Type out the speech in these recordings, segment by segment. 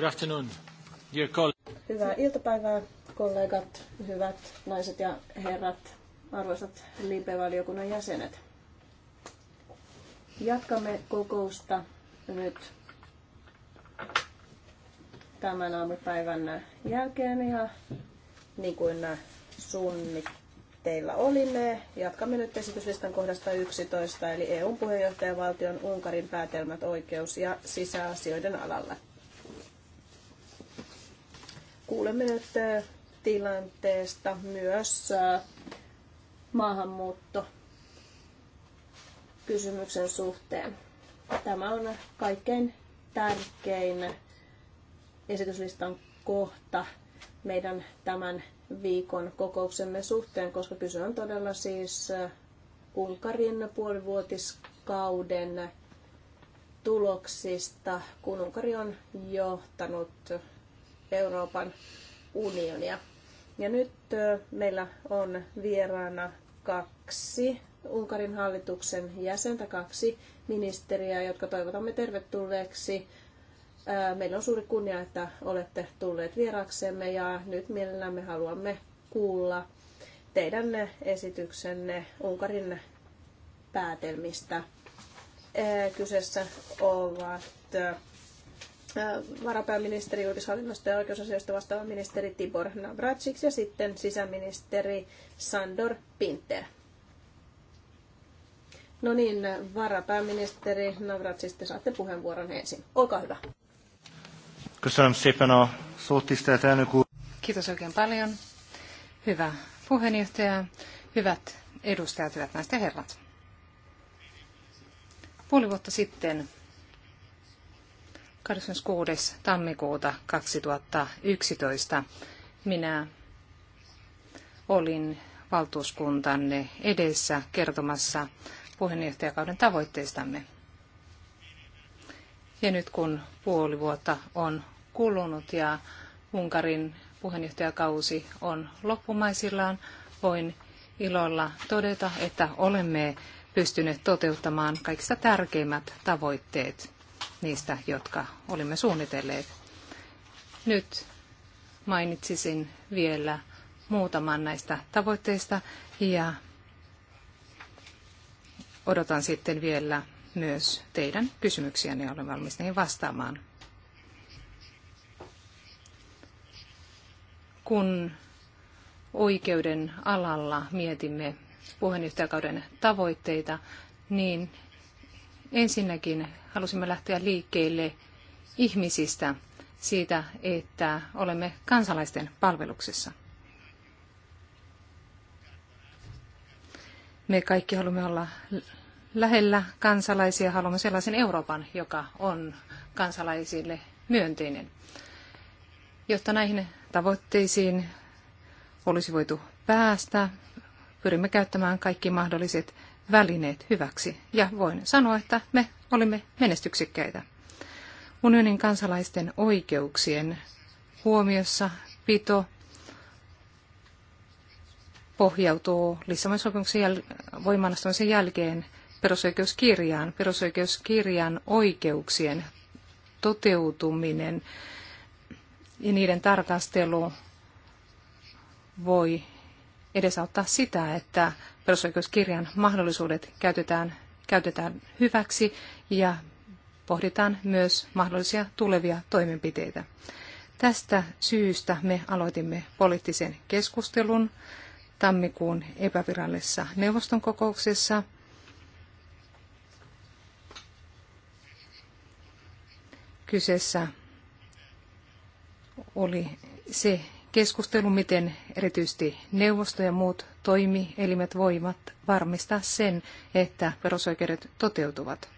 Good afternoon, dear Hyvää iltapäivää, kollegat, hyvät naiset ja herrat, arvoisat liipevaliokunnan jäsenet. Jatkamme kokousta nyt tämän aamupäivän jälkeen ja niin kuin suunnitteilla olimme, jatkamme nyt esityslistan kohdasta 11 eli eu puheenjohtajavaltion Unkarin päätelmät oikeus- ja sisäasioiden alalla kuulemme nyt äh, tilanteesta myös äh, maahanmuutto kysymyksen suhteen. Tämä on kaikkein tärkein esityslistan kohta meidän tämän viikon kokouksemme suhteen, koska kyse on todella siis äh, Unkarin puolivuotiskauden tuloksista, kun Unkari on johtanut Euroopan unionia. Ja nyt meillä on vieraana kaksi Unkarin hallituksen jäsentä, kaksi ministeriä, jotka toivotamme tervetulleeksi. Meillä on suuri kunnia, että olette tulleet vieraksemme ja nyt me haluamme kuulla teidän esityksenne Unkarin päätelmistä. Kyseessä ovat Äh, varapääministeri julkishallinnosta ja oikeusasioista vastaava ministeri Tibor Navracic ja sitten sisäministeri Sandor Pinter. No niin, varapääministeri Navracic, te saatte puheenvuoron ensin. Olkaa hyvä. Kiitos oikein paljon. Hyvä puheenjohtaja, hyvät edustajat, hyvät naiset ja herrat. Puoli vuotta sitten 26. tammikuuta 2011 minä olin valtuuskuntanne edessä kertomassa puheenjohtajakauden tavoitteistamme. Ja nyt kun puoli vuotta on kulunut ja Unkarin puheenjohtajakausi on loppumaisillaan, voin ilolla todeta, että olemme pystyneet toteuttamaan kaikista tärkeimmät tavoitteet niistä, jotka olimme suunnitelleet. Nyt mainitsisin vielä muutaman näistä tavoitteista ja odotan sitten vielä myös teidän kysymyksiä, niin olen valmis niihin vastaamaan. Kun oikeuden alalla mietimme puheenjohtajakauden tavoitteita, niin Ensinnäkin halusimme lähteä liikkeelle ihmisistä siitä, että olemme kansalaisten palveluksessa. Me kaikki haluamme olla lähellä kansalaisia, haluamme sellaisen Euroopan, joka on kansalaisille myönteinen. Jotta näihin tavoitteisiin olisi voitu päästä, pyrimme käyttämään kaikki mahdolliset välineet hyväksi. Ja voin sanoa, että me olimme menestyksikkäitä. Unionin kansalaisten oikeuksien huomiossa pito pohjautuu Lissabonin sopimuksen jäl- voimaanastamisen jälkeen perusoikeuskirjaan. Perusoikeuskirjan oikeuksien toteutuminen ja niiden tarkastelu voi edesauttaa sitä, että perusoikeuskirjan mahdollisuudet käytetään, käytetään hyväksi ja pohditaan myös mahdollisia tulevia toimenpiteitä. Tästä syystä me aloitimme poliittisen keskustelun tammikuun epävirallisessa neuvoston kokouksessa. Kyseessä oli se, keskustelu, miten erityisesti neuvosto ja muut toimielimet voivat varmistaa sen, että perusoikeudet toteutuvat.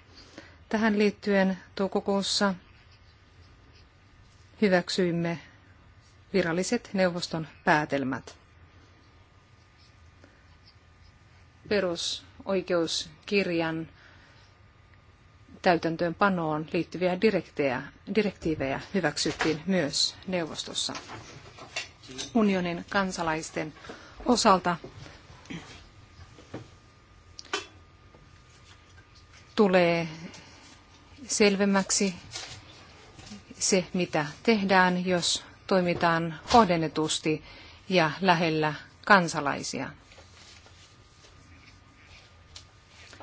Tähän liittyen toukokuussa hyväksyimme viralliset neuvoston päätelmät. Perusoikeuskirjan täytäntöönpanoon liittyviä direktiivejä hyväksyttiin myös neuvostossa unionin kansalaisten osalta tulee selvemmäksi se, mitä tehdään, jos toimitaan kohdennetusti ja lähellä kansalaisia.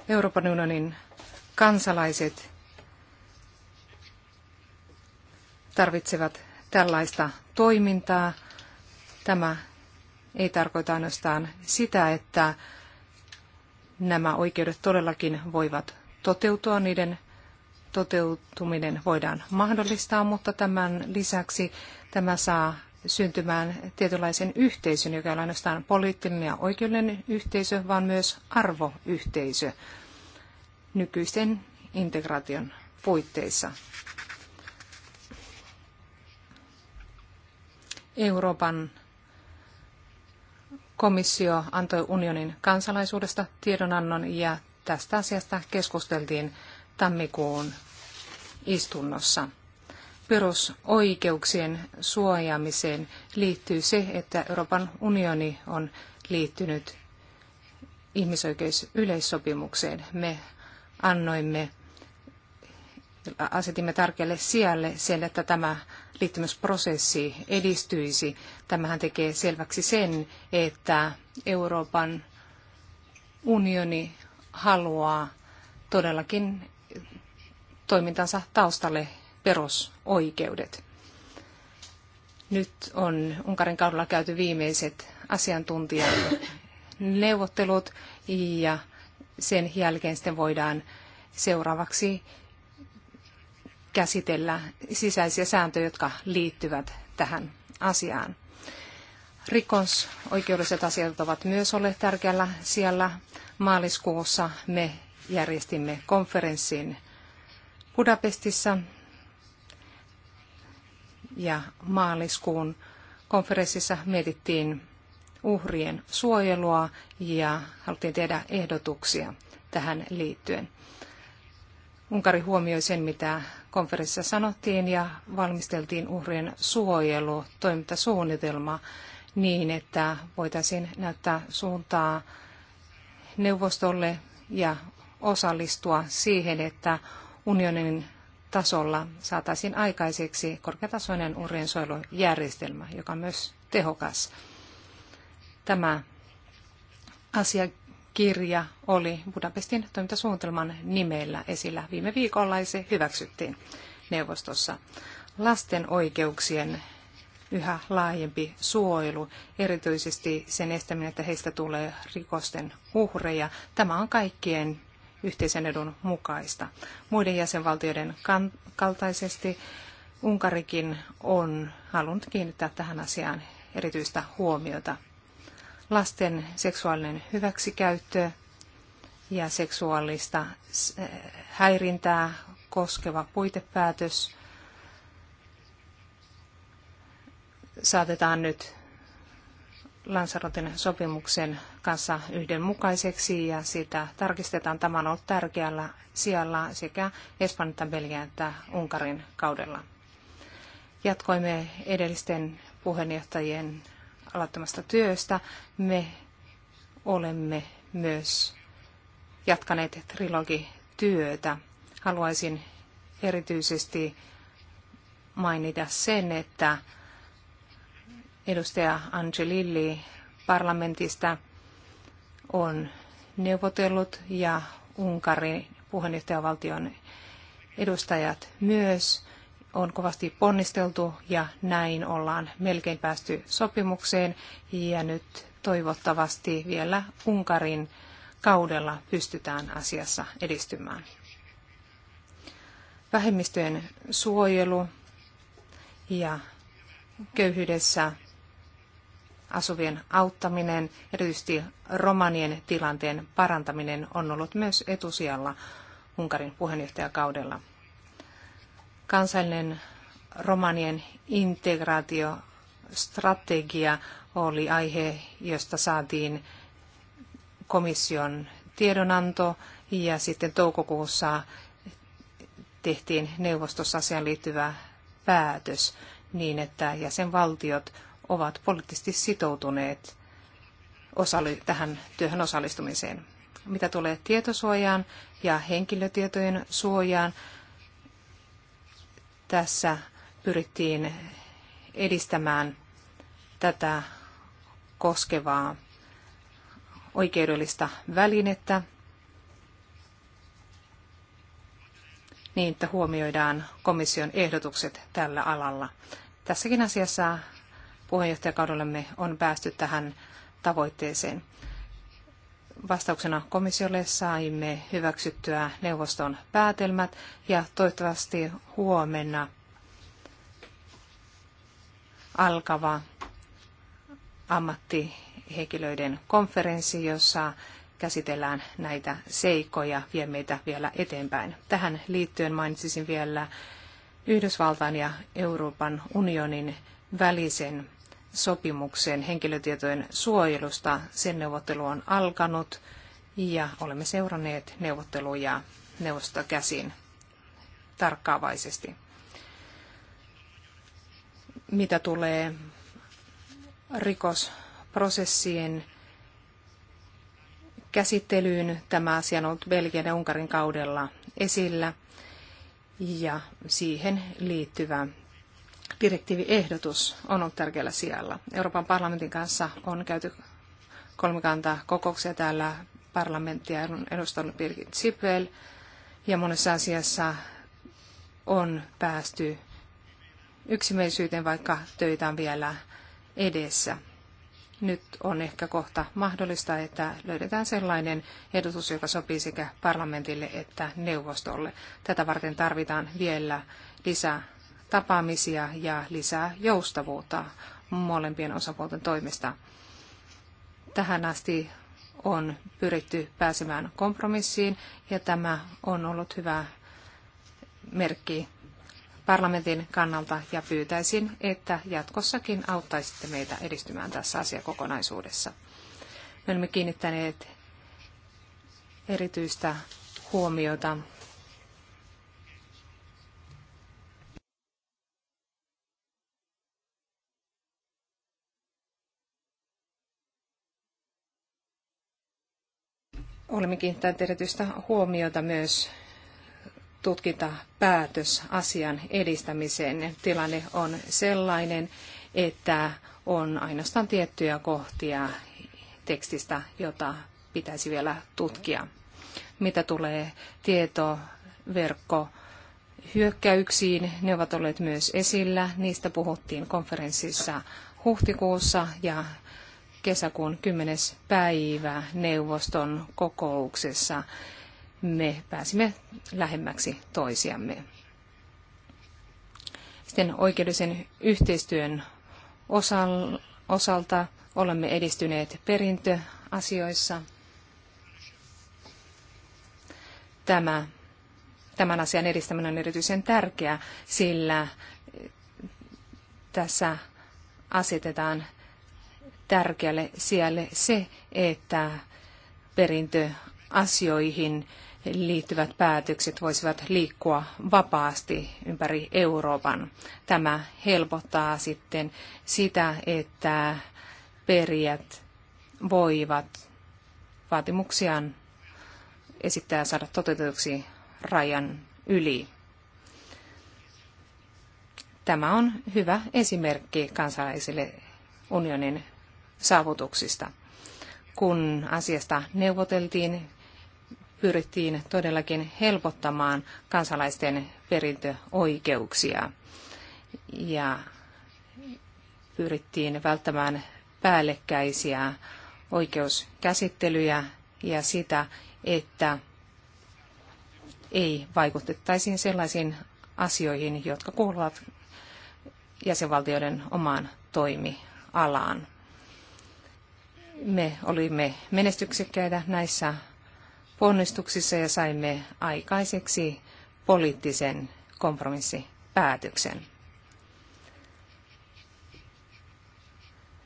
Euroopan unionin kansalaiset tarvitsevat tällaista toimintaa, Tämä ei tarkoita ainoastaan sitä, että nämä oikeudet todellakin voivat toteutua, niiden toteutuminen voidaan mahdollistaa, mutta tämän lisäksi tämä saa syntymään tietynlaisen yhteisön, joka on ainoastaan poliittinen ja oikeudellinen yhteisö, vaan myös arvoyhteisö nykyisten integraation puitteissa. Euroopan komissio antoi unionin kansalaisuudesta tiedonannon ja tästä asiasta keskusteltiin tammikuun istunnossa. Perusoikeuksien suojaamiseen liittyy se, että Euroopan unioni on liittynyt ihmisoikeusyleissopimukseen. Me annoimme asetimme tärkeälle sijalle sen, että tämä liittymisprosessi edistyisi. Tämähän tekee selväksi sen, että Euroopan unioni haluaa todellakin toimintansa taustalle perusoikeudet. Nyt on Unkarin kaudella käyty viimeiset asiantuntijaneuvottelut ja sen jälkeen sitten voidaan seuraavaksi käsitellä sisäisiä sääntöjä, jotka liittyvät tähän asiaan. Rikosoikeudelliset asiat ovat myös olleet tärkeällä siellä. Maaliskuussa me järjestimme konferenssin Budapestissa ja maaliskuun konferenssissa mietittiin uhrien suojelua ja haluttiin tehdä ehdotuksia tähän liittyen. Unkari huomioi sen, mitä konferenssissa sanottiin ja valmisteltiin uhrien suojelu, toimintasuunnitelma niin, että voitaisiin näyttää suuntaa neuvostolle ja osallistua siihen, että unionin tasolla saataisiin aikaiseksi korkeatasoinen uhrien suojelujärjestelmä, joka on myös tehokas. Tämä asia kirja oli Budapestin toimintasuunnitelman nimellä esillä viime viikolla ja se hyväksyttiin neuvostossa. Lasten oikeuksien yhä laajempi suojelu, erityisesti sen estäminen, että heistä tulee rikosten uhreja. Tämä on kaikkien yhteisen edun mukaista. Muiden jäsenvaltioiden kaltaisesti Unkarikin on halunnut kiinnittää tähän asiaan erityistä huomiota lasten seksuaalinen hyväksikäyttö ja seksuaalista eh, häirintää koskeva puitepäätös saatetaan nyt Lansarotin sopimuksen kanssa yhdenmukaiseksi ja sitä tarkistetaan. Tämä on ollut tärkeällä sijalla sekä Espanjan että Belgian että Unkarin kaudella. Jatkoimme edellisten puheenjohtajien aloittamasta työstä. Me olemme myös jatkaneet trilogityötä. Haluaisin erityisesti mainita sen, että edustaja Angelilli parlamentista on neuvotellut ja Unkarin puheenjohtajavaltion edustajat myös on kovasti ponnisteltu ja näin ollaan melkein päästy sopimukseen ja nyt toivottavasti vielä Unkarin kaudella pystytään asiassa edistymään. Vähemmistöjen suojelu ja köyhyydessä asuvien auttaminen, erityisesti romanien tilanteen parantaminen on ollut myös etusijalla Unkarin puheenjohtajakaudella kansallinen romanien integraatiostrategia oli aihe, josta saatiin komission tiedonanto ja sitten toukokuussa tehtiin neuvostossa asiaan liittyvä päätös niin, että jäsenvaltiot ovat poliittisesti sitoutuneet osalli- tähän työhön osallistumiseen. Mitä tulee tietosuojaan ja henkilötietojen suojaan, tässä pyrittiin edistämään tätä koskevaa oikeudellista välinettä niin, että huomioidaan komission ehdotukset tällä alalla. Tässäkin asiassa puheenjohtajakaudellamme on päästy tähän tavoitteeseen vastauksena komissiolle saimme hyväksyttyä neuvoston päätelmät ja toivottavasti huomenna alkava ammattihenkilöiden konferenssi, jossa käsitellään näitä seikkoja, vie meitä vielä eteenpäin. Tähän liittyen mainitsisin vielä Yhdysvaltain ja Euroopan unionin välisen sopimukseen henkilötietojen suojelusta. Sen neuvottelu on alkanut ja olemme seuranneet neuvotteluja neuvosta käsin tarkkaavaisesti. Mitä tulee rikosprosessien käsittelyyn, tämä asia on ollut Belgian ja Unkarin kaudella esillä ja siihen liittyvä direktiiviehdotus on ollut tärkeällä sijalla. Euroopan parlamentin kanssa on käyty kolmikantaa kokouksia täällä parlamenttia edustanut Birgit Sipel ja monessa asiassa on päästy yksimielisyyteen, vaikka töitä on vielä edessä. Nyt on ehkä kohta mahdollista, että löydetään sellainen edustus, joka sopii sekä parlamentille että neuvostolle. Tätä varten tarvitaan vielä lisää tapaamisia ja lisää joustavuutta molempien osapuolten toimesta. Tähän asti on pyritty pääsemään kompromissiin ja tämä on ollut hyvä merkki parlamentin kannalta ja pyytäisin, että jatkossakin auttaisitte meitä edistymään tässä asiakokonaisuudessa. Me olemme kiinnittäneet erityistä huomiota Olemme kiinnittäneet erityistä huomiota myös tutkintapäätös asian edistämiseen. Tilanne on sellainen, että on ainoastaan tiettyjä kohtia tekstistä, jota pitäisi vielä tutkia. Mitä tulee tietoverkko hyökkäyksiin, ne ovat olleet myös esillä. Niistä puhuttiin konferenssissa huhtikuussa ja kesäkuun 10. päivä neuvoston kokouksessa me pääsimme lähemmäksi toisiamme. Sitten oikeudellisen yhteistyön osalta olemme edistyneet perintöasioissa. Tämä, tämän asian edistäminen on erityisen tärkeää, sillä tässä asetetaan tärkeälle sijalle se, että perintöasioihin liittyvät päätökset voisivat liikkua vapaasti ympäri Euroopan. Tämä helpottaa sitten sitä, että perijät voivat vaatimuksiaan esittää saada toteutetuksi rajan yli. Tämä on hyvä esimerkki kansalaisille unionin saavutuksista. Kun asiasta neuvoteltiin, pyrittiin todellakin helpottamaan kansalaisten perintöoikeuksia ja pyrittiin välttämään päällekkäisiä oikeuskäsittelyjä ja sitä, että ei vaikutettaisiin sellaisiin asioihin, jotka kuuluvat jäsenvaltioiden omaan toimialaan. Me olimme menestyksekkäitä näissä ponnistuksissa ja saimme aikaiseksi poliittisen kompromissipäätöksen.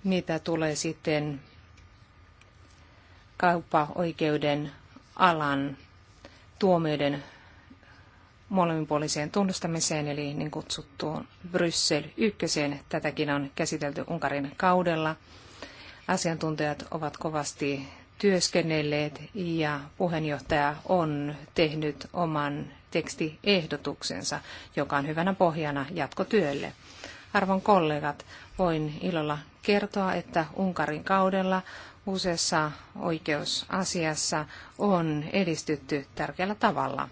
Mitä tulee sitten kauppaoikeuden alan tuomioiden molemminpuoliseen tunnustamiseen, eli niin kutsuttuun Bryssel ykköseen. Tätäkin on käsitelty Unkarin kaudella asiantuntijat ovat kovasti työskennelleet ja puheenjohtaja on tehnyt oman tekstiehdotuksensa, joka on hyvänä pohjana jatkotyölle. Arvon kollegat, voin ilolla kertoa, että Unkarin kaudella useassa oikeusasiassa on edistytty tärkeällä tavalla.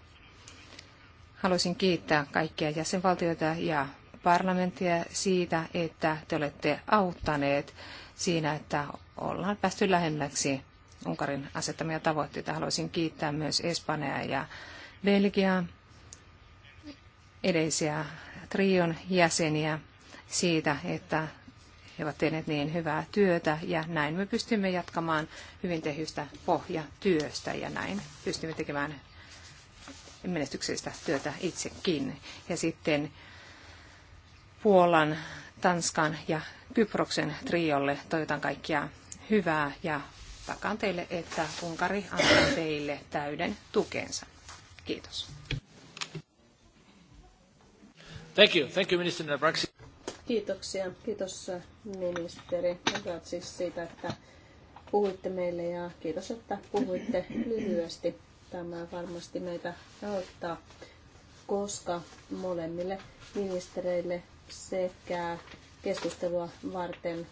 Haluaisin kiittää kaikkia jäsenvaltioita ja parlamenttia siitä, että te olette auttaneet siinä, että ollaan päästy lähemmäksi Unkarin asettamia tavoitteita. Haluaisin kiittää myös Espanjaa ja Belgiaa, edellisiä trion jäseniä siitä, että he ovat tehneet niin hyvää työtä ja näin me pystymme jatkamaan hyvin tehystä pohjatyöstä ja näin pystymme tekemään menestyksellistä työtä itsekin. Ja sitten Puolan Tanskan ja Kyproksen triolle. Toivotan kaikkia hyvää ja takaan teille, että Unkari antaa teille täyden tukensa. Kiitos. Thank you. Thank you, Minister Nabraxi. Kiitoksia. Kiitos ministeri siis siitä, että puhuitte meille ja kiitos, että puhuitte lyhyesti. Tämä varmasti meitä auttaa, koska molemmille ministereille sekä keskustelua varten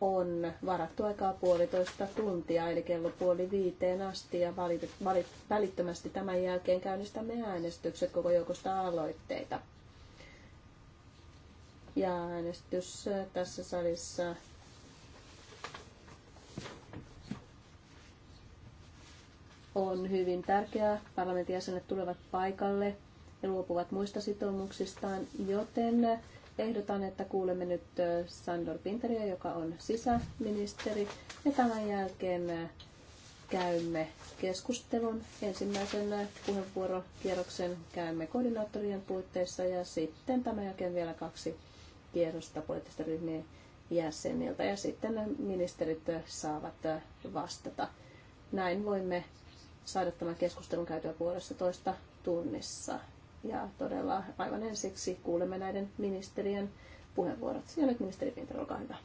on varattu aikaa puolitoista tuntia, eli kello puoli viiteen asti, ja valit, valit, välittömästi tämän jälkeen käynnistämme äänestykset koko joukosta aloitteita. Ja äänestys äh, tässä salissa on hyvin tärkeää. Parlamentin jäsenet tulevat paikalle ja luopuvat muista sitoumuksistaan, joten ehdotan, että kuulemme nyt Sandor Pinteriä, joka on sisäministeri. Ja tämän jälkeen käymme keskustelun. Ensimmäisen puheenvuorokierroksen käymme koordinaattorien puitteissa ja sitten tämän jälkeen vielä kaksi kierrosta poliittisten ryhmien jäseniltä ja sitten ministerit saavat vastata. Näin voimme saada tämän keskustelun käytyä puolessa toista tunnissa. Ja todella aivan ensiksi kuulemme näiden ministerien puheenvuorot. Ja nyt ministeri Pintar, olkaa hyvä.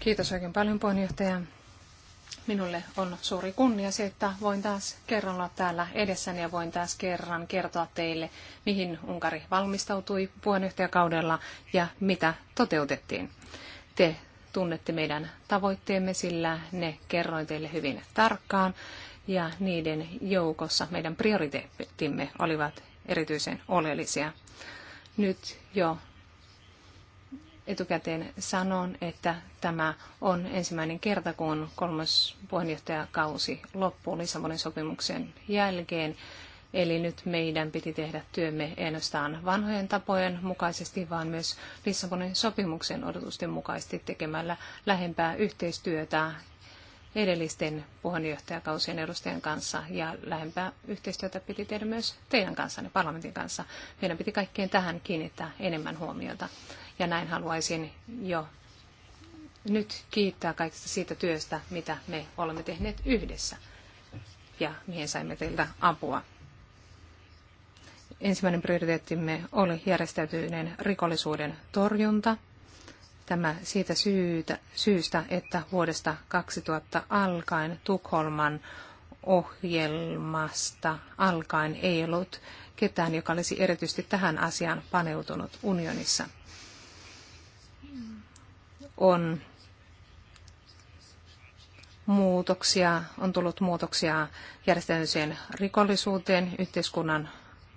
Kiitos oikein paljon puheenjohtaja. Minulle on suuri kunnia se, että voin taas kerran olla täällä edessäni ja voin taas kerran kertoa teille, mihin Unkari valmistautui puheenjohtajakaudella ja mitä toteutettiin. Te tunnette meidän tavoitteemme, sillä ne kerroin teille hyvin tarkkaan ja niiden joukossa meidän prioriteettimme olivat erityisen oleellisia. Nyt jo etukäteen sanon, että tämä on ensimmäinen kerta, kun kolmas puheenjohtajakausi loppuu Lissabonin sopimuksen jälkeen. Eli nyt meidän piti tehdä työmme ainoastaan vanhojen tapojen mukaisesti, vaan myös Lissabonin sopimuksen odotusten mukaisesti tekemällä lähempää yhteistyötä edellisten puheenjohtajakausien edustajien kanssa ja lähempää yhteistyötä piti tehdä myös teidän kanssanne, parlamentin kanssa. Meidän piti kaikkien tähän kiinnittää enemmän huomiota. Ja näin haluaisin jo nyt kiittää kaikesta siitä työstä, mitä me olemme tehneet yhdessä ja mihin saimme teiltä apua. Ensimmäinen prioriteettimme oli järjestäytyneen rikollisuuden torjunta – Tämä siitä syytä, syystä, että vuodesta 2000 alkaen Tukholman ohjelmasta alkaen ei ollut ketään, joka olisi erityisesti tähän asiaan paneutunut unionissa. On muutoksia, on tullut muutoksia järjestäytyneeseen rikollisuuteen yhteiskunnan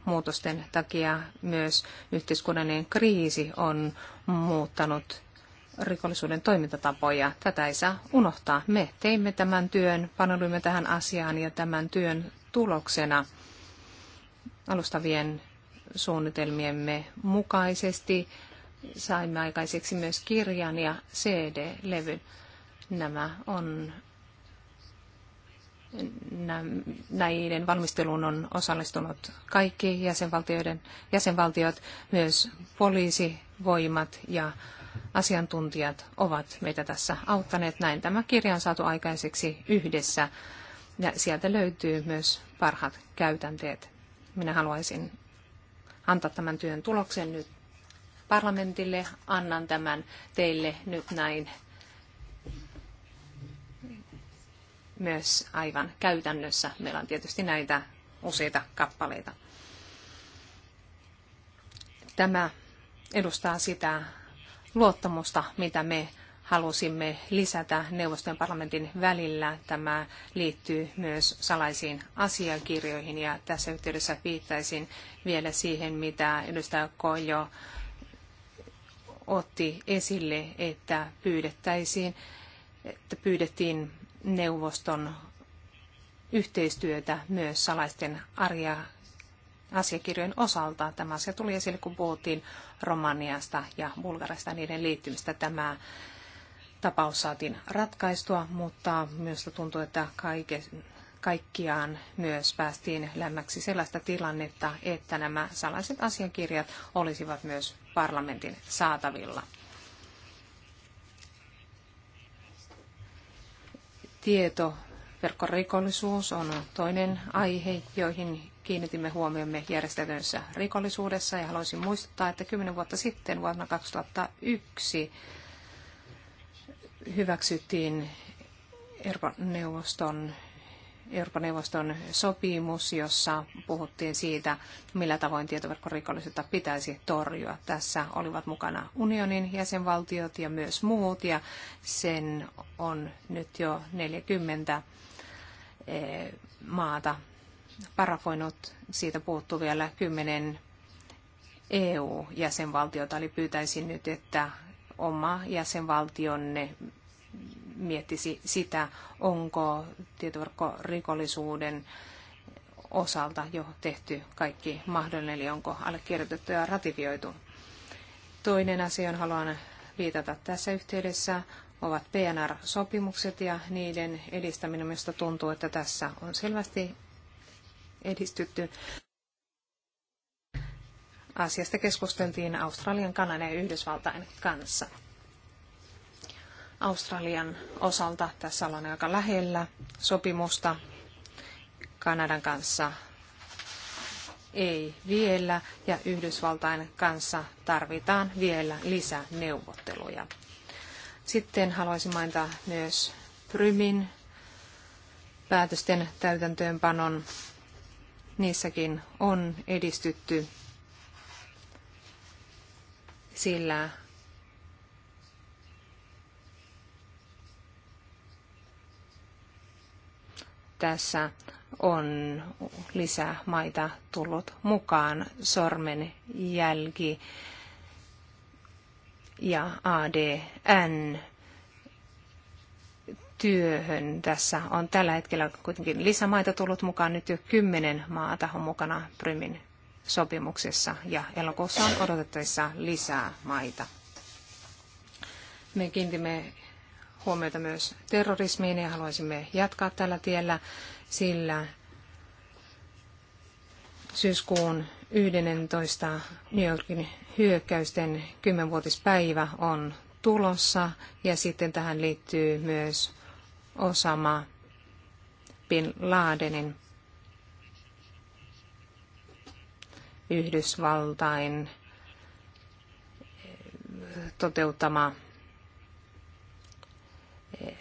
muutosten takia myös yhteiskunnallinen kriisi on muuttanut rikollisuuden toimintatapoja. Tätä ei saa unohtaa. Me teimme tämän työn, panoluimme tähän asiaan ja tämän työn tuloksena alustavien suunnitelmiemme mukaisesti saimme aikaiseksi myös kirjan ja CD-levyn. Nämä on näiden valmisteluun on osallistunut kaikki jäsenvaltioiden, jäsenvaltiot, myös poliisivoimat ja asiantuntijat ovat meitä tässä auttaneet. Näin tämä kirja on saatu aikaiseksi yhdessä ja sieltä löytyy myös parhaat käytänteet. Minä haluaisin antaa tämän työn tuloksen nyt parlamentille. Annan tämän teille nyt näin myös aivan käytännössä. Meillä on tietysti näitä useita kappaleita. Tämä edustaa sitä luottamusta, mitä me halusimme lisätä neuvoston parlamentin välillä. Tämä liittyy myös salaisiin asiakirjoihin ja tässä yhteydessä viittaisin vielä siihen, mitä edustaja Kojo otti esille, että pyydettäisiin, että pyydettiin neuvoston yhteistyötä myös salaisten arja asiakirjojen osalta. Tämä asia tuli esille, kun puhuttiin Romaniasta ja Bulgarista niiden liittymistä. Tämä tapaus saatiin ratkaistua, mutta myös tuntuu, että kaike, kaikkiaan myös päästiin lämmäksi sellaista tilannetta, että nämä salaiset asiakirjat olisivat myös parlamentin saatavilla. Tieto Verkkorikollisuus on toinen aihe, joihin kiinnitimme huomiomme järjestäytyneessä rikollisuudessa ja haluaisin muistuttaa, että kymmenen vuotta sitten vuonna 2001 hyväksyttiin Euroopan neuvoston, Euroopan neuvoston sopimus, jossa puhuttiin siitä, millä tavoin tietoverkkorikollisuutta pitäisi torjua. Tässä olivat mukana unionin jäsenvaltiot ja myös muut, ja sen on nyt jo 40 eh, maata parafoinut. Siitä puuttuu vielä kymmenen EU-jäsenvaltiota, eli pyytäisin nyt, että oma jäsenvaltionne miettisi sitä, onko tietoverkkorikollisuuden osalta jo tehty kaikki mahdollinen, eli onko allekirjoitettu ja ratifioitu. Toinen asia, johon haluan viitata tässä yhteydessä, ovat PNR-sopimukset ja niiden edistäminen. mistä tuntuu, että tässä on selvästi edistytty. Asiasta keskusteltiin Australian, Kanadan ja Yhdysvaltain kanssa. Australian osalta tässä ollaan aika lähellä sopimusta Kanadan kanssa ei vielä ja Yhdysvaltain kanssa tarvitaan vielä lisäneuvotteluja. Sitten haluaisin mainita myös Prymin päätösten täytäntöönpanon niissäkin on edistytty, sillä tässä on lisää maita tullut mukaan jälki ja ADN työhön. Tässä on tällä hetkellä kuitenkin lisämaita tullut mukaan. Nyt jo kymmenen maata on mukana Prymin sopimuksessa ja elokuussa on odotettavissa lisää maita. Me kiintimme huomiota myös terrorismiin ja haluaisimme jatkaa tällä tiellä, sillä syyskuun 11. New Yorkin hyökkäysten kymmenvuotispäivä on tulossa ja sitten tähän liittyy myös Osama Bin Ladenin Yhdysvaltain eh, toteuttama eh,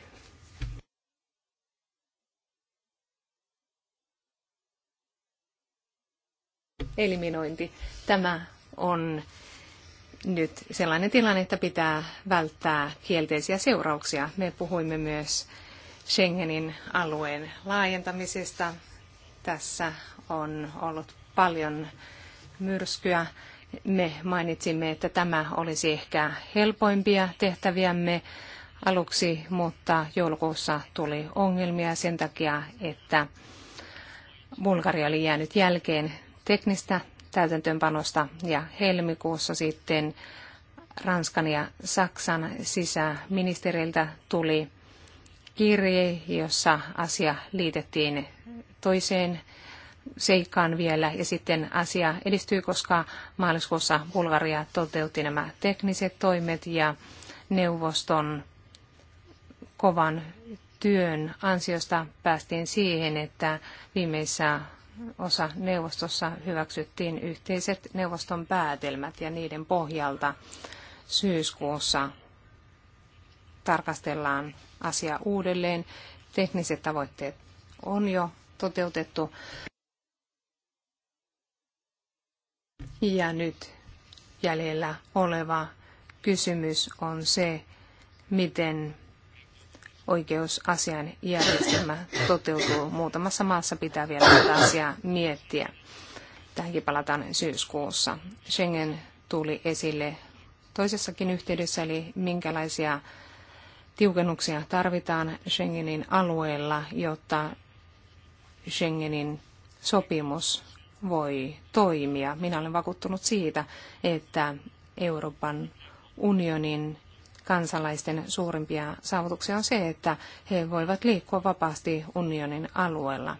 eliminointi. Tämä on nyt sellainen tilanne, että pitää välttää kielteisiä seurauksia. Me puhuimme myös Schengenin alueen laajentamisesta. Tässä on ollut paljon myrskyä. Me mainitsimme, että tämä olisi ehkä helpoimpia tehtäviämme aluksi, mutta joulukuussa tuli ongelmia sen takia, että Bulgaria oli jäänyt jälkeen teknistä täytäntöönpanosta ja helmikuussa sitten Ranskan ja Saksan sisäministeriltä tuli kirje, jossa asia liitettiin toiseen seikkaan vielä ja sitten asia edistyy, koska maaliskuussa Bulgaria toteutti nämä tekniset toimet ja neuvoston kovan työn ansiosta päästiin siihen, että viimeisessä osa neuvostossa hyväksyttiin yhteiset neuvoston päätelmät ja niiden pohjalta syyskuussa tarkastellaan asia uudelleen. Tekniset tavoitteet on jo toteutettu. Ja nyt jäljellä oleva kysymys on se, miten oikeusasian järjestelmä toteutuu. Muutamassa maassa pitää vielä tätä asiaa miettiä. Tähänkin palataan syyskuussa. Schengen tuli esille toisessakin yhteydessä, eli minkälaisia tiukennuksia tarvitaan Schengenin alueella, jotta Schengenin sopimus voi toimia. Minä olen vakuuttunut siitä, että Euroopan unionin kansalaisten suurimpia saavutuksia on se, että he voivat liikkua vapaasti unionin alueella.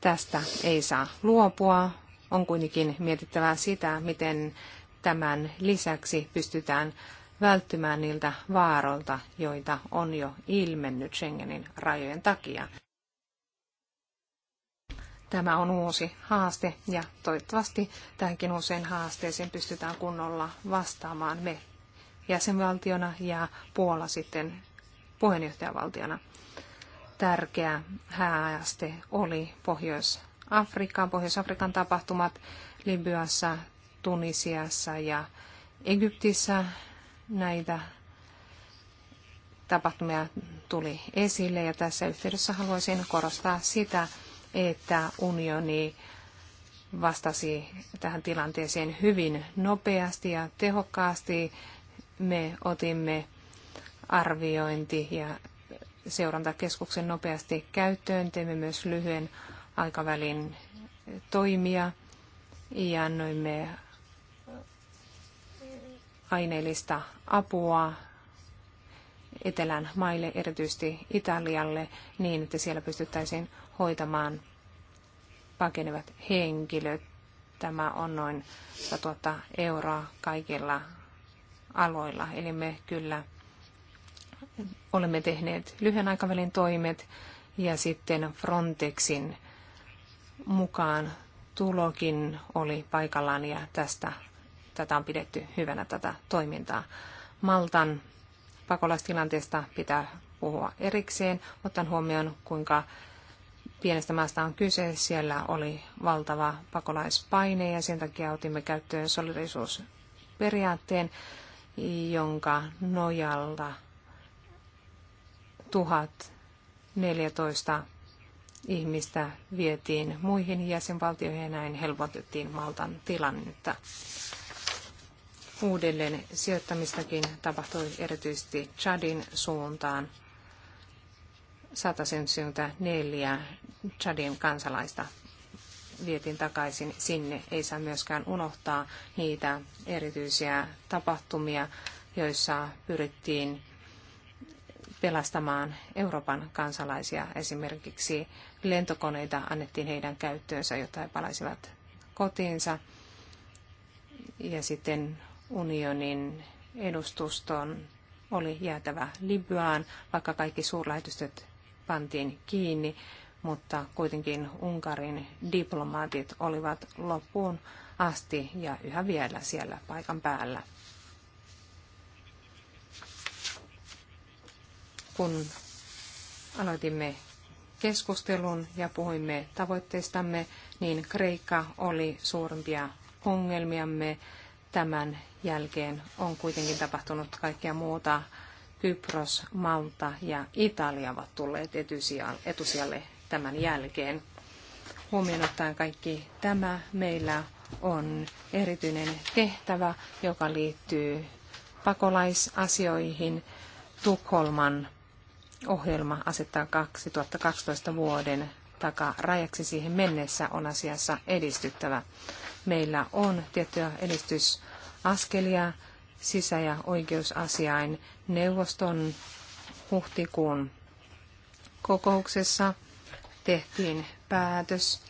Tästä ei saa luopua. On kuitenkin mietittävää sitä, miten tämän lisäksi pystytään välttymään niiltä vaaroilta, joita on jo ilmennyt Schengenin rajojen takia. Tämä on uusi haaste ja toivottavasti tähänkin usein haasteeseen pystytään kunnolla vastaamaan me jäsenvaltiona ja Puola sitten puheenjohtajavaltiona. Tärkeä hääaste oli Pohjois-Afrikan, Pohjois-Afrikan tapahtumat Libyassa, Tunisiassa ja Egyptissä näitä tapahtumia tuli esille ja tässä yhteydessä haluaisin korostaa sitä, että unioni vastasi tähän tilanteeseen hyvin nopeasti ja tehokkaasti. Me otimme arviointi- ja seurantakeskuksen nopeasti käyttöön. Teimme myös lyhyen aikavälin toimia ja annoimme aineellista apua etelän maille, erityisesti Italialle, niin että siellä pystyttäisiin hoitamaan pakenevat henkilöt. Tämä on noin 100 000 euroa kaikilla aloilla. Eli me kyllä olemme tehneet lyhyen aikavälin toimet ja sitten Frontexin mukaan tulokin oli paikallaan ja tästä Tätä on pidetty hyvänä tätä toimintaa. Maltan pakolaistilanteesta pitää puhua erikseen, ottaen huomioon kuinka pienestä maasta on kyse. Siellä oli valtava pakolaispaine ja sen takia otimme käyttöön solidarisuusperiaatteen, jonka nojalla 1014 ihmistä vietiin muihin jäsenvaltioihin ja näin helpotettiin Maltan tilannetta uudelleen sijoittamistakin tapahtui erityisesti Chadin suuntaan. 174 Chadin kansalaista vietiin takaisin sinne. Ei saa myöskään unohtaa niitä erityisiä tapahtumia, joissa pyrittiin pelastamaan Euroopan kansalaisia. Esimerkiksi lentokoneita annettiin heidän käyttöönsä, jotta he palaisivat kotiinsa. Ja sitten unionin edustuston oli jäätävä Libyaan, vaikka kaikki suurlähetystöt pantiin kiinni, mutta kuitenkin Unkarin diplomaatit olivat loppuun asti ja yhä vielä siellä paikan päällä. Kun aloitimme keskustelun ja puhuimme tavoitteistamme, niin Kreikka oli suurimpia ongelmiamme tämän jälkeen on kuitenkin tapahtunut kaikkea muuta. Kypros, Malta ja Italia ovat tulleet etusijalle tämän jälkeen. Huomioon ottaen kaikki tämä meillä on erityinen tehtävä, joka liittyy pakolaisasioihin. Tukholman ohjelma asettaa 2012 vuoden takarajaksi siihen mennessä on asiassa edistyttävä meillä on tiettyjä edistysaskelia sisä- ja oikeusasiain neuvoston huhtikuun kokouksessa tehtiin päätös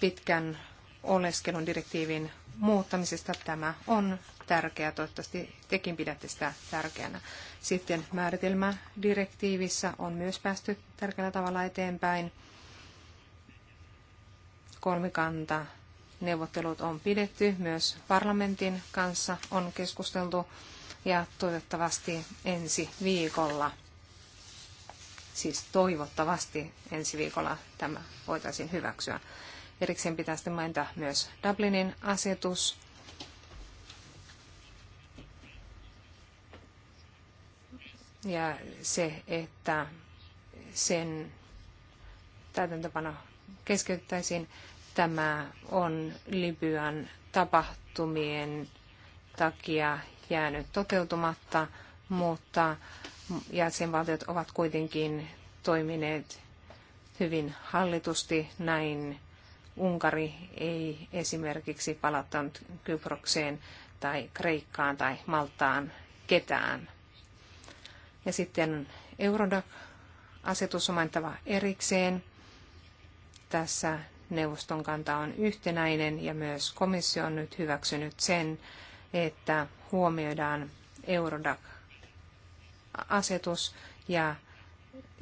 pitkän oleskelun direktiivin muuttamisesta. Tämä on tärkeää, toivottavasti tekin pidätte sitä tärkeänä. Sitten määritelmädirektiivissä on myös päästy tärkeällä tavalla eteenpäin. Kolmikanta Neuvottelut on pidetty, myös parlamentin kanssa on keskusteltu ja toivottavasti ensi viikolla, siis toivottavasti ensi viikolla tämä voitaisiin hyväksyä. Erikseen pitää sitten mainita myös Dublinin asetus. Ja se, että sen täytäntöpano keskeyttäisiin Tämä on Libyan tapahtumien takia jäänyt toteutumatta, mutta jäsenvaltiot ovat kuitenkin toimineet hyvin hallitusti. Näin Unkari ei esimerkiksi palattanut Kyprokseen tai Kreikkaan tai Maltaan ketään. Ja sitten Eurodac-asetus on mainittava erikseen. Tässä neuvoston kanta on yhtenäinen ja myös komissio on nyt hyväksynyt sen, että huomioidaan Eurodac-asetus ja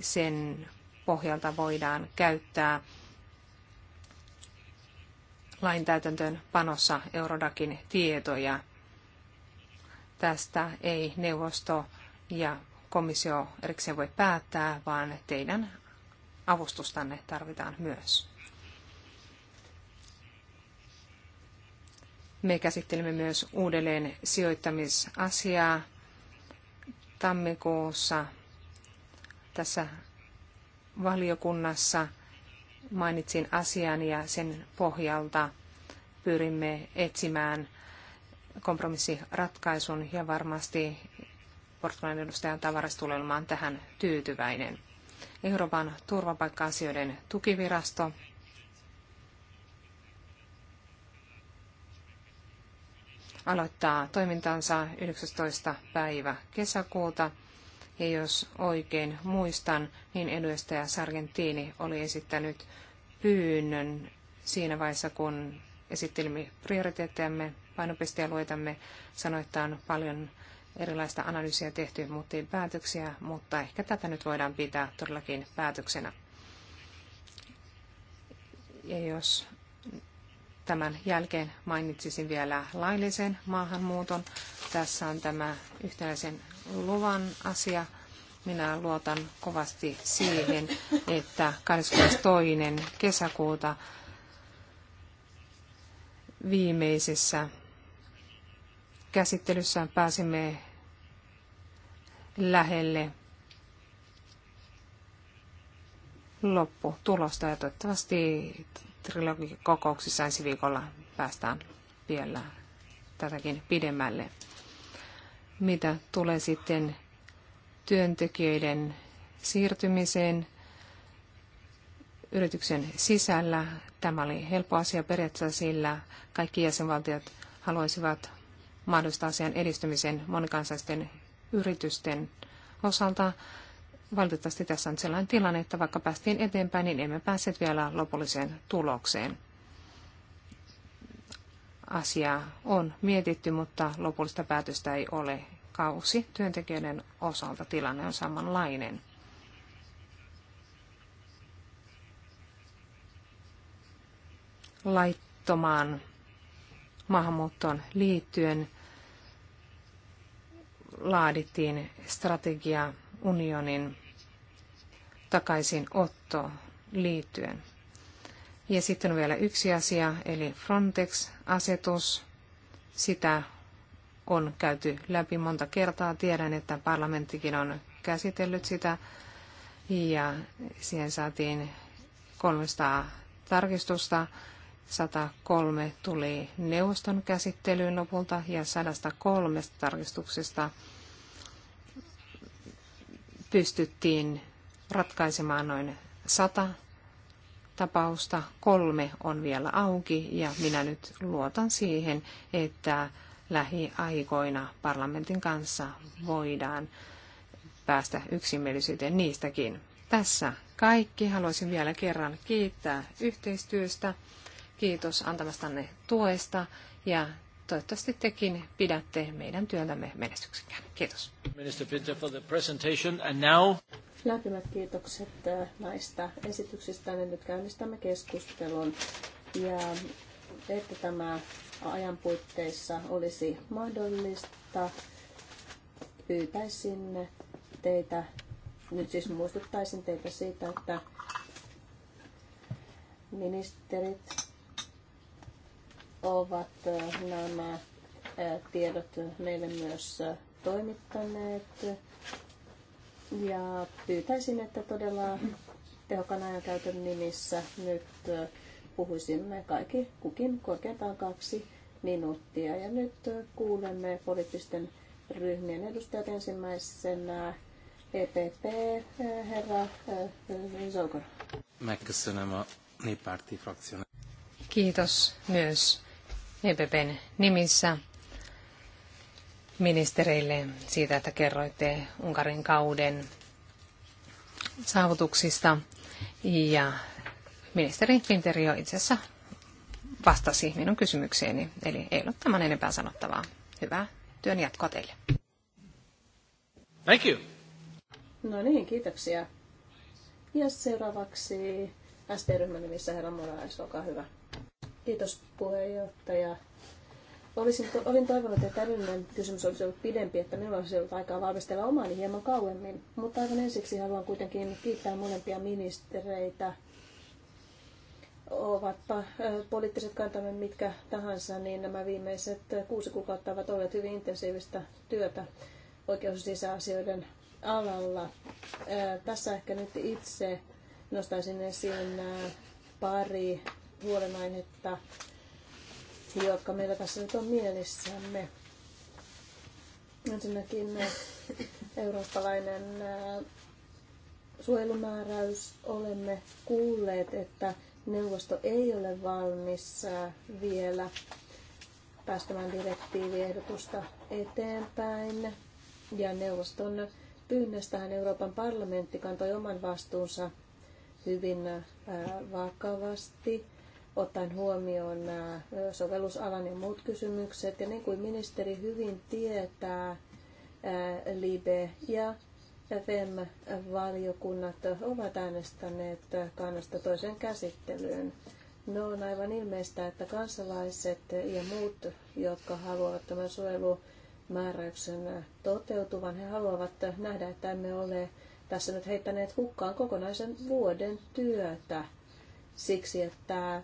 sen pohjalta voidaan käyttää lain panossa Eurodakin tietoja. Tästä ei neuvosto ja komissio erikseen voi päättää, vaan teidän avustustanne tarvitaan myös. Me käsittelimme myös uudelleen sijoittamisasiaa tammikuussa tässä valiokunnassa. Mainitsin asian ja sen pohjalta pyrimme etsimään kompromissiratkaisun ja varmasti Portugalin edustajan tavaras tulee olemaan tähän tyytyväinen. Euroopan turvapaikka-asioiden tukivirasto aloittaa toimintansa 19. päivä kesäkuuta. Ja jos oikein muistan, niin edustaja Sargentini oli esittänyt pyynnön siinä vaiheessa, kun esittelimme prioriteettejamme, painopistealueitamme, sanoittaan paljon erilaista analyysiä tehty, mutta ei päätöksiä, mutta ehkä tätä nyt voidaan pitää todellakin päätöksenä. Ja jos Tämän jälkeen mainitsisin vielä laillisen maahanmuuton. Tässä on tämä yhtenäisen luvan asia. Minä luotan kovasti siihen, että 22. kesäkuuta viimeisessä käsittelyssä pääsimme lähelle lopputulosta ja toivottavasti trilogikokouksissa ensi viikolla päästään vielä tätäkin pidemmälle. Mitä tulee sitten työntekijöiden siirtymiseen yrityksen sisällä, tämä oli helppo asia periaatteessa, sillä kaikki jäsenvaltiot haluaisivat mahdollistaa asian edistymisen monikansaisten yritysten osalta. Valitettavasti tässä on sellainen tilanne, että vaikka päästiin eteenpäin, niin emme päässeet vielä lopulliseen tulokseen. Asiaa on mietitty, mutta lopullista päätöstä ei ole. Kausi työntekijöiden osalta tilanne on samanlainen. Laittomaan maahanmuuttoon liittyen laadittiin strategia unionin takaisinotto liittyen. Ja sitten on vielä yksi asia, eli Frontex-asetus. Sitä on käyty läpi monta kertaa. Tiedän, että parlamenttikin on käsitellyt sitä ja siihen saatiin 300 tarkistusta. 103 tuli neuvoston käsittelyyn lopulta ja 103 tarkistuksesta pystyttiin ratkaisemaan noin sata tapausta, kolme on vielä auki ja minä nyt luotan siihen, että lähiaikoina parlamentin kanssa voidaan päästä yksimielisyyteen niistäkin. Tässä kaikki. Haluaisin vielä kerran kiittää yhteistyöstä. Kiitos antamastanne tuesta ja toivottavasti tekin pidätte meidän työllämme menestyksekään. Kiitos. Minister for the presentation and now... Lämpimät kiitokset äh, näistä esityksistä. Me nyt käynnistämme keskustelun. Ja että tämä ajan puitteissa olisi mahdollista, pyytäisin teitä, nyt siis muistuttaisin teitä siitä, että ministerit ovat nämä tiedot meille myös toimittaneet. Ja pyytäisin, että todella tehokan ajankäytön nimissä nyt puhuisimme kaikki kukin korkeintaan kaksi minuuttia. Ja nyt kuulemme poliittisten ryhmien edustajat ensimmäisenä EPP, herra Zoukor. Mä kysyn, Kiitos myös EPPn nimissä ministereille siitä, että kerroitte Unkarin kauden saavutuksista. Ja ministeri Pinteri jo itse asiassa vastasi minun kysymykseeni, eli ei ollut tämän enempää sanottavaa. Hyvää työn jatkoa teille. Thank you. No niin, kiitoksia. Ja seuraavaksi ST-ryhmän nimissä herra Moraes, olkaa hyvä. Kiitos puheenjohtaja. Olisin to, olin toivonut, että tämmöinen kysymys olisi ollut pidempi, että meillä olisi ollut aikaa valmistella omaani hieman kauemmin. Mutta aivan ensiksi haluan kuitenkin kiittää molempia ministereitä. Ovatpa poliittiset kantamme mitkä tahansa, niin nämä viimeiset kuusi kuukautta ovat olleet hyvin intensiivistä työtä oikeus- ja sisäasioiden alalla. Tässä ehkä nyt itse nostaisin esiin pari huolenainetta, jotka meillä tässä nyt on mielessämme. Ensinnäkin äh, eurooppalainen äh, suojelumääräys. Olemme kuulleet, että neuvosto ei ole valmis äh, vielä päästämään direktiiviehdotusta eteenpäin. Ja neuvoston pyynnöstähän Euroopan parlamentti kantoi oman vastuunsa hyvin vakavasti ottaen huomioon nämä äh, sovellusalan ja muut kysymykset. Ja niin kuin ministeri hyvin tietää, äh, LIBE ja FM-valiokunnat ovat äänestäneet kannasta toisen käsittelyyn. No on aivan ilmeistä, että kansalaiset ja muut, jotka haluavat tämän suojelumääräyksen toteutuvan, he haluavat nähdä, että emme ole tässä nyt heittäneet hukkaan kokonaisen vuoden työtä siksi, että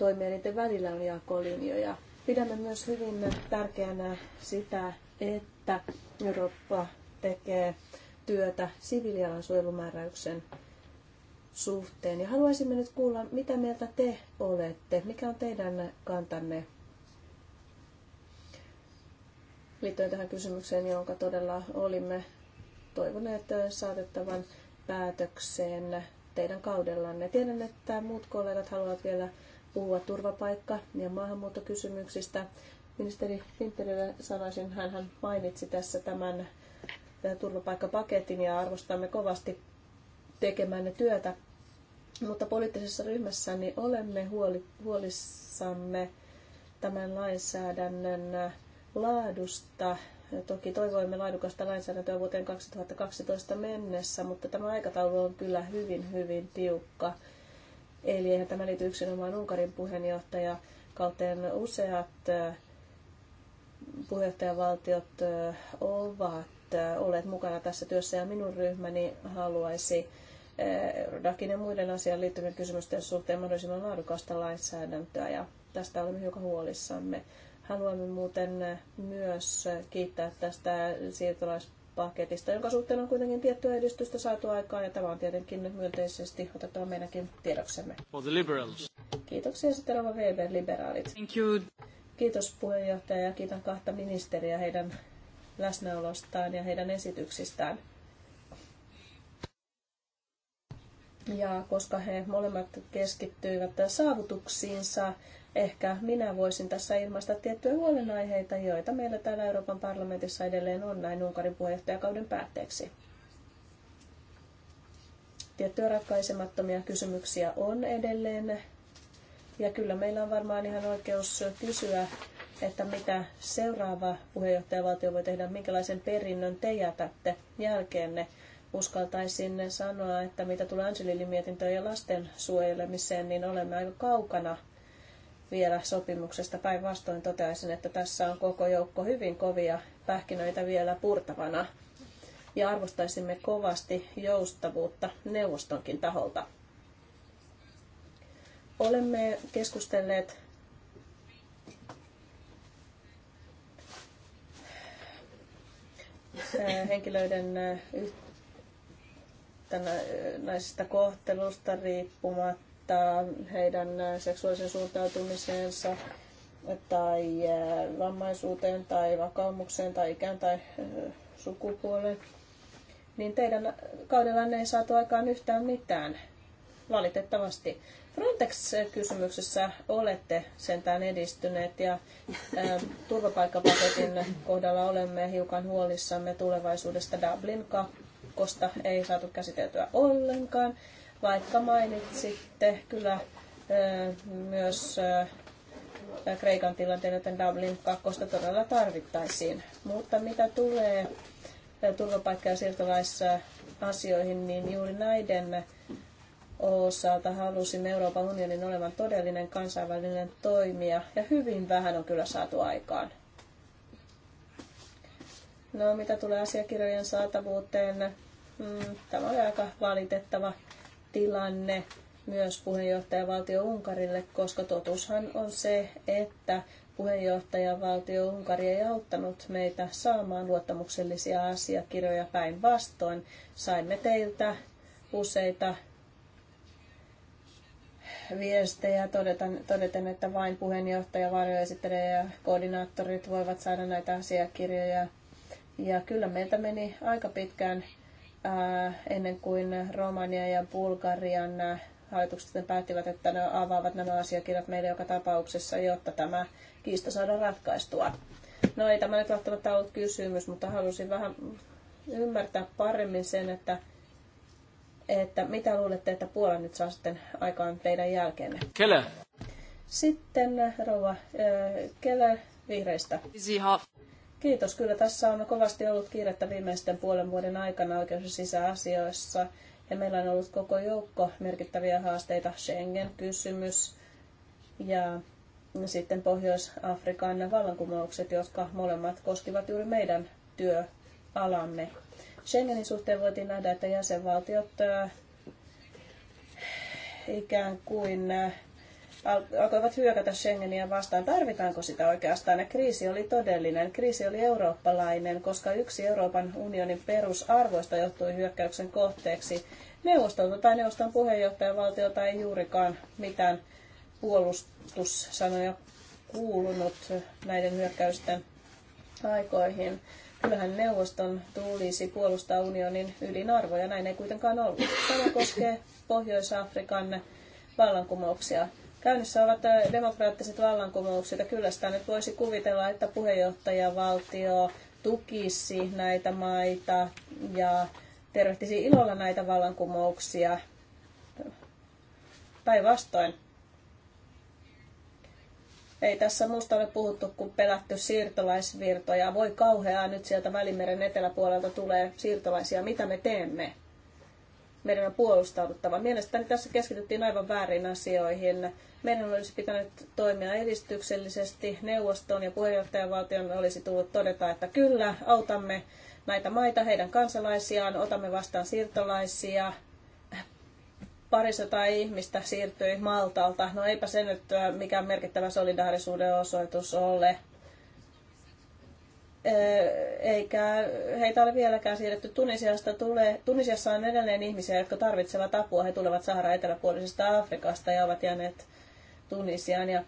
toimielinten välillä on jakolinjoja. Pidämme myös hyvin tärkeänä sitä, että Eurooppa tekee työtä siviilialan suojelumääräyksen suhteen. Ja haluaisimme nyt kuulla, mitä mieltä te olette, mikä on teidän kantanne liittyen tähän kysymykseen, jonka todella olimme toivoneet saatettavan päätökseen teidän kaudellanne. Tiedän, että muut kollegat haluavat vielä puhua turvapaikka- ja maahanmuuttokysymyksistä. Ministeri Pinterille sanoisin, hän mainitsi tässä tämän turvapaikkapaketin ja arvostamme kovasti tekemänne työtä. Mutta poliittisessa ryhmässä niin olemme huoli, huolissamme tämän lainsäädännön laadusta. Toki toivoimme laadukasta lainsäädäntöä vuoteen 2012 mennessä, mutta tämä aikataulu on kyllä hyvin, hyvin tiukka. Eli eihän tämä liity yksinomaan Unkarin puheenjohtaja kauteen useat puheenjohtajavaltiot ovat olleet mukana tässä työssä ja minun ryhmäni haluaisi Eurodakin ja muiden asiaan liittyvien kysymysten suhteen mahdollisimman laadukasta lainsäädäntöä ja tästä olemme hiukan huolissamme. Haluamme muuten myös kiittää tästä siirtolais paketista, jonka suhteen on kuitenkin tiettyä edistystä saatu aikaa ja tämä on tietenkin myönteisesti otettava meidänkin tiedoksemme. For the liberals. Kiitoksia sitten Rova Weber, liberaalit. Thank you. Kiitos puheenjohtaja ja kiitän kahta ministeriä heidän läsnäolostaan ja heidän esityksistään. Ja koska he molemmat keskittyivät saavutuksiinsa, Ehkä minä voisin tässä ilmaista tiettyjä huolenaiheita, joita meillä täällä Euroopan parlamentissa edelleen on näin Unkarin puheenjohtajakauden päätteeksi. Tiettyjä ratkaisemattomia kysymyksiä on edelleen. Ja kyllä meillä on varmaan ihan oikeus kysyä, että mitä seuraava puheenjohtajavaltio voi tehdä, minkälaisen perinnön te jätätte jälkeenne uskaltaisin sanoa, että mitä tulee Angelinin mietintöön ja lasten suojelemiseen, niin olemme aika kaukana vielä sopimuksesta. Päinvastoin toteaisin, että tässä on koko joukko hyvin kovia pähkinöitä vielä purtavana. Ja arvostaisimme kovasti joustavuutta neuvostonkin taholta. Olemme keskustelleet henkilöiden eh, naisista kohtelusta riippumatta vaikuttaa heidän äh, seksuaalisen suuntautumiseensa tai äh, vammaisuuteen tai vakaumukseen tai ikään tai äh, sukupuoleen, niin teidän kaudellanne ei saatu aikaan yhtään mitään, valitettavasti. Frontex-kysymyksessä olette sentään edistyneet ja turvapaikkapaketin kohdalla olemme hiukan huolissamme tulevaisuudesta Dublin kakkosta Ei saatu käsiteltyä ollenkaan vaikka mainitsitte kyllä myös Kreikan tilanteen, joten Dublin 2 todella tarvittaisiin. Mutta mitä tulee turvapaikka- ja siirtolaisasioihin, niin juuri näiden osalta halusimme Euroopan unionin olevan todellinen kansainvälinen toimija, ja hyvin vähän on kyllä saatu aikaan. No, mitä tulee asiakirjojen saatavuuteen, mm, tämä oli aika valitettava tilanne myös puheenjohtajavaltio Unkarille, koska totuushan on se, että puheenjohtajavaltio Unkari ei auttanut meitä saamaan luottamuksellisia asiakirjoja päinvastoin. Saimme teiltä useita viestejä todeten, todeten että vain puheenjohtaja, varjoesittelijä ja koordinaattorit voivat saada näitä asiakirjoja. Ja kyllä meiltä meni aika pitkään Äh, ennen kuin Romania ja Bulgarian äh, hallitukset päättivät, että ne avaavat nämä asiakirjat meille joka tapauksessa, jotta tämä kiista saadaan ratkaistua. No ei tämä nyt välttämättä ollut kysymys, mutta halusin vähän ymmärtää paremmin sen, että, että mitä luulette, että Puola nyt saa sitten aikaan teidän jälkeenne. Kele. Sitten äh, rouva Kele vihreistä. Kiitos. Kyllä tässä on kovasti ollut kiirettä viimeisten puolen vuoden aikana oikeus- ja sisäasioissa. Ja meillä on ollut koko joukko merkittäviä haasteita. Schengen-kysymys ja sitten Pohjois-Afrikan vallankumoukset, jotka molemmat koskivat juuri meidän työalamme. Schengenin suhteen voitiin nähdä, että jäsenvaltiot äh, ikään kuin äh, alkoivat hyökätä Schengeniä vastaan. Tarvitaanko sitä oikeastaan? Ja kriisi oli todellinen. Kriisi oli eurooppalainen, koska yksi Euroopan unionin perusarvoista johtui hyökkäyksen kohteeksi. Neuvostolta tai neuvoston puheenjohtajavaltiolta ei juurikaan mitään puolustussanoja kuulunut näiden hyökkäysten aikoihin. Kyllähän neuvoston tulisi puolustaa unionin ydinarvoja, näin ei kuitenkaan ollut. Sama koskee Pohjois-Afrikan vallankumouksia. Käynnissä ovat demokraattiset vallankumoukset kyllä sitä nyt voisi kuvitella, että puheenjohtajavaltio tukisi näitä maita ja tervehtisi ilolla näitä vallankumouksia. Päinvastoin. Ei tässä muusta ole puhuttu kuin pelätty siirtolaisvirtoja. Voi kauheaa nyt sieltä Välimeren eteläpuolelta tulee siirtolaisia. Mitä me teemme? meidän on puolustauduttava. Mielestäni tässä keskityttiin aivan väärin asioihin. Meidän olisi pitänyt toimia edistyksellisesti. Neuvoston ja puheenjohtajavaltion olisi tullut todeta, että kyllä, autamme näitä maita, heidän kansalaisiaan, otamme vastaan siirtolaisia. Parisataa ihmistä siirtyi Maltalta. No eipä se nyt äh, mikään merkittävä solidaarisuuden osoitus ole. Eh, eikä heitä ole vieläkään siirretty Tunisiasta. Tulee, Tunisiassa on edelleen ihmisiä, jotka tarvitsevat apua. He tulevat Sahara eteläpuolisesta Afrikasta ja ovat jääneet Tunisiaan. Ja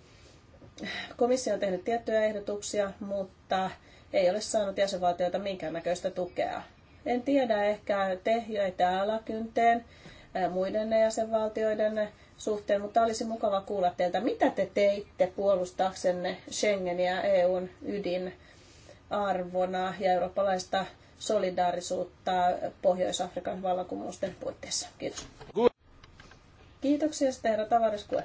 komissio on tehnyt tiettyjä ehdotuksia, mutta ei ole saanut jäsenvaltioita minkäännäköistä tukea. En tiedä, ehkä te joita alakynteen eh, muiden jäsenvaltioiden suhteen, mutta olisi mukava kuulla teiltä, mitä te teitte puolustaaksenne Schengeniä EUn ydin arvona ja eurooppalaista solidaarisuutta Pohjois-Afrikan vallankumousten puitteissa. Kiitos. Good. Kiitoksia, Steera Tavariskue.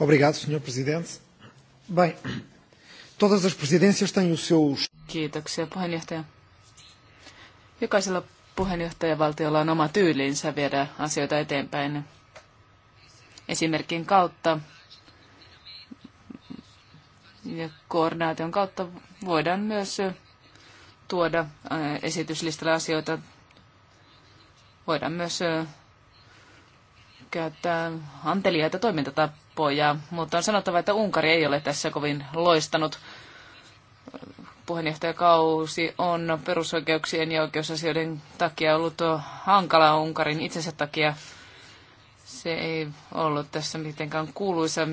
Obrigado, senhor presidente. Bem, todas as presidências têm os seus... Kiitoksia, puheenjohtaja. Jokaisella puheenjohtajavaltiolla on oma tyylinsä viedä asioita eteenpäin esimerkin kautta ja koordinaation kautta voidaan myös tuoda esityslistalle asioita. Voidaan myös käyttää anteliaita toimintatapoja, mutta on sanottava, että Unkari ei ole tässä kovin loistanut. Puheenjohtajakausi on perusoikeuksien ja oikeusasioiden takia ollut hankala Unkarin itsensä takia. Se ei ollut tässä mitenkään kuuluisa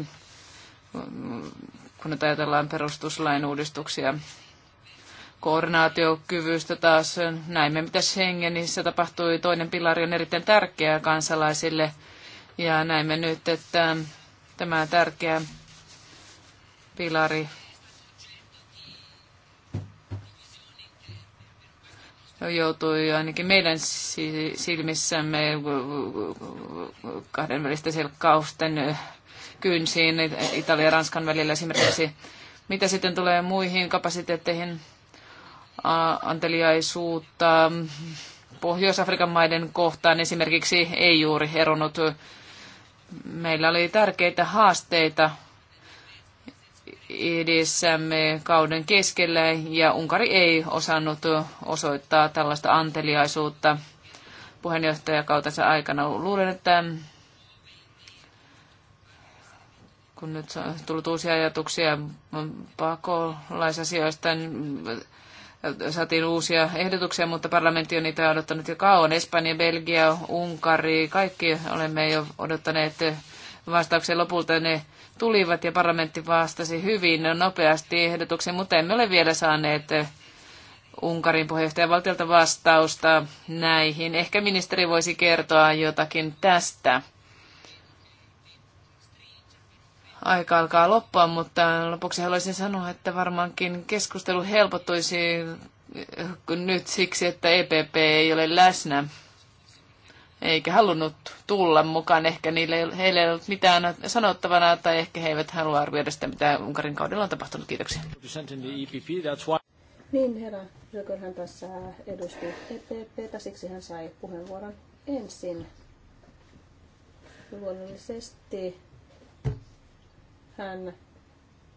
kun nyt ajatellaan perustuslain uudistuksia. Koordinaatiokyvystä taas näimme, mitä Schengenissä tapahtui. Toinen pilari on erittäin tärkeä kansalaisille ja näimme nyt, että tämä tärkeä pilari joutui ainakin meidän silmissämme kahdenvälisten selkkausten kynsiin Italian ja Ranskan välillä esimerkiksi. Mitä sitten tulee muihin kapasiteetteihin, anteliaisuutta Pohjois-Afrikan maiden kohtaan esimerkiksi ei juuri eronnut. Meillä oli tärkeitä haasteita edessämme kauden keskellä ja Unkari ei osannut osoittaa tällaista anteliaisuutta puheenjohtajakautensa aikana. Luulen, että kun nyt on tullut uusia ajatuksia pakolaisasioista, niin äh, saatiin uusia ehdotuksia, mutta parlamentti on niitä odottanut jo kauan. Espanja, Belgia, Unkari, kaikki olemme jo odottaneet vastauksen lopulta ne tulivat ja parlamentti vastasi hyvin nopeasti ehdotuksen, mutta emme ole vielä saaneet äh, Unkarin puheenjohtajavaltiolta vastausta näihin. Ehkä ministeri voisi kertoa jotakin tästä aika alkaa loppua, mutta lopuksi haluaisin sanoa, että varmaankin keskustelu helpottuisi nyt siksi, että EPP ei ole läsnä eikä halunnut tulla mukaan. Ehkä niille, heille ei ollut mitään sanottavana tai ehkä he eivät halua arvioida sitä, mitä Unkarin kaudella on tapahtunut. Kiitoksia. Niin, herra Rökörhän tässä edusti EPPtä, siksi hän sai puheenvuoron ensin. Luonnollisesti hän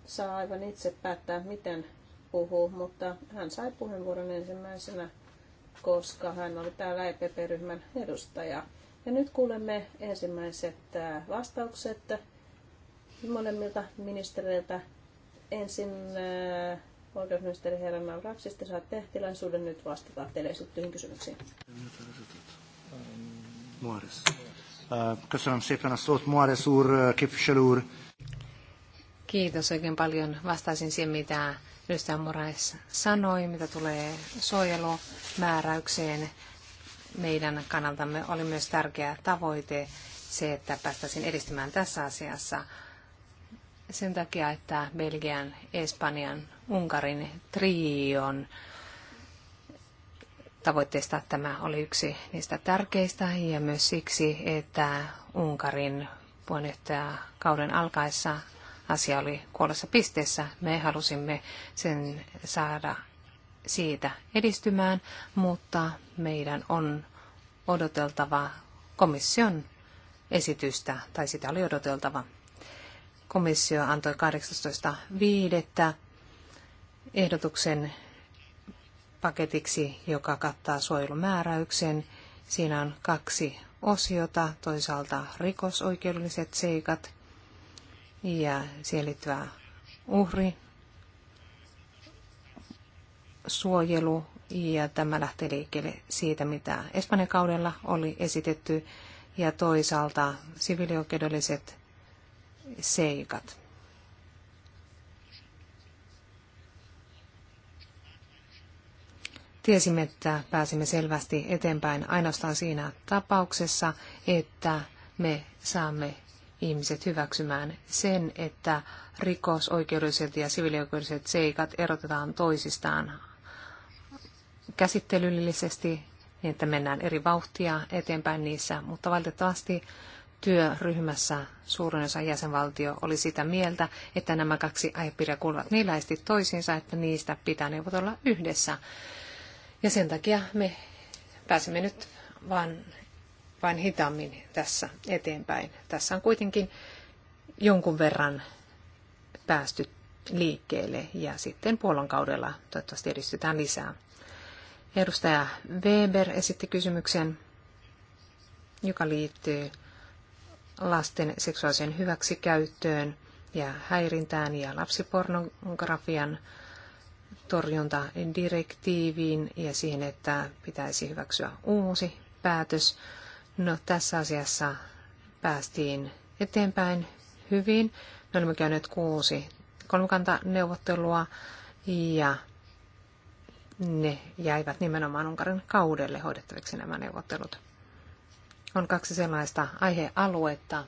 saa aivan itse päättää, miten puhuu, mutta hän sai puheenvuoron ensimmäisenä, koska hän oli täällä EPP-ryhmän edustaja. Ja nyt kuulemme ensimmäiset äh, vastaukset molemmilta ministereiltä. Ensin äh, oikeusministeri Helena Raksista saatte tilaisuuden nyt vastata teille esittyihin kysymyksiin. Muores. Äh, köszönöm szépen a szót. Muores úr, képviselő úr, Kiitos oikein paljon. Vastaisin siihen, mitä Ystävä Morais sanoi, mitä tulee suojelumääräykseen. Meidän kannaltamme oli myös tärkeä tavoite se, että päästäisiin edistymään tässä asiassa sen takia, että Belgian, Espanjan, Unkarin trion tavoitteista tämä oli yksi niistä tärkeistä ja myös siksi, että Unkarin puheenjohtajakauden alkaessa asia oli kuollessa pisteessä. Me halusimme sen saada siitä edistymään, mutta meidän on odoteltava komission esitystä, tai sitä oli odoteltava. Komissio antoi 18.5. ehdotuksen paketiksi, joka kattaa suojelumääräyksen. Siinä on kaksi osiota, toisaalta rikosoikeudelliset seikat ja siihen uhri, suojelu ja tämä lähtee liikkeelle siitä, mitä Espanjan kaudella oli esitetty ja toisaalta siviilioikeudelliset seikat. Tiesimme, että pääsimme selvästi eteenpäin ainoastaan siinä tapauksessa, että me saamme ihmiset hyväksymään sen, että rikosoikeudelliset ja siviilioikeudelliset seikat erotetaan toisistaan käsittelyllisesti, niin että mennään eri vauhtia eteenpäin niissä, mutta valitettavasti työryhmässä suurin osa jäsenvaltio oli sitä mieltä, että nämä kaksi aihepiiriä kuuluvat niin läheisesti toisiinsa, että niistä pitää neuvotella yhdessä. Ja sen takia me pääsimme nyt vaan vain hitaammin tässä eteenpäin. Tässä on kuitenkin jonkun verran päästy liikkeelle ja sitten puolon kaudella toivottavasti edistytään lisää. Edustaja Weber esitti kysymyksen, joka liittyy lasten seksuaaliseen hyväksikäyttöön ja häirintään ja lapsipornografian torjuntadirektiiviin ja siihen, että pitäisi hyväksyä uusi päätös. No tässä asiassa päästiin eteenpäin hyvin. Me olemme käyneet kuusi kolmikantaneuvottelua ja ne jäivät nimenomaan Unkarin kaudelle hoidettaviksi nämä neuvottelut. On kaksi sellaista aihealuetta,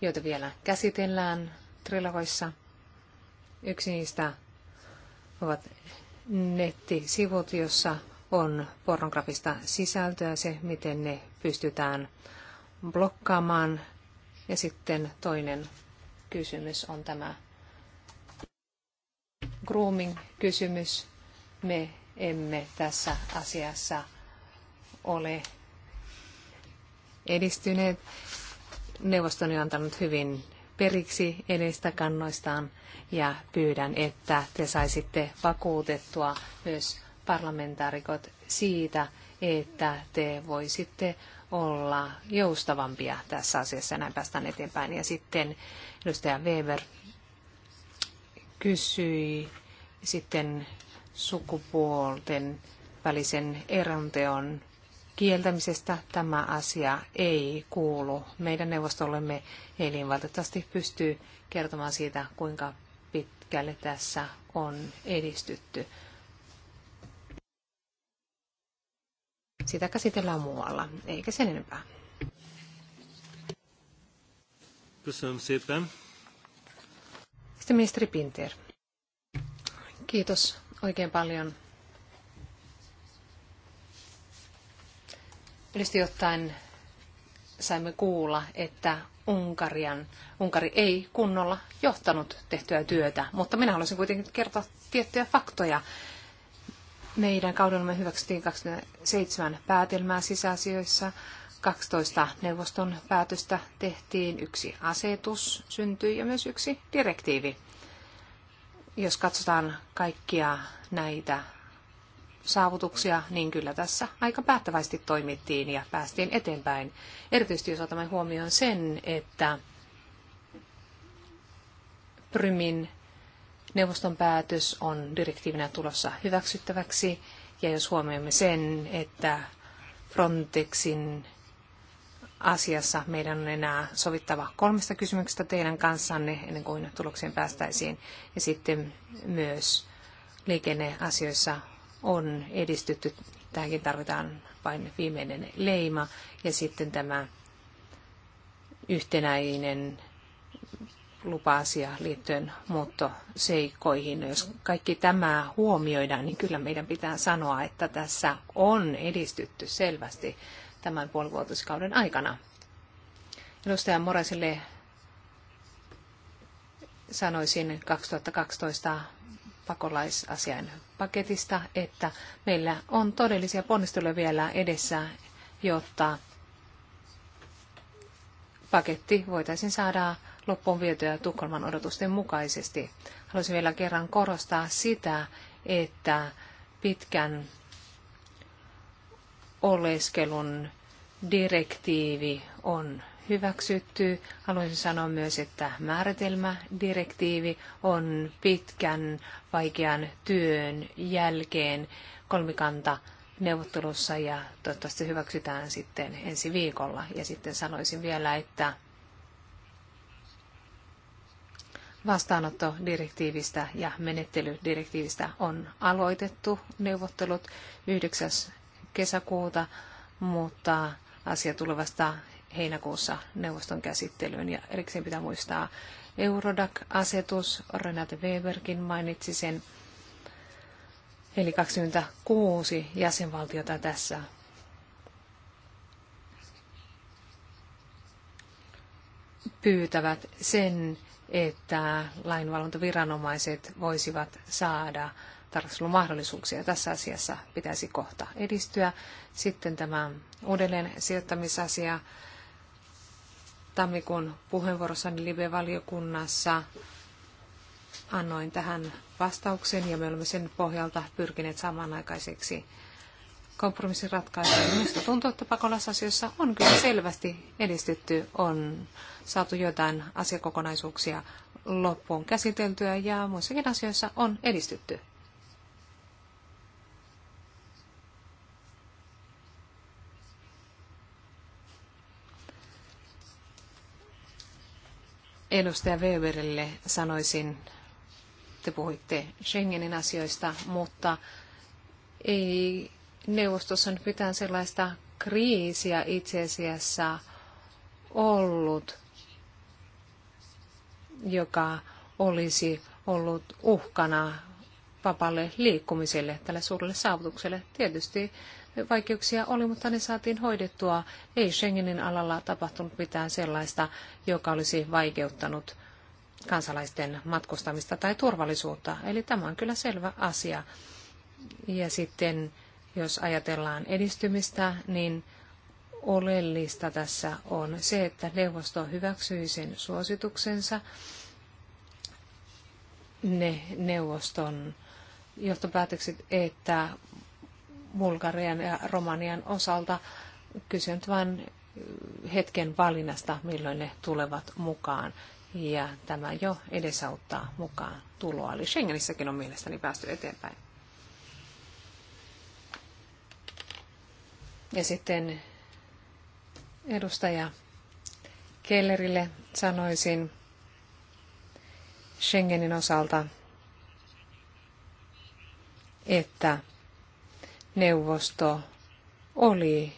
joita vielä käsitellään trilogoissa. Yksi niistä ovat nettisivut, jossa on pornografista sisältöä, se miten ne pystytään blokkaamaan. Ja sitten toinen kysymys on tämä grooming-kysymys. Me emme tässä asiassa ole edistyneet. Neuvosto on antanut hyvin periksi edestä kannoistaan ja pyydän, että te saisitte vakuutettua myös parlamentaarikot siitä, että te voisitte olla joustavampia tässä asiassa. Näin päästään eteenpäin. Ja sitten edustaja Weber kysyi sitten sukupuolten välisen eronteon kieltämisestä tämä asia ei kuulu. Meidän neuvostollemme eli valitettavasti pystyy kertomaan siitä, kuinka pitkälle tässä on edistytty. sitä käsitellään muualla, eikä sen enempää. Sitten ministeri Pinter. Kiitos oikein paljon. Yleisesti ottaen saimme kuulla, että Unkarian, Unkari ei kunnolla johtanut tehtyä työtä, mutta minä haluaisin kuitenkin kertoa tiettyjä faktoja meidän kaudellamme hyväksyttiin 27 päätelmää sisäasioissa, 12 neuvoston päätöstä tehtiin, yksi asetus syntyi ja myös yksi direktiivi. Jos katsotaan kaikkia näitä saavutuksia, niin kyllä tässä aika päättäväisesti toimittiin ja päästiin eteenpäin. Erityisesti jos otamme huomioon sen, että Prymin Neuvoston päätös on direktiivinä tulossa hyväksyttäväksi, ja jos huomioimme sen, että Frontexin asiassa meidän on enää sovittava kolmesta kysymyksestä teidän kanssanne ennen kuin tulokseen päästäisiin. Ja sitten myös liikenneasioissa on edistytty. Tähänkin tarvitaan vain viimeinen leima ja sitten tämä yhtenäinen lupa-asia liittyen muuttoseikkoihin. No, jos kaikki tämä huomioidaan, niin kyllä meidän pitää sanoa, että tässä on edistytty selvästi tämän puolivuotiskauden aikana. Edustaja moraisille sanoisin 2012 pakolaisasian paketista, että meillä on todellisia ponnisteluja vielä edessä, jotta paketti voitaisiin saada loppuun vietyä Tukholman odotusten mukaisesti. Haluaisin vielä kerran korostaa sitä, että pitkän oleskelun direktiivi on hyväksytty. Haluaisin sanoa myös, että määritelmädirektiivi on pitkän vaikean työn jälkeen kolmikanta neuvottelussa ja toivottavasti hyväksytään sitten ensi viikolla. Ja sitten sanoisin vielä, että vastaanottodirektiivistä ja menettelydirektiivistä on aloitettu neuvottelut 9. kesäkuuta, mutta asia tulee vasta heinäkuussa neuvoston käsittelyyn. Ja erikseen pitää muistaa Eurodac-asetus, Renate Weberkin mainitsi sen, eli 26 jäsenvaltiota tässä pyytävät sen, että lainvalvontaviranomaiset voisivat saada tarkastelumahdollisuuksia. Tässä asiassa pitäisi kohta edistyä. Sitten tämä uudelleen sijoittamisasia tammikuun puheenvuorossani live-valiokunnassa annoin tähän vastauksen ja me olemme sen pohjalta pyrkineet samanaikaiseksi kompromissiratkaisuja. Minusta tuntuu, että pakolaisasioissa on kyllä selvästi edistytty, on saatu jotain asiakokonaisuuksia loppuun käsiteltyä ja muissakin asioissa on edistytty. Edustaja Weberille sanoisin, te puhuitte Schengenin asioista, mutta ei neuvostossa nyt mitään sellaista kriisiä itse asiassa ollut, joka olisi ollut uhkana vapaalle liikkumiselle, tälle suurelle saavutukselle. Tietysti vaikeuksia oli, mutta ne saatiin hoidettua. Ei Schengenin alalla tapahtunut mitään sellaista, joka olisi vaikeuttanut kansalaisten matkustamista tai turvallisuutta. Eli tämä on kyllä selvä asia. Ja sitten jos ajatellaan edistymistä, niin oleellista tässä on se, että neuvosto hyväksyi sen suosituksensa. Ne neuvoston johtopäätökset, että Bulgarian ja Romanian osalta kyse on vain hetken valinnasta, milloin ne tulevat mukaan. Ja tämä jo edesauttaa mukaan tuloa. Eli Schengenissäkin on mielestäni päästy eteenpäin. Ja sitten edustaja Kellerille sanoisin Schengenin osalta, että neuvosto oli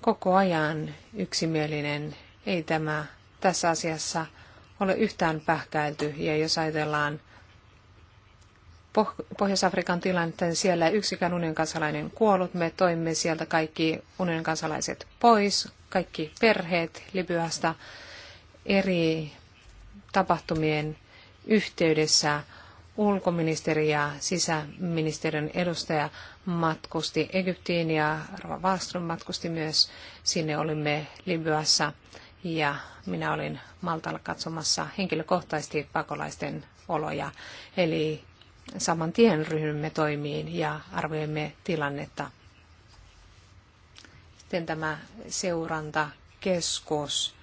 koko ajan yksimielinen. Ei tämä tässä asiassa ole yhtään pähkäilty. Ja jos ajatellaan Pohjois-Afrikan tilanteen siellä yksikään unionin kansalainen kuollut. Me toimme sieltä kaikki unionin kansalaiset pois, kaikki perheet Libyasta eri tapahtumien yhteydessä ulkoministeri ja sisäministeriön edustaja matkusti Egyptiin ja Rova Wallström matkusti myös. Sinne olimme Libyassa ja minä olin Maltalla katsomassa henkilökohtaisesti pakolaisten oloja. Eli saman tien ryhdymme toimiin ja arvioimme tilannetta. Sitten tämä seurantakeskus,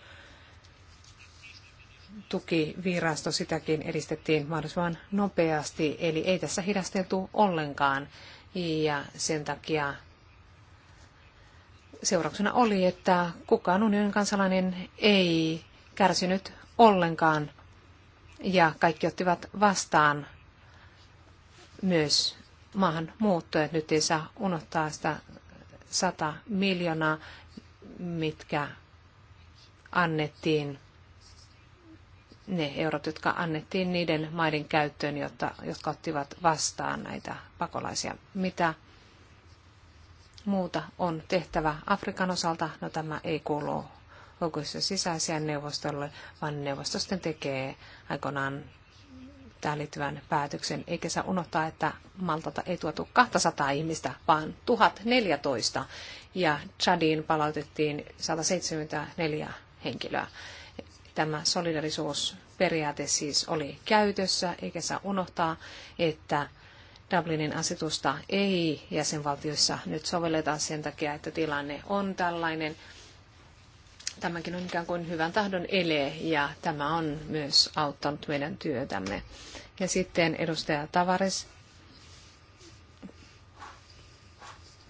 tukivirasto, sitäkin edistettiin mahdollisimman nopeasti, eli ei tässä hidasteltu ollenkaan. Ja sen takia seurauksena oli, että kukaan unionin kansalainen ei kärsinyt ollenkaan ja kaikki ottivat vastaan myös maahanmuuttajat. Nyt ei saa unohtaa sitä 100 miljoonaa, mitkä annettiin ne eurot, jotka annettiin niiden maiden käyttöön, jotta, jotka ottivat vastaan näitä pakolaisia. Mitä muuta on tehtävä Afrikan osalta? No tämä ei kuulu oikeus- ja sisäisiä neuvostolle, vaan neuvostosten tekee aikoinaan tähän liittyvän päätöksen, eikä saa unohtaa, että Maltalta ei tuotu 200 ihmistä, vaan 1014, ja Chadiin palautettiin 174 henkilöä. Tämä solidarisuusperiaate siis oli käytössä, eikä saa unohtaa, että Dublinin asetusta ei jäsenvaltioissa nyt sovelleta sen takia, että tilanne on tällainen tämäkin on ikään kuin hyvän tahdon ele ja tämä on myös auttanut meidän työtämme. Ja sitten edustaja Tavares.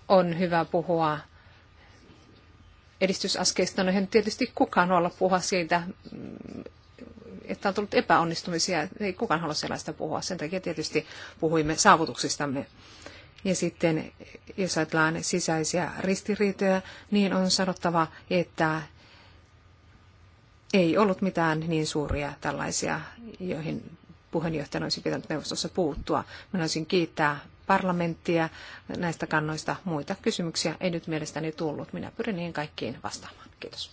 On hyvä puhua edistysaskeista. No eihän tietysti kukaan olla puhua siitä, että on tullut epäonnistumisia. Ei kukaan halua sellaista puhua. Sen takia tietysti puhuimme saavutuksistamme. Ja sitten, jos ajatellaan sisäisiä ristiriitoja, niin on sanottava, että ei ollut mitään niin suuria tällaisia, joihin puheenjohtajan olisi pitänyt neuvostossa puuttua. Minä olisin kiittää parlamenttia näistä kannoista. Muita kysymyksiä ei nyt mielestäni tullut. Minä pyrin niihin kaikkiin vastaamaan. Kiitos.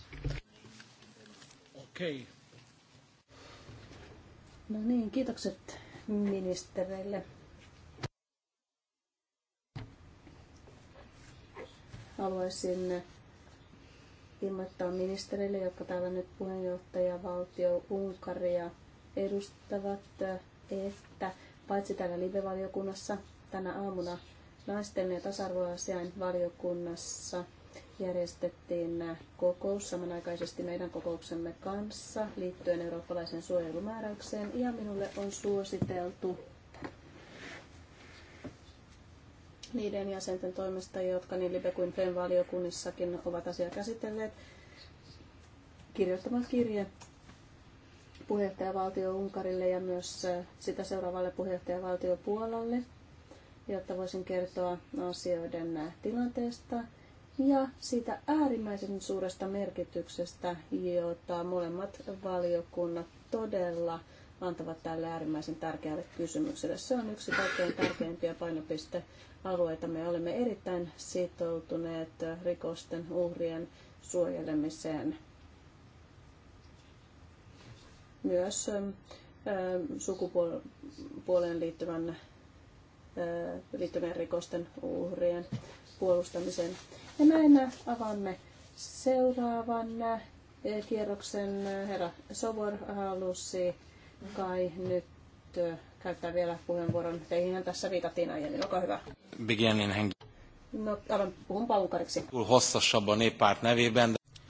Okay. No niin, kiitokset ministereille. Haluaisin ilmoittaa ministerille, jotka täällä nyt puheenjohtaja, valtio, Unkaria edustavat, että paitsi täällä live-valiokunnassa tänä aamuna naisten ja tasa valiokunnassa järjestettiin kokous samanaikaisesti meidän kokouksemme kanssa liittyen eurooppalaisen suojelumääräykseen ja minulle on suositeltu niiden jäsenten toimesta, jotka niin Libe kuin FEM valiokunnissakin ovat asiaa käsitelleet, kirjoittamaan kirje puheenjohtajavaltio Unkarille ja myös äh, sitä seuraavalle puheenjohtajavaltio Puolalle, jotta voisin kertoa asioiden äh, tilanteesta ja siitä äärimmäisen suuresta merkityksestä, jota molemmat valiokunnat todella antavat tälle äärimmäisen tärkeälle kysymykselle. Se on yksi kaikkein tärkeimpiä painopistealueita. Me olemme erittäin sitoutuneet rikosten uhrien suojelemiseen. Myös sukupuoleen liittyvän, liittyvien rikosten uhrien puolustamiseen. Ja näin avaamme seuraavan kierroksen. Herra Sovor halusi Kai nyt käyttää vielä puheenvuoron. Teihin tässä viitattiin aiemmin. Olkaa hyvä. Beginning henki. No, aloin, puhun paukariksi. Hossasabon epäät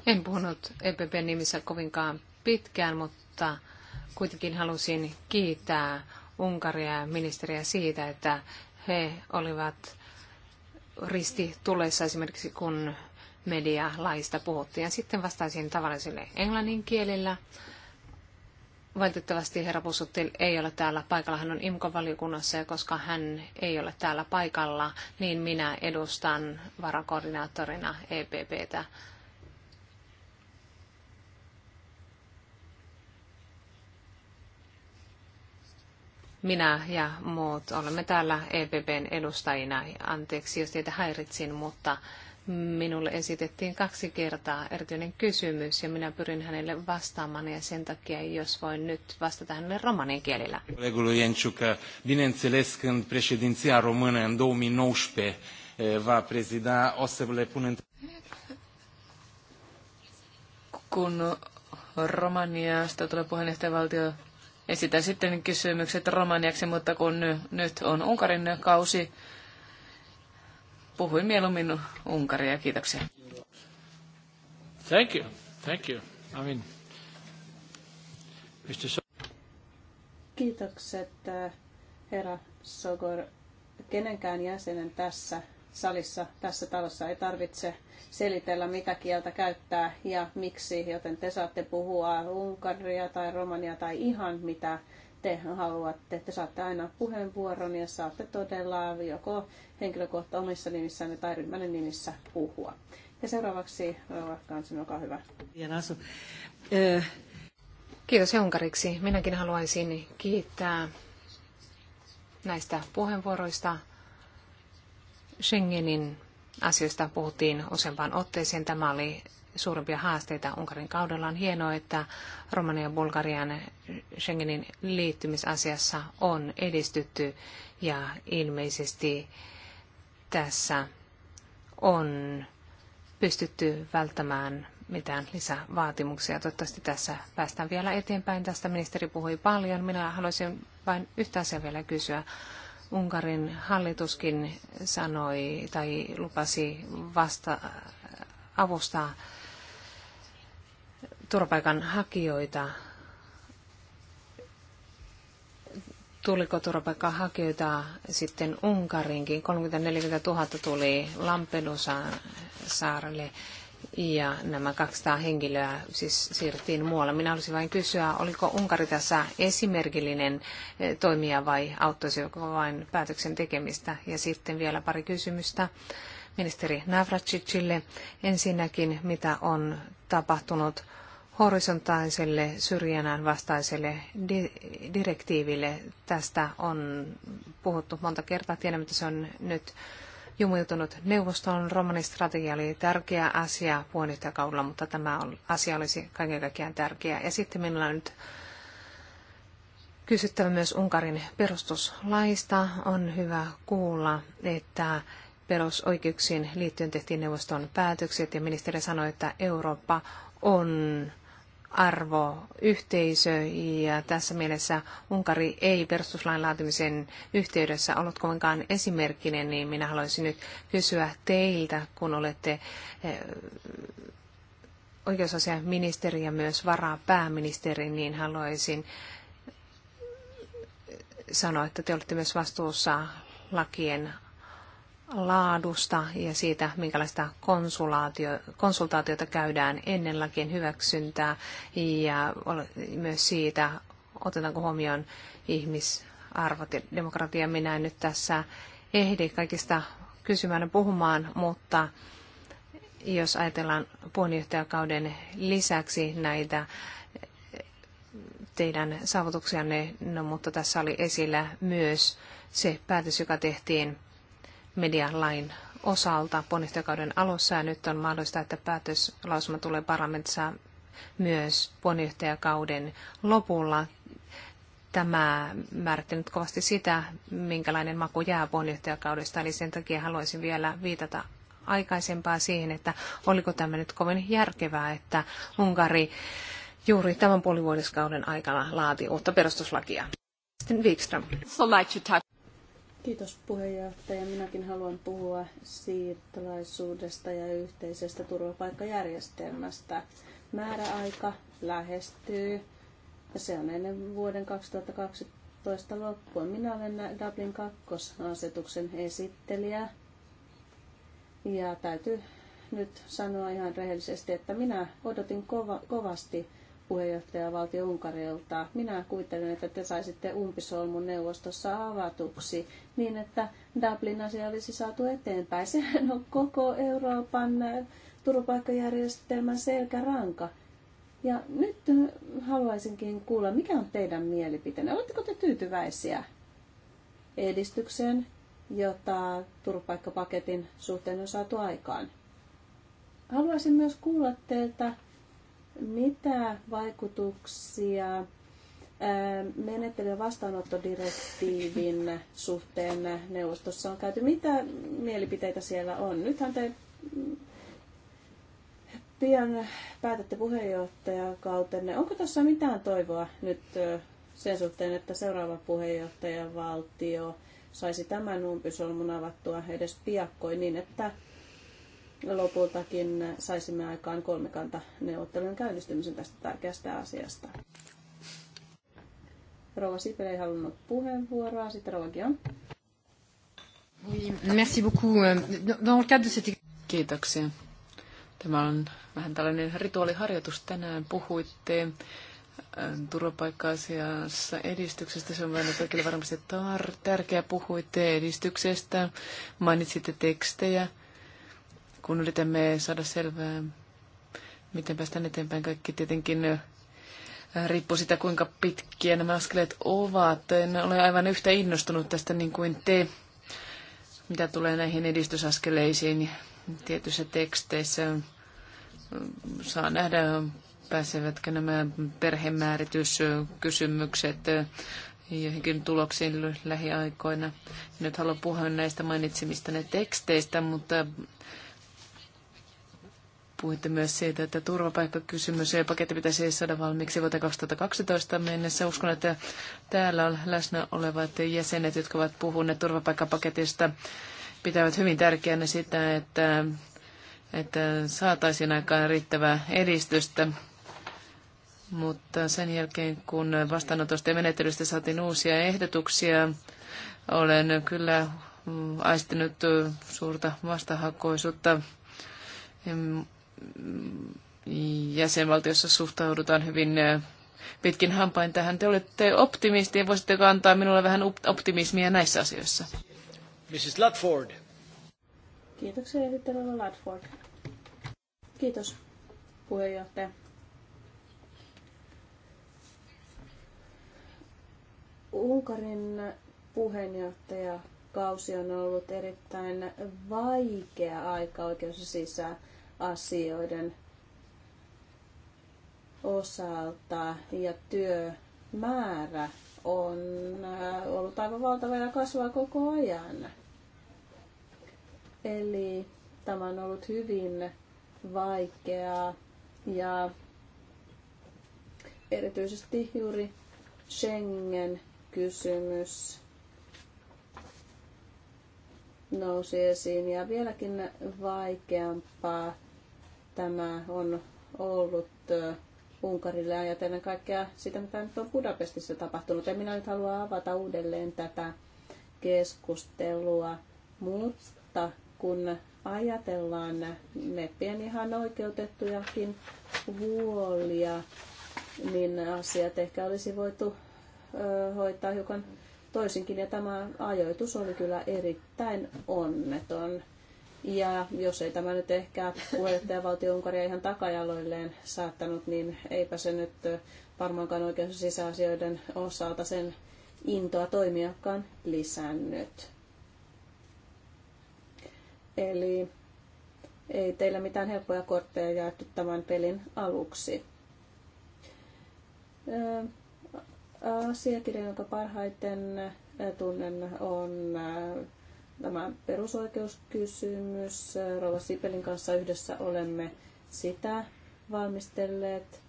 En puhunut EPPn nimissä kovinkaan pitkään, mutta kuitenkin halusin kiittää Unkaria ja ministeriä siitä, että he olivat risti tulessa esimerkiksi kun medialaista puhuttiin. Ja sitten vastaisin tavallisille englannin kielillä. Valitettavasti herra Busuttil ei ole täällä paikalla. Hän on IMKO-valiokunnassa ja koska hän ei ole täällä paikalla, niin minä edustan varakoordinaattorina EPPtä. minä ja muut olemme täällä EPPn edustajina. Anteeksi, jos teitä häiritsin, mutta minulle esitettiin kaksi kertaa erityinen kysymys ja minä pyrin hänelle vastaamaan ja sen takia, jos voin nyt vastata hänelle romanin kielellä. Colegul Jenciuka, bineînțeles, când președinția română în 2019 eh, va prezida, o să le pun Kun Romaniasta tulee puheenjohtajavaltio esitän sitten kysymykset romaniaksi, mutta kun nyt on Unkarin kausi, puhuin mieluummin Unkaria. Kiitoksia. Thank you. Thank you. I mean, Mr. So- Kiitokset, äh, herra Sogor. Kenenkään jäsenen tässä salissa, tässä talossa ei tarvitse selitellä, mitä kieltä käyttää ja miksi, joten te saatte puhua unkaria tai romania tai ihan mitä te haluatte. että saatte aina puheenvuoron ja saatte todella joko henkilökohta omissa nimissänne tai ryhmänne nimissä puhua. Ja seuraavaksi sinun, olkaa hyvä. Eh. Kiitos Jonkariksi. Minäkin haluaisin kiittää näistä puheenvuoroista. Schengenin asioista puhuttiin useampaan otteeseen. Tämä oli suurimpia haasteita Unkarin kaudella. On hienoa, että Romania ja Bulgarian Schengenin liittymisasiassa on edistytty ja ilmeisesti tässä on pystytty välttämään mitään lisävaatimuksia. Toivottavasti tässä päästään vielä eteenpäin. Tästä ministeri puhui paljon. Minä haluaisin vain yhtä asiaa vielä kysyä. Unkarin hallituskin sanoi tai lupasi vasta avustaa turvapaikanhakijoita? Tuliko turvapaikanhakijoita sitten Unkarinkin? 30-40 000 tuli Lampedusan saarelle ja nämä 200 henkilöä siis siirrettiin muualle. Minä olisin vain kysyä, oliko Unkari tässä esimerkillinen eh, toimija vai auttaisiko vain päätöksen tekemistä? Ja sitten vielä pari kysymystä ministeri Navracicille. Ensinnäkin, mitä on tapahtunut horisontaaliselle syrjänään vastaiselle di- direktiiville. Tästä on puhuttu monta kertaa. Tiedämme, että se on nyt jumiltunut neuvoston romanistrategia oli tärkeä asia kaudella, mutta tämä asia olisi kaiken kaikkiaan tärkeä. Ja sitten minulla on nyt kysyttävä myös Unkarin perustuslaista. On hyvä kuulla, että perusoikeuksiin liittyen tehtiin neuvoston päätökset ja ministeri sanoi, että Eurooppa on arvoyhteisö ja tässä mielessä Unkari ei perustuslain laatimisen yhteydessä ollut kovinkaan esimerkkinen, niin minä haluaisin nyt kysyä teiltä, kun olette eh, oikeusasiaministeri ja myös varapääministeri, niin haluaisin sanoa, että te olette myös vastuussa lakien laadusta ja siitä, minkälaista konsultaatiota käydään ennen lakien hyväksyntää ja myös siitä, otetaanko huomioon ihmisarvot ja demokratia. Minä en nyt tässä ehdi kaikista kysymään ja puhumaan, mutta jos ajatellaan puheenjohtajakauden lisäksi näitä teidän saavutuksianne, no, mutta tässä oli esillä myös se päätös, joka tehtiin medialain osalta puheenjohtajakauden alussa ja nyt on mahdollista, että päätöslausuma tulee parlamentissa myös puheenjohtajakauden lopulla. Tämä määrittää nyt kovasti sitä, minkälainen maku jää puheenjohtajakaudesta, eli sen takia haluaisin vielä viitata aikaisempaa siihen, että oliko tämä nyt kovin järkevää, että Unkari juuri tämän puolivuodiskauden aikana laati uutta perustuslakia. Sitten Wikström. Kiitos puheenjohtaja. Minäkin haluan puhua siirtolaisuudesta ja yhteisestä turvapaikkajärjestelmästä. Määräaika lähestyy ja se on ennen vuoden 2012 loppua. Minä olen Dublin 2-asetuksen esittelijä ja täytyy nyt sanoa ihan rehellisesti, että minä odotin kova, kovasti puheenjohtajavaltio Unkarilta. Minä kuvittelen, että te saisitte umpisolmun neuvostossa avatuksi niin, että Dublin asia olisi saatu eteenpäin. Sehän on koko Euroopan äh, turvapaikkajärjestelmän selkäranka. Ja nyt haluaisinkin kuulla, mikä on teidän mielipiteenne? Oletteko te tyytyväisiä edistykseen, jota turvapaikkapaketin suhteen on saatu aikaan? Haluaisin myös kuulla teiltä mitä vaikutuksia menettelyä vastaanottodirektiivin suhteen neuvostossa on käyty. Mitä mielipiteitä siellä on? Nythän te pian päätätte puheenjohtajakautenne. Onko tässä mitään toivoa nyt sen suhteen, että seuraava puheenjohtajavaltio saisi tämän umpisolmun avattua edes piakkoin niin, että lopultakin saisimme aikaan kolmikanta neuvottelujen käynnistymisen tästä tärkeästä asiasta. Rova Sipilä ei halunnut puheenvuoroa, sitten Rouva Gion. Merci beaucoup. No, dans le cadre de cette... Kiitoksia. Tämä on vähän tällainen rituaaliharjoitus tänään. Puhuitte ähm, turvapaikka-asiassa edistyksestä. Se on vähän kaikille varmasti tar- tärkeä. Puhuitte edistyksestä, mainitsitte tekstejä kun yritämme saada selvää, miten päästään eteenpäin, kaikki tietenkin riippuu sitä, kuinka pitkiä nämä askeleet ovat. En ole aivan yhtä innostunut tästä niin kuin te, mitä tulee näihin edistysaskeleisiin tietyissä teksteissä. Saa nähdä, pääsevätkö nämä perhemäärityskysymykset joihinkin tuloksiin lähiaikoina. Nyt haluan puhua näistä mainitsemista ne teksteistä, mutta Puhuitte myös siitä, että turvapaikkakysymys ja paketti pitäisi saada valmiiksi vuoteen 2012 mennessä. Uskon, että täällä on läsnä olevat jäsenet, jotka ovat puhuneet turvapaikkapaketista, pitävät hyvin tärkeänä sitä, että, että saataisiin aikaan riittävää edistystä. Mutta sen jälkeen, kun vastaanotosta ja menettelystä saatiin uusia ehdotuksia, olen kyllä aistinut suurta vastahakoisuutta jäsenvaltiossa suhtaudutaan hyvin pitkin hampain tähän. Te olette optimisti ja voisitteko antaa minulle vähän optimismia näissä asioissa? Mrs. Ludford. Kiitoksia esittelyllä Ludford. Kiitos puheenjohtaja. Unkarin puheenjohtajakausi on ollut erittäin vaikea aika oikeus sisään asioiden osalta ja työmäärä on äh, ollut aivan valtava ja kasvaa koko ajan. Eli tämä on ollut hyvin vaikeaa ja erityisesti juuri Schengen-kysymys nousi esiin ja vieläkin vaikeampaa Tämä on ollut äh, Unkarille ajatellen kaikkea sitä, mitä nyt on Budapestissa tapahtunut. En minä nyt halua avata uudelleen tätä keskustelua, mutta kun ajatellaan meppien ihan oikeutettujakin huolia, niin asiat ehkä olisi voitu hoitaa hiukan toisinkin. Ja tämä ajoitus oli kyllä erittäin onneton. Ja jos ei tämä nyt ehkä puheenjohtajavaltio Unkaria ihan takajaloilleen saattanut, niin eipä se nyt varmaankaan oikeus- ja sisäasioiden osalta sen intoa toimiakaan lisännyt. Eli ei teillä mitään helppoja kortteja jaettu tämän pelin aluksi. Asiakirja, jonka parhaiten tunnen, on tämä perusoikeuskysymys. Rova Sipelin kanssa yhdessä olemme sitä valmistelleet.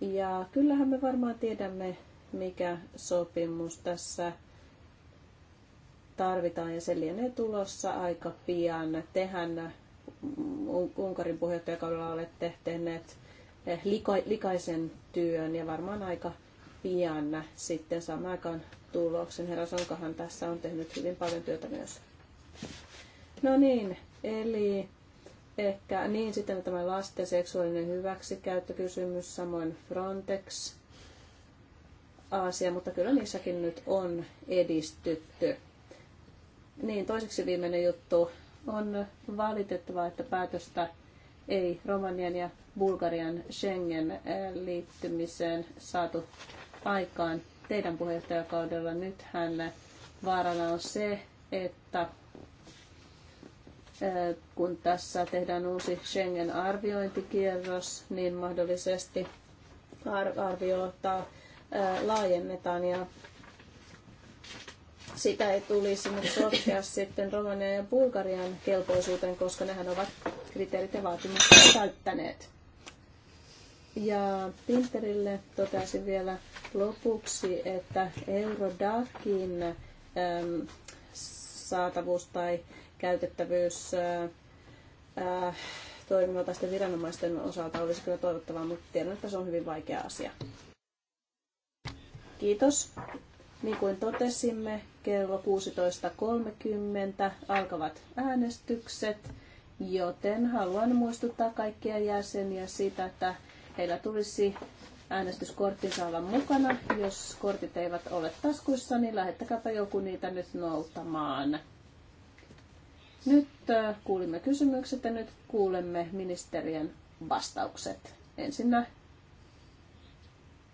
Ja kyllähän me varmaan tiedämme, mikä sopimus tässä tarvitaan ja se lienee tulossa aika pian. Tehän Unkarin puheenjohtajakaudella olette tehneet eh, likaisen työn ja varmaan aika pian sitten saamme aikaan tuloksen. Herra Sonkahan tässä on tehnyt hyvin paljon työtä myös. No niin, eli ehkä niin sitten tämä lasten seksuaalinen hyväksikäyttökysymys, samoin Frontex asia, mutta kyllä niissäkin nyt on edistytty. Niin, toiseksi viimeinen juttu. On valitettavaa, että päätöstä ei Romanian ja Bulgarian Schengen-liittymiseen eh, saatu aikaan teidän puheenjohtajakaudella. Nythän vaarana on se, että kun tässä tehdään uusi Schengen-arviointikierros, niin mahdollisesti arviota laajennetaan ja sitä ei tulisi nyt sotkea sitten Romania ja Bulgarian kelpoisuuteen, koska nehän ovat kriteerit ja vaatimukset täyttäneet. Ja Pinterille totesin vielä lopuksi, että Eurodakin saatavuus tai käytettävyys toimivaltaisten viranomaisten osalta olisi kyllä toivottavaa, mutta tiedän, että se on hyvin vaikea asia. Kiitos. Niin kuin totesimme, kello 16.30 alkavat äänestykset, joten haluan muistuttaa kaikkia jäseniä siitä, että heillä tulisi äänestyskorttinsa olla mukana. Jos kortit eivät ole taskuissa, niin lähettäkääpä joku niitä nyt noutamaan. Nyt äh, kuulimme kysymykset ja nyt kuulemme ministerien vastaukset. Ensinnä.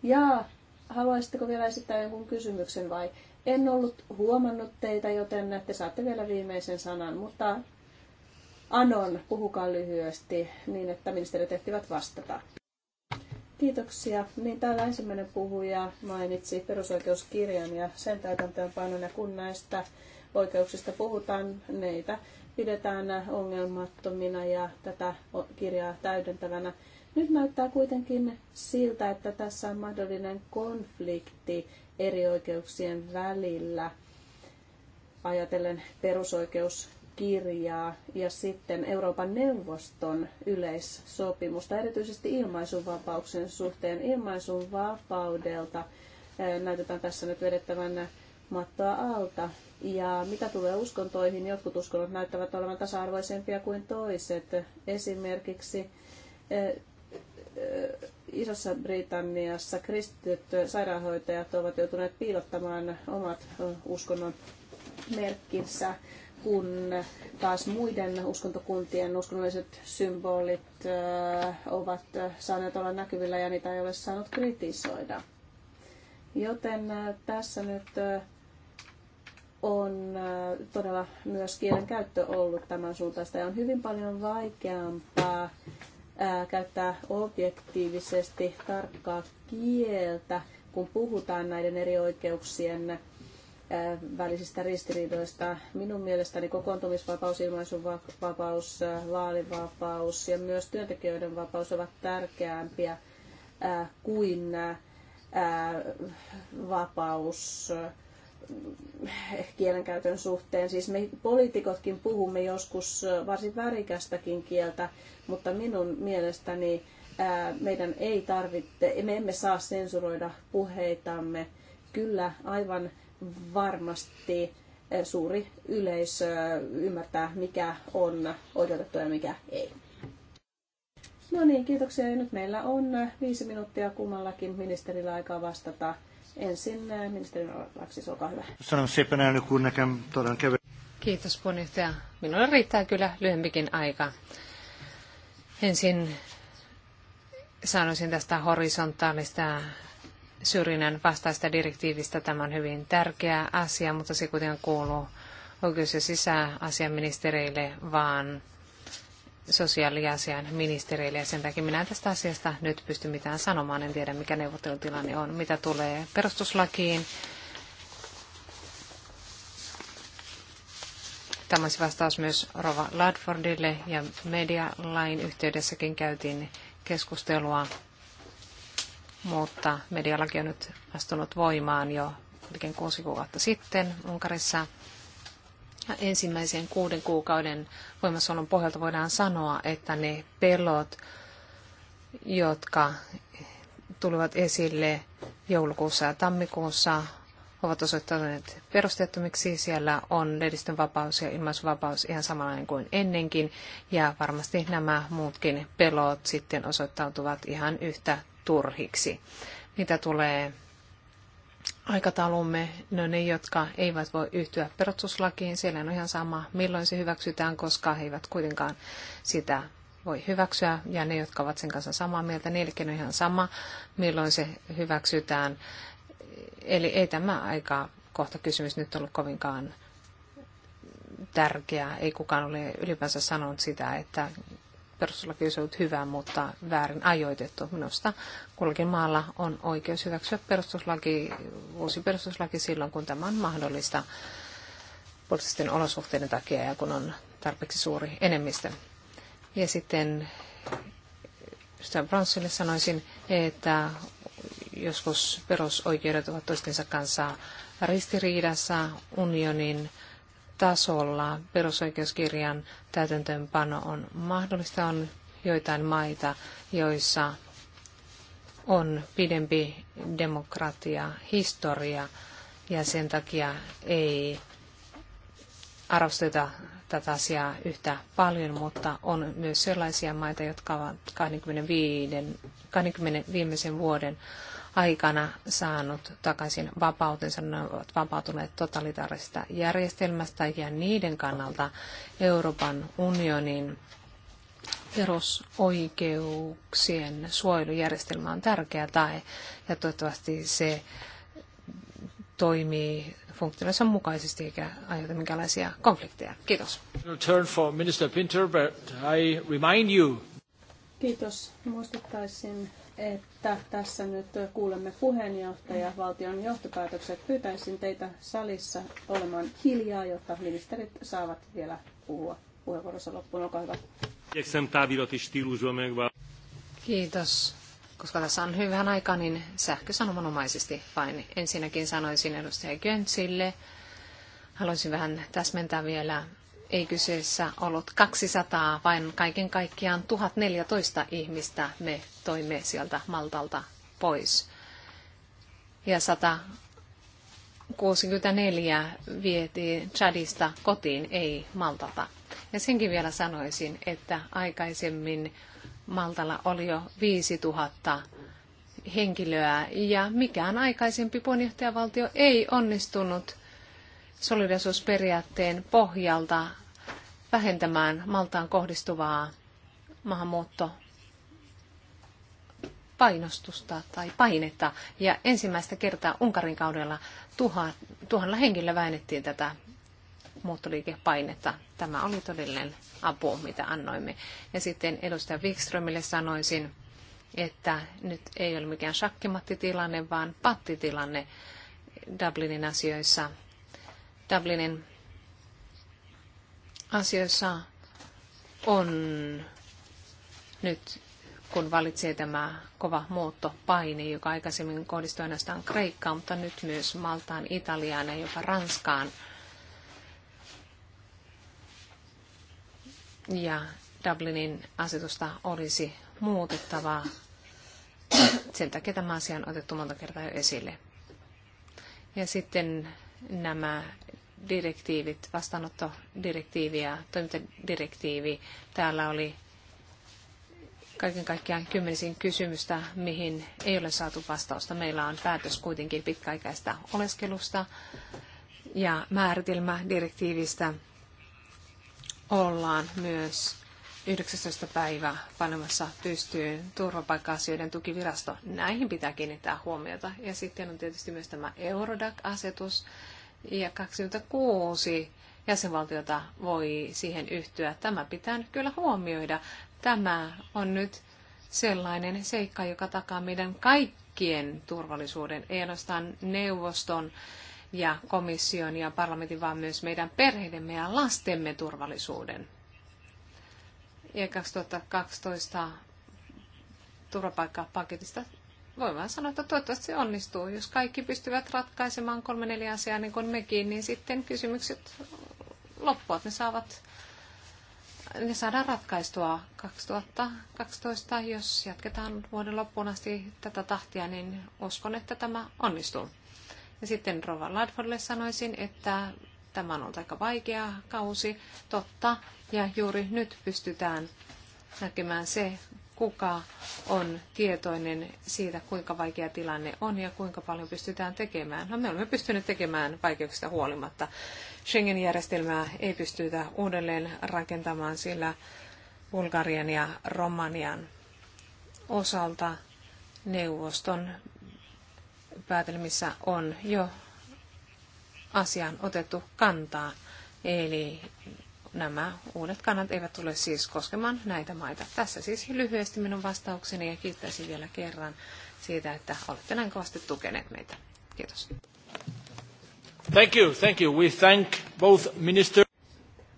Ja haluaisitteko vielä esittää jonkun kysymyksen vai? En ollut huomannut teitä, joten te saatte vielä viimeisen sanan, mutta Anon, puhukaa lyhyesti niin, että ministerit ehtivät vastata. Kiitoksia. Niin täällä ensimmäinen puhuja mainitsi perusoikeuskirjan ja sen täytäntöönpanon ja kun näistä oikeuksista puhutaan, neitä pidetään ongelmattomina ja tätä kirjaa täydentävänä. Nyt näyttää kuitenkin siltä, että tässä on mahdollinen konflikti eri oikeuksien välillä ajatellen perusoikeuskirjaa ja sitten Euroopan neuvoston yleissopimusta, erityisesti ilmaisunvapauksen suhteen. Ilmaisunvapaudelta näytetään tässä nyt vedettävän mattoa alta. Ja mitä tulee uskontoihin, jotkut uskonnot näyttävät olevan tasa-arvoisempia kuin toiset. Esimerkiksi eh, eh, Isossa Britanniassa kristityt sairaanhoitajat ovat joutuneet piilottamaan omat eh, uskonnon merkkinsä, kun taas muiden uskontokuntien uskonnolliset symbolit ovat saaneet olla näkyvillä ja niitä ei ole saanut kritisoida. Joten tässä nyt on todella myös kielen käyttö ollut tämän suuntaista ja on hyvin paljon vaikeampaa käyttää objektiivisesti tarkkaa kieltä, kun puhutaan näiden eri oikeuksien välisistä ristiriidoista. Minun mielestäni kokoontumisvapaus, ilmaisuvapaus, vaalivapaus ja myös työntekijöiden vapaus ovat tärkeämpiä kuin vapaus Eh, kielenkäytön suhteen. Siis me poliitikotkin puhumme joskus eh, varsin värikästäkin kieltä, mutta minun mielestäni eh, meidän ei tarvitse, me emme saa sensuroida puheitamme. Kyllä aivan varmasti suuri yleisö ymmärtää, mikä on oikeutettu ja mikä ei. No niin, kiitoksia. Ja nyt meillä on viisi minuuttia kummallakin ministerillä aikaa vastata Ensin ministeri Laksis, olkaa hyvä. Sanon sepän kun näkään todan kävi. Kiitos puheenjohtaja. Minulla riittää kyllä lyhyempikin aika. Ensin sanoisin tästä horisontaalista syrjinnän vastaista direktiivistä. Tämä on hyvin tärkeä asia, mutta se kuitenkin kuuluu oikeus- ja sisäasiaministereille, vaan sosiaaliasian ministereille ja sen takia minä en tästä asiasta nyt pysty mitään sanomaan. En tiedä, mikä neuvottelutilanne on, mitä tulee perustuslakiin. Tämä olisi vastaus myös Rova Ladfordille ja medialain yhteydessäkin käytiin keskustelua, mutta medialaki on nyt astunut voimaan jo melkein kuusi kuukautta sitten Unkarissa ensimmäisen kuuden kuukauden voimassaolon pohjalta voidaan sanoa, että ne pelot, jotka tulivat esille joulukuussa ja tammikuussa, ovat osoittaneet perusteettomiksi. Siellä on lehdistön vapaus ja ilmaisuvapaus ihan samanlainen kuin ennenkin. Ja varmasti nämä muutkin pelot sitten osoittautuvat ihan yhtä turhiksi. Mitä tulee aikataulumme, no ne, jotka eivät voi yhtyä perustuslakiin, siellä on ihan sama, milloin se hyväksytään, koska he eivät kuitenkaan sitä voi hyväksyä, ja ne, jotka ovat sen kanssa samaa mieltä, niillekin on ihan sama, milloin se hyväksytään. Eli ei tämä aika kohta kysymys nyt ollut kovinkaan tärkeä Ei kukaan ole ylipäänsä sanonut sitä, että perustuslaki olisi ollut hyvä, mutta väärin ajoitettu. Minusta kullakin maalla on oikeus hyväksyä perustuslaki, uusi perustuslaki silloin, kun tämä on mahdollista poliittisten olosuhteiden takia ja kun on tarpeeksi suuri enemmistö. Ja sitten Stan Bronsille sanoisin, että joskus perusoikeudet ovat toistensa kanssa ristiriidassa unionin tasolla perusoikeuskirjan täytäntöönpano on mahdollista. On joitain maita, joissa on pidempi demokratia, historia ja sen takia ei arvosteta tätä asiaa yhtä paljon, mutta on myös sellaisia maita, jotka ovat 25, 20 viimeisen vuoden aikana saanut takaisin vapautensa, ne ovat vapautuneet totalitaarisesta järjestelmästä ja niiden kannalta Euroopan unionin perusoikeuksien suojelujärjestelmä on tärkeä tai ja toivottavasti se toimii funktionissa mukaisesti eikä aiheuta minkälaisia konflikteja. Kiitos. Turn for Minister Pinter, but I remind you. Kiitos. Muistuttaisin että tässä nyt kuulemme puheenjohtaja valtion johtopäätökset. Pyytäisin teitä salissa olemaan hiljaa, jotta ministerit saavat vielä puhua puheenvuorossa loppuun. Olkaa hyvä. Kiitos. Koska tässä on hyvän aika, niin sähkösanomanomaisesti vain. Ensinnäkin sanoisin edustaja Göntsille. Haluaisin vähän täsmentää vielä ei kyseessä ollut 200, vaan kaiken kaikkiaan 1014 ihmistä me toimme sieltä Maltalta pois. Ja 164 vietiin Chadista kotiin, ei Maltalta. Ja senkin vielä sanoisin, että aikaisemmin Maltalla oli jo 5000 henkilöä ja mikään aikaisempi puheenjohtajavaltio ei onnistunut solidaisuusperiaatteen pohjalta vähentämään Maltaan kohdistuvaa maahanmuutto painostusta tai painetta. Ja ensimmäistä kertaa Unkarin kaudella tuha, tuhannella henkilöllä väännettiin tätä muuttoliikepainetta. Tämä oli todellinen apu, mitä annoimme. Ja sitten edustaja Wikströmille sanoisin, että nyt ei ole mikään shakkimattitilanne, vaan pattitilanne Dublinin asioissa. Dublinin asioissa on nyt, kun valitsee tämä kova muuttopaine, joka aikaisemmin kohdistui ainoastaan Kreikkaan, mutta nyt myös Maltaan, Italiaan ja jopa Ranskaan. Ja Dublinin asetusta olisi muutettavaa. Sen takia tämä asia on otettu monta kertaa jo esille. Ja sitten nämä direktiivit, vastaanottodirektiivi ja toimintadirektiivi. Täällä oli kaiken kaikkiaan kymmenisin kysymystä, mihin ei ole saatu vastausta. Meillä on päätös kuitenkin pitkäaikaista oleskelusta ja määritelmä direktiivistä ollaan myös 19. päivä panemassa pystyyn turvapaikka-asioiden tukivirasto. Näihin pitää kiinnittää huomiota. Ja sitten on tietysti myös tämä Eurodac-asetus, ja 26 jäsenvaltiota voi siihen yhtyä. Tämä pitää nyt kyllä huomioida. Tämä on nyt sellainen seikka, joka takaa meidän kaikkien turvallisuuden, ei ainoastaan neuvoston ja komission ja parlamentin, vaan myös meidän perheidemme ja lastemme turvallisuuden. Ja 2012 turvapaikkapaketista voin vaan sanoa, että toivottavasti se onnistuu. Jos kaikki pystyvät ratkaisemaan kolme neljä asiaa niin kuin mekin, niin sitten kysymykset loppuvat. Ne saavat ne saadaan ratkaistua 2012, jos jatketaan vuoden loppuun asti tätä tahtia, niin uskon, että tämä onnistuu. Ja sitten Rova Ladfordille sanoisin, että tämä on ollut aika vaikea kausi, totta, ja juuri nyt pystytään näkemään se kuka on tietoinen siitä, kuinka vaikea tilanne on ja kuinka paljon pystytään tekemään. No, me olemme pystyneet tekemään vaikeuksista huolimatta. Schengen-järjestelmää ei pystytä uudelleen rakentamaan, sillä Bulgarian ja Romanian osalta neuvoston päätelmissä on jo asiaan otettu kantaa. Eli nämä uudet kannat eivät tule siis koskemaan näitä maita. Tässä siis lyhyesti minun vastaukseni ja kiittäisin vielä kerran siitä, että olette näin kovasti tukeneet meitä. Kiitos. Thank you, thank you. We thank both minister...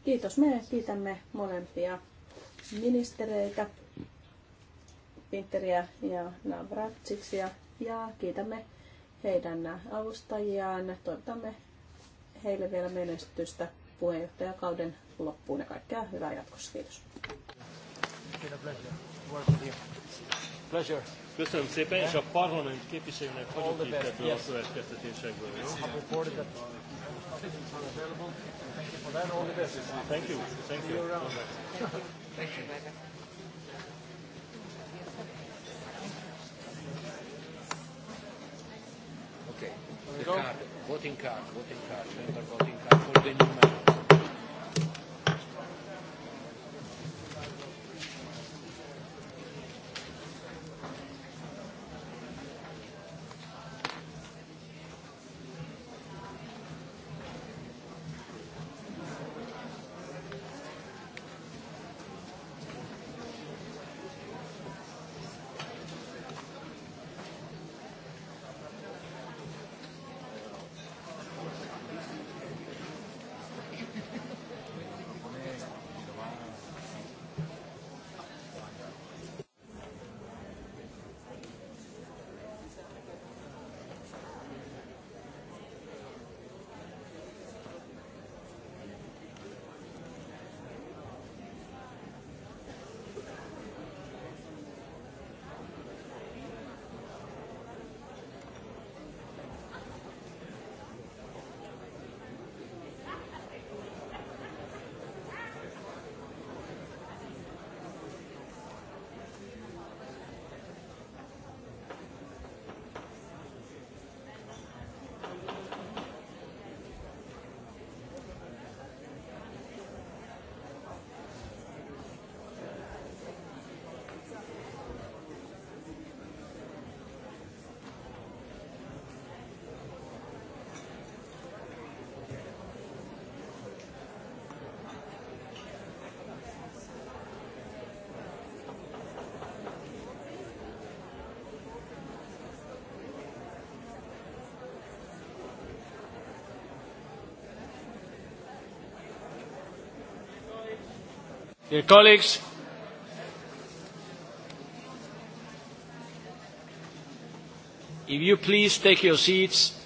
Kiitos. Me kiitämme molempia ministereitä, Pinteriä ja Navratsiksia, ja kiitämme heidän avustajiaan. Toivotamme heille vielä menestystä puheenjohtajakauden loppuun ja kaikkea hyvää jatkossa. Kiitos. Pleasure. Köszönöm szépen, és a parlament képviselőnek hagyok itt ebből Thank you. Thank you. Thank you. Okay. The card, voting card, voting card, voting card for the new member. Dear colleagues, if you please take your seats,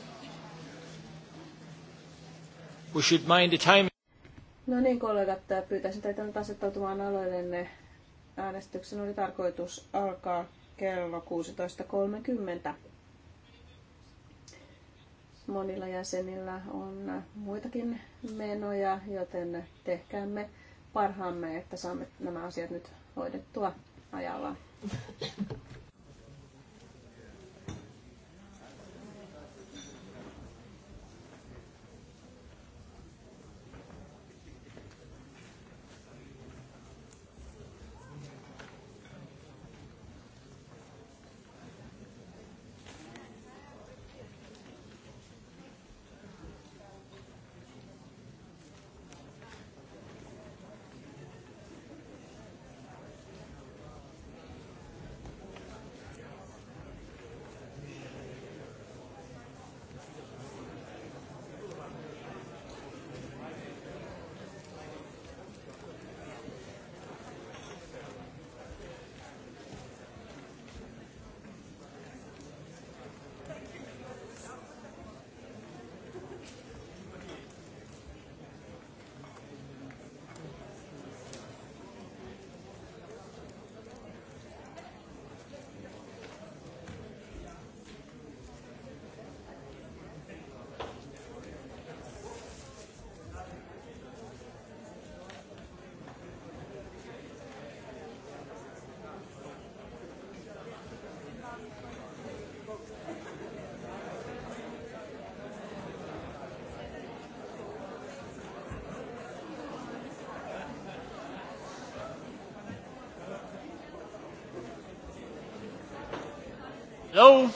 we should mind the time. No niin, kollegat, pyytäisin teitä nyt asettautumaan aloillenne. Äänestyksen oli tarkoitus alkaa kello 16.30. Monilla jäsenillä on muitakin menoja, joten tehkäämme parhaamme, että saamme nämä asiat nyt hoidettua ajallaan. Hello?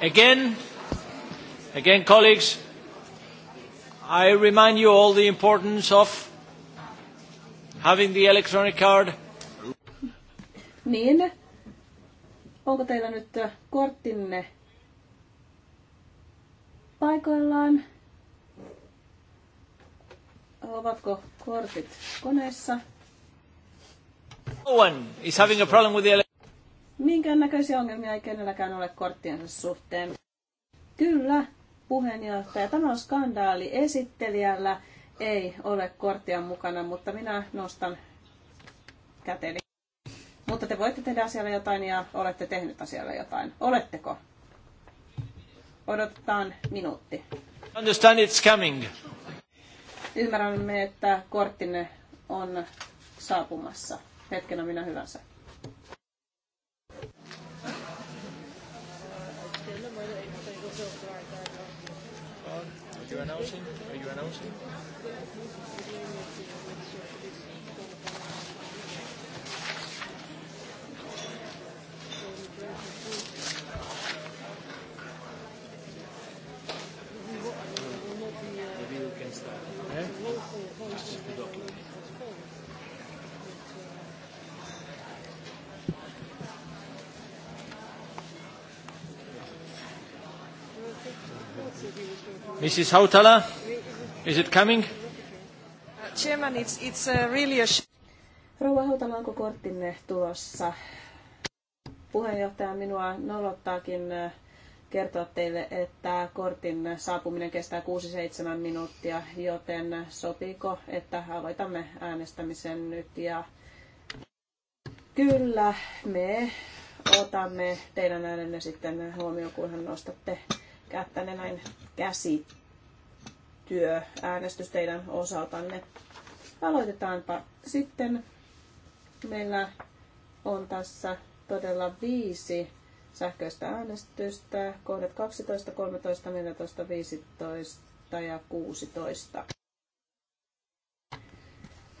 Again, again, colleagues, I remind you all the importance of having the electronic card. Niin. Onko teillä nyt korttinne Ovatko kortit koneessa? No is having a problem with the Minkään näköisiä ongelmia ei kenelläkään ole korttiensa suhteen. Kyllä, puheenjohtaja. Tämä on skandaali. Esittelijällä ei ole korttia mukana, mutta minä nostan käteni. Mutta te voitte tehdä asialle jotain ja olette tehnyt asialle jotain. Oletteko? Odotetaan minuutti. Understand it's coming. Ymmärrämme, että korttinne on saapumassa hetkenä minä hyvänsä. Are you announcing? Are you announcing? Mrs. Hautala, is it coming? Chairman, it's, it's uh, really a... Rouva Hautala, onko korttinne tulossa? Puheenjohtaja minua nolottaakin äh, kertoa teille, että kortin saapuminen kestää 6-7 minuuttia, joten sopiiko, että aloitamme äänestämisen nyt ja kyllä me otamme teidän äänenne sitten huomioon, kunhan nostatte kättäne näin käsi työ, äänestys teidän osaltanne. Aloitetaanpa sitten. Meillä on tässä todella viisi sähköistä äänestystä, kohdat 12, 13, 14, 15 ja 16.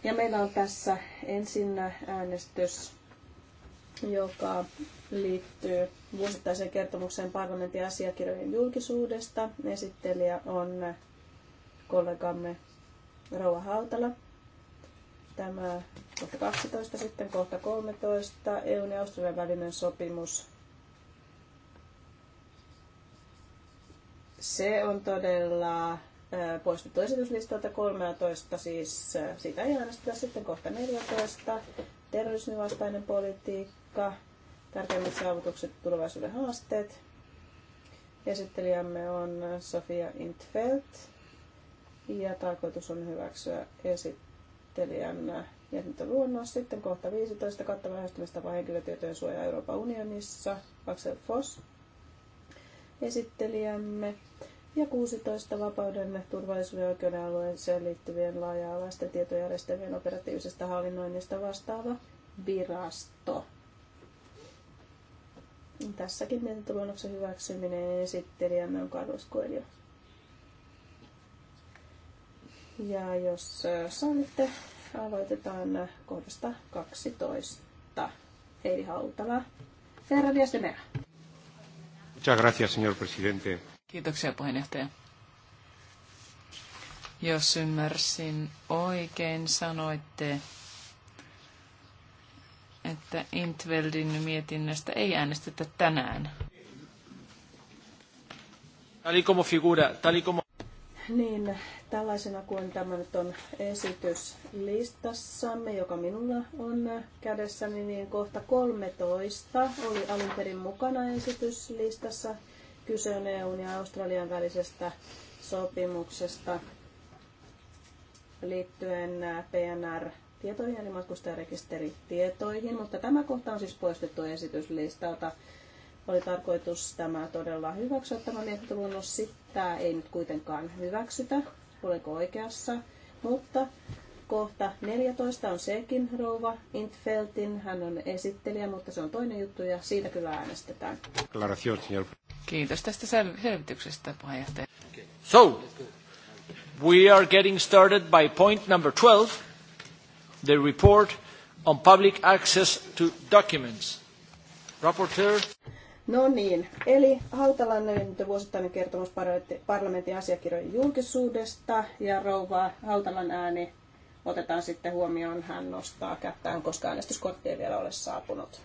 Ja meillä on tässä ensin äänestys, joka liittyy vuosittaiseen kertomukseen parlamentin asiakirjojen julkisuudesta. Esittelijä on kollegamme Rauha Hautala. Tämä kohta 12, sitten kohta 13, EUn ja Australian välinen sopimus. Se on todella poistettu esityslistalta 13, siis siitä ei äänestetä sitten kohta 14, vastainen politiikka, tärkeimmät saavutukset, tulevaisuuden haasteet. Esittelijämme on Sofia Intfeldt ja tarkoitus on hyväksyä esittelijän mietintöluonnos. Sitten kohta 15 kattava lähestymistapa henkilötietojen suoja Euroopan unionissa. Axel Foss esittelijämme. Ja 16 vapauden, turvallisuuden ja oikeuden alueeseen liittyvien laaja-alaisten tietojärjestelmien operatiivisesta hallinnoinnista vastaava virasto. Tässäkin mietintöluonnoksen hyväksyminen esittelijämme on Karlos Koelio. Ja jos sallitte, aloitetaan kohdasta 12. Heidi Hautala, Herra Dias de Mera. Muchas gracias, señor presidente. Kiitoksia, puheenjohtaja. Jos ymmärsin oikein, sanoitte, että Intveldin mietinnöstä ei äänestetä tänään. Tal y como figura, tal y como niin tällaisena kuin tämä nyt on esitys listassamme, joka minulla on kädessäni, niin kohta 13 oli alun perin mukana esityslistassa. Kyse on EUn ja Australian välisestä sopimuksesta liittyen PNR tietoihin eli matkustajarekisteritietoihin, mutta tämä kohta on siis poistettu esityslistalta oli tarkoitus tämä todella hyväksyä tämä mietintöluonnos. Sitä ei nyt kuitenkaan hyväksytä, oliko oikeassa. Mutta kohta 14 on sekin rouva Intfeltin. Hän on esittelijä, mutta se on toinen juttu ja siitä kyllä äänestetään. Kiitos tästä sel- selvityksestä, puheenjohtaja. So, we are getting started by point number 12, the report on public access to documents. Rapporteur. No niin, eli Hautalainen vuosittainen kertomus parlamentin asiakirjojen julkisuudesta ja rouva Hautalan ääni otetaan sitten huomioon. Hän nostaa kättään, koska äänestyskortti ei vielä ole saapunut.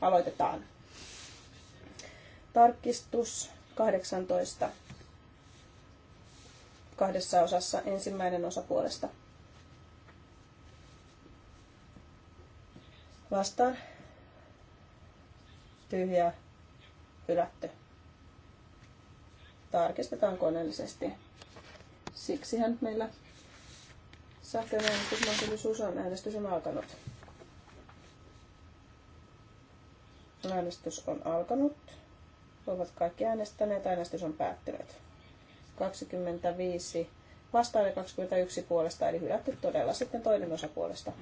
Aloitetaan. Tarkistus 18. Kahdessa osassa ensimmäinen osa puolesta. Vastaan. Tyhjää hylätty. Tarkistetaan koneellisesti. Siksihän meillä sähköinen äänestysmahdollisuus on. Äänestys on alkanut. Äänestys on alkanut. Ovat kaikki äänestäneet. Äänestys on päättynyt. 25 vastaan ja 21 puolesta, eli hylätty todella sitten toinen osa puolesta.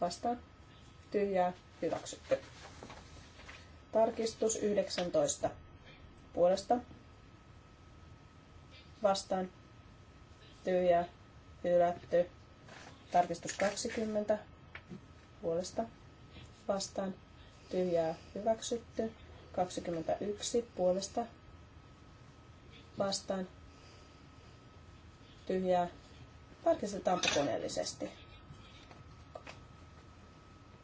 Vastaan. Tyhjää. Hyväksytty. Tarkistus 19. Puolesta. Vastaan. Tyhjää. Hylätty. Tarkistus 20. Puolesta. Vastaan. Tyhjää. Hyväksytty. 21. Puolesta. Vastaan. Tyhjää. Tarkistetaan koneellisesti.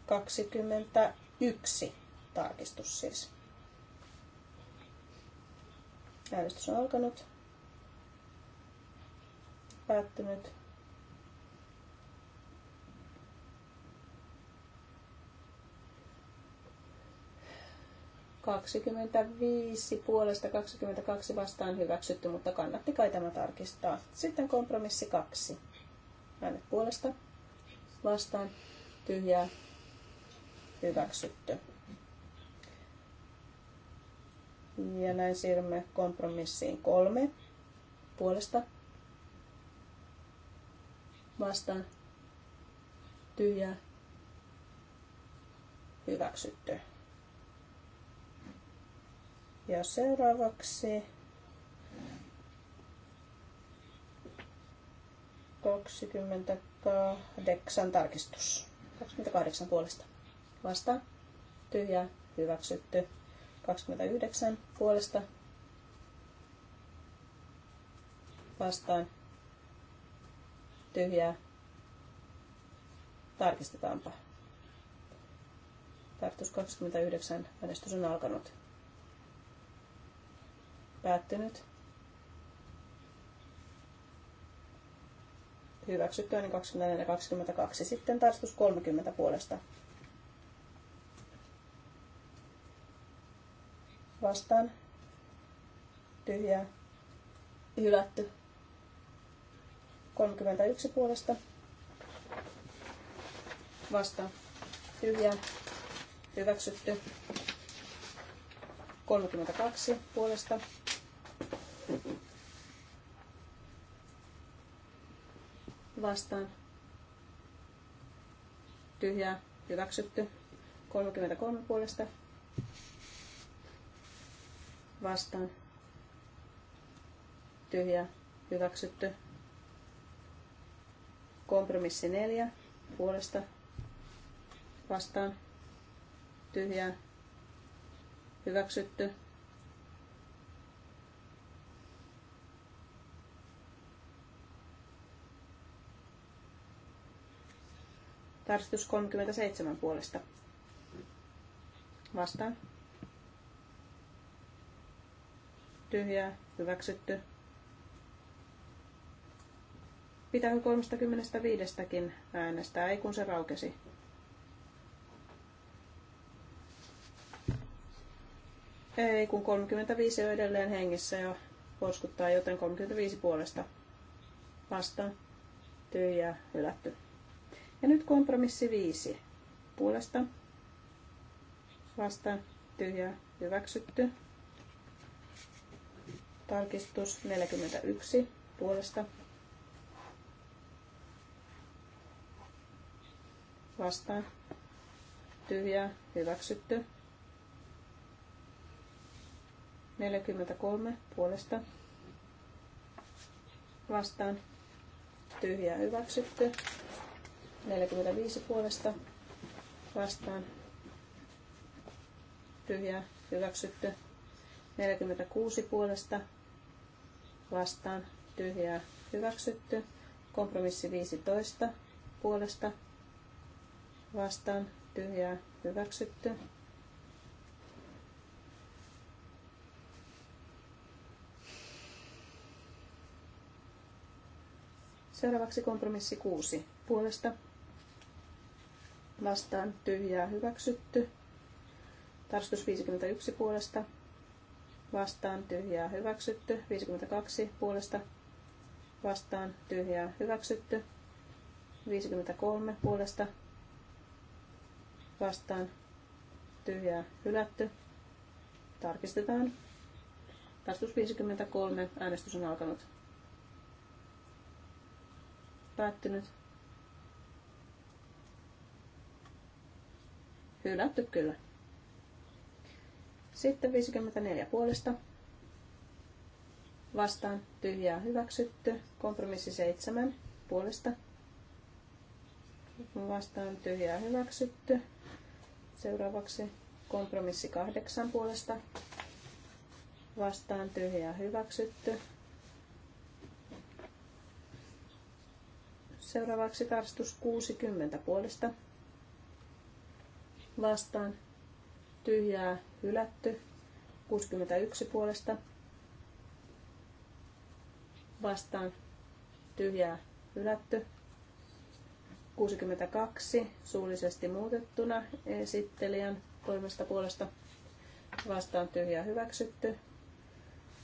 21 tarkistus siis. Äänestys on alkanut. Päättynyt. viisi puolesta 22 vastaan hyväksytty, mutta kannatti kai tämä tarkistaa. Sitten kompromissi kaksi. Äänet puolesta vastaan tyhjää hyväksytty. Ja näin siirrymme kompromissiin kolme puolesta. Vastaan tyhjä hyväksytty. Ja seuraavaksi kahdeksan tarkistus. 28 puolesta. Vastaan. tyhjä Hyväksytty. 29 puolesta vastaan tyhjää. Tarkistetaanpa. Tarkistus 29. Äänestys on alkanut. Päättynyt. Hyväksytty niin 24 ja 22. Sitten tarkistus 30 puolesta vastaan. Tyhjää. Hylätty. 31 puolesta. Vastaan. Tyhjää. Hyväksytty. 32 puolesta. Vastaan. Tyhjää. Hyväksytty. 33 puolesta vastaan tyhjää hyväksytty. Kompromissi neljä, puolesta vastaan tyhjää hyväksytty. Tarkistus 37 puolesta. Vastaan. tyhjää, hyväksytty. Pitääkö 35kin äänestää? Ei kun se raukesi. Ei kun 35 on edelleen hengissä ja porskuttaa, joten 35 puolesta vastaan. Tyhjää, hylätty. Ja nyt kompromissi 5 puolesta vastaan. Tyhjää, hyväksytty. Tarkistus 41 puolesta. Vastaan. Tyhjää. Hyväksytty. 43 puolesta. Vastaan. Tyhjää. Hyväksytty. 45 puolesta. Vastaan. Tyhjää. Hyväksytty. 46 puolesta vastaan tyhjää hyväksytty. Kompromissi 15 puolesta vastaan tyhjää hyväksytty. Seuraavaksi kompromissi 6 puolesta vastaan tyhjää hyväksytty. Tarkistus 51 puolesta vastaan tyhjää hyväksytty. 52 puolesta vastaan tyhjää hyväksytty. 53 puolesta vastaan tyhjää hylätty. Tarkistetaan. Tarkistus 53. Äänestys on alkanut. Päättynyt. Hylätty kyllä. Sitten 54 puolesta. Vastaan tyhjää hyväksytty. Kompromissi 7 puolesta. Vastaan tyhjää hyväksytty. Seuraavaksi kompromissi 8 puolesta. Vastaan tyhjää hyväksytty. Seuraavaksi tarkistus 60 puolesta. Vastaan tyhjää hylätty. 61 puolesta vastaan tyhjää hylätty. 62 suullisesti muutettuna esittelijän toimesta puolesta vastaan tyhjää hyväksytty.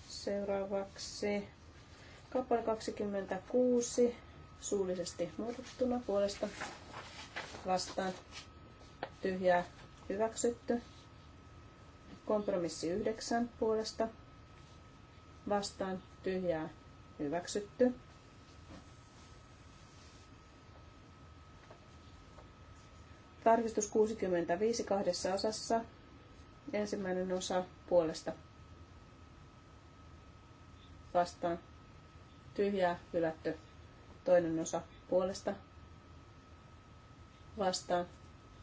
Seuraavaksi kappale 26 suullisesti muutettuna puolesta vastaan tyhjää hyväksytty. Kompromissi 9 puolesta vastaan tyhjää hyväksytty. Tarkistus 65 kahdessa osassa. Ensimmäinen osa puolesta vastaan tyhjää hylätty. Toinen osa puolesta vastaan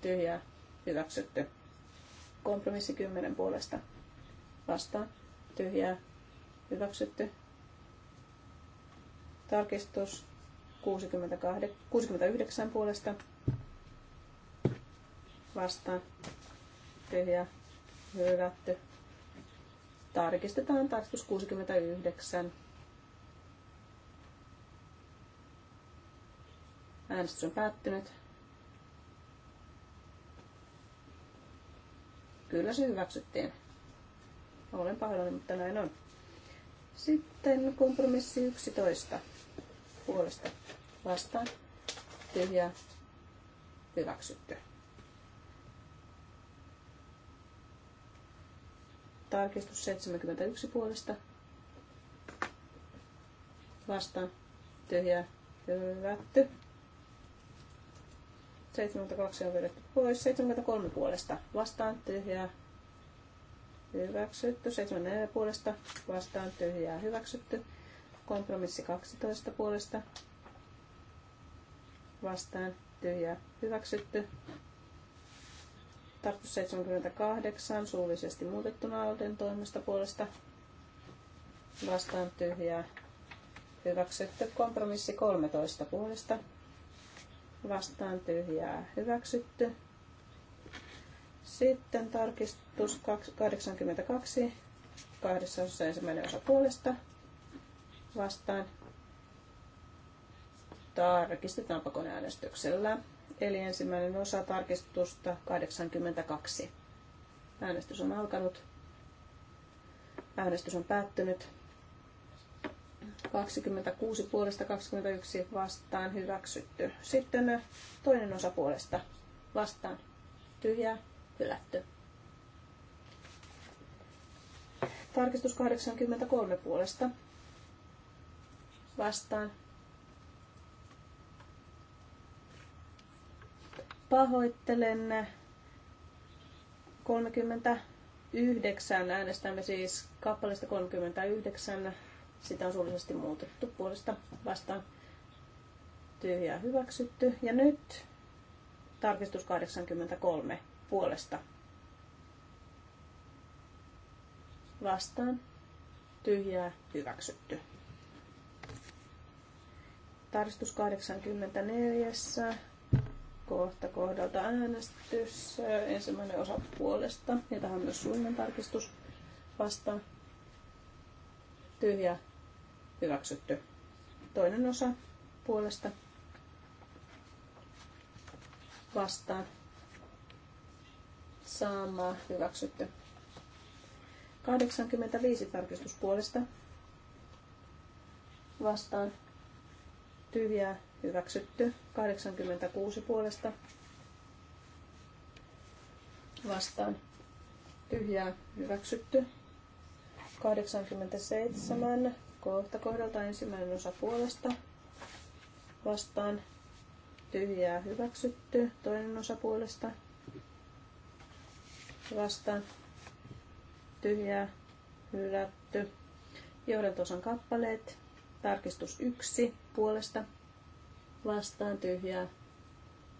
tyhjää hyväksytty. Kompromissi kymmenen puolesta vastaan. Tyhjää. Hyväksytty. Tarkistus 68, 69 puolesta vastaan. Tyhjää. Hylätty. Tarkistetaan tarkistus 69. Äänestys on päättynyt. Kyllä se hyväksyttiin. Olen pahoillani, mutta näin on. Sitten kompromissi 11 puolesta vastaan. Tyhjää hyväksytty. Tarkistus 71 puolesta vastaan. Tyhjää hyvätty. 72 on vedetty pois. 73 puolesta vastaan tyhjää. Hyväksytty. 74 puolesta vastaan tyhjää. Hyväksytty. Kompromissi 12 puolesta vastaan tyhjää. Hyväksytty. Tarkistus 78 suullisesti muutettuna alten toimesta puolesta vastaan tyhjää. Hyväksytty kompromissi 13 puolesta vastaan tyhjää hyväksytty. Sitten tarkistus 82, kahdessa osassa ensimmäinen osa puolesta vastaan. Tarkistetaanpa koneäänestyksellä. Eli ensimmäinen osa tarkistusta 82. Äänestys on alkanut. Äänestys on päättynyt. 26 puolesta 21 vastaan hyväksytty. Sitten toinen osa puolesta vastaan tyhjä hylätty. Tarkistus 83 puolesta vastaan pahoittelen 39 äänestämme siis kappaleesta 39 sitä on suullisesti muutettu puolesta vastaan tyhjää hyväksytty. Ja nyt tarkistus 83 puolesta vastaan tyhjää hyväksytty. Tarkistus 84. Kohta kohdalta äänestys. Ensimmäinen osa puolesta. Ja tähän myös suunnan tarkistus vastaan. Tyhjä hyväksytty. Toinen osa puolesta vastaan. Sama hyväksytty. 85 tarkistuspuolesta vastaan. Tyhjää hyväksytty. 86 puolesta vastaan. Tyhjää hyväksytty. 87 kohta kohdalta ensimmäinen osa puolesta vastaan tyhjää hyväksytty, toinen osa puolesta vastaan tyhjää hylätty. Johdantosan kappaleet, tarkistus 1 puolesta vastaan tyhjää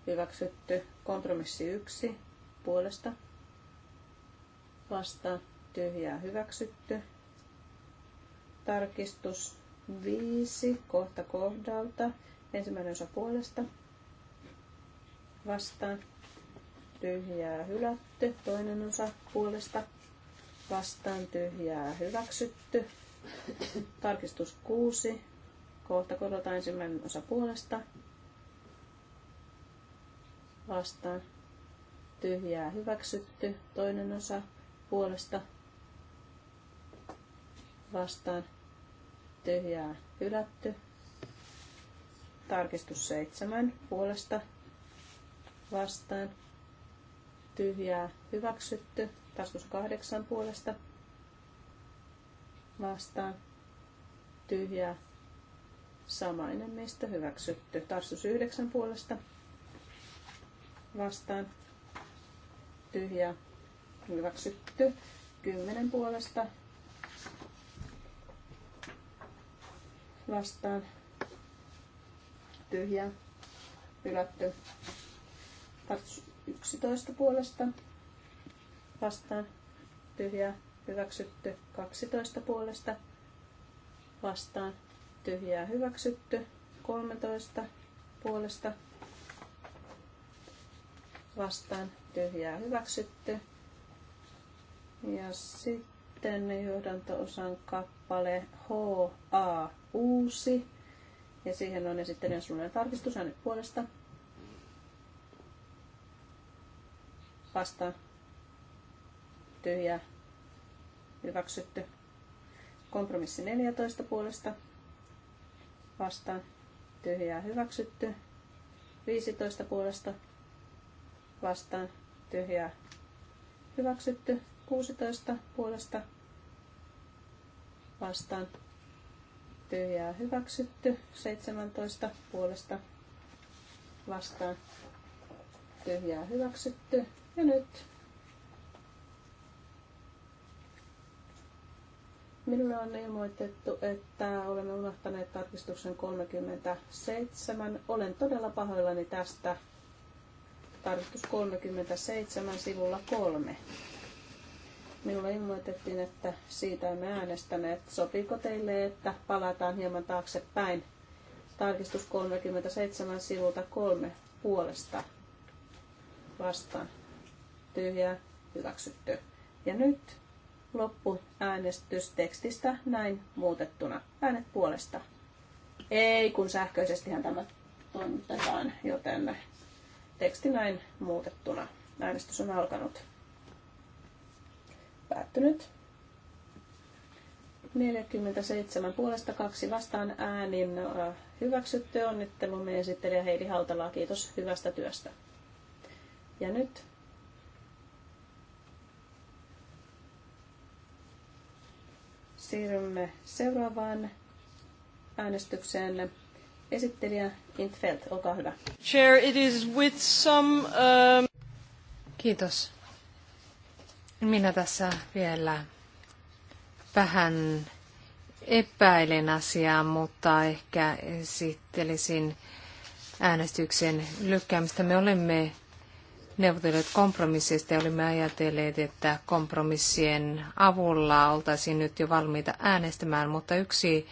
hyväksytty, kompromissi 1 puolesta vastaan tyhjää hyväksytty, Tarkistus 5 kohta kohdalta. Ensimmäinen osa puolesta. Vastaan. Tyhjää hylätty. Toinen osa puolesta. Vastaan tyhjää hyväksytty. Tarkistus 6. Kohta kohdalta ensimmäinen osa puolesta. Vastaan tyhjää hyväksytty. Toinen osa puolesta. Vastaan tyhjää hylätty. Tarkistus seitsemän puolesta vastaan tyhjää hyväksytty. Tarkistus kahdeksan puolesta vastaan tyhjää samainen mistä hyväksytty. Tarkistus yhdeksän puolesta vastaan tyhjää hyväksytty. kymmenen puolesta vastaan tyhjää hylätty. Tartus 11 puolesta vastaan tyhjää hyväksytty. 12 puolesta vastaan tyhjää hyväksytty. 13 puolesta vastaan tyhjää hyväksytty. Ja sitten johdanto-osan kappale HA uusi Ja siihen on esittelen sulle tarkistus äänet puolesta. vasta Tyhjää. Hyväksytty. Kompromissi 14 puolesta. vasta Tyhjää hyväksytty. 15 puolesta. Vastaan. Tyhjää hyväksytty. 16 puolesta. Vastaan tyhjää hyväksytty. 17 puolesta vastaan tyhjää hyväksytty. Ja nyt Minulle on ilmoitettu, että olemme unohtaneet tarkistuksen 37. Olen todella pahoillani tästä. Tarkistus 37 sivulla 3. Minulle ilmoitettiin, että siitä emme äänestäneet. Sopiiko teille, että palataan hieman taaksepäin? Tarkistus 37 sivulta 3 puolesta vastaan. Tyhjää, hyväksytty. Ja nyt loppu äänestys tekstistä näin muutettuna. Äänet puolesta. Ei, kun sähköisestihän tämä toimitetaan, joten teksti näin muutettuna. Äänestys on alkanut. Päättynyt. 47 puolesta kaksi vastaan äänin äh, hyväksytty. Onnittelumme esittelijä Heidi Hautala Kiitos hyvästä työstä. Ja nyt siirrymme seuraavaan äänestykseen. Esittelijä Intfeld, olkaa hyvä. Chair, it is with some, um... Kiitos minä tässä vielä vähän epäilen asiaa, mutta ehkä esittelisin äänestyksen lykkäämistä. Me olemme neuvotelleet kompromissista ja olimme ajatelleet, että kompromissien avulla oltaisiin nyt jo valmiita äänestämään, mutta yksi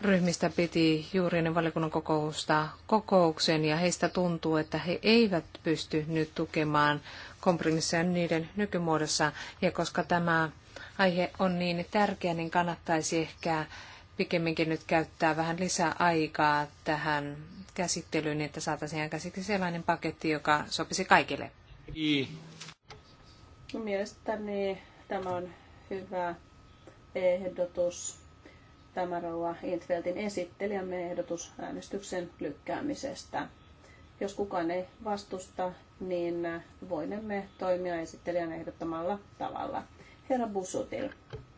ryhmistä piti juuri ennen valiokunnan kokousta kokouksen ja heistä tuntuu, että he eivät pysty nyt tukemaan kompromisseja niiden nykymuodossa. Ja koska tämä aihe on niin tärkeä, niin kannattaisi ehkä pikemminkin nyt käyttää vähän lisää aikaa tähän käsittelyyn, niin että saataisiin käsiksi sellainen paketti, joka sopisi kaikille. Mielestäni tämä on hyvä ehdotus. Tämä rouva Intveltin esittelijämme ehdotus äänestyksen lykkäämisestä. Jos kukaan ei vastusta niin voimme toimia esittelijän ehdottamalla tavalla. Herra Busutil.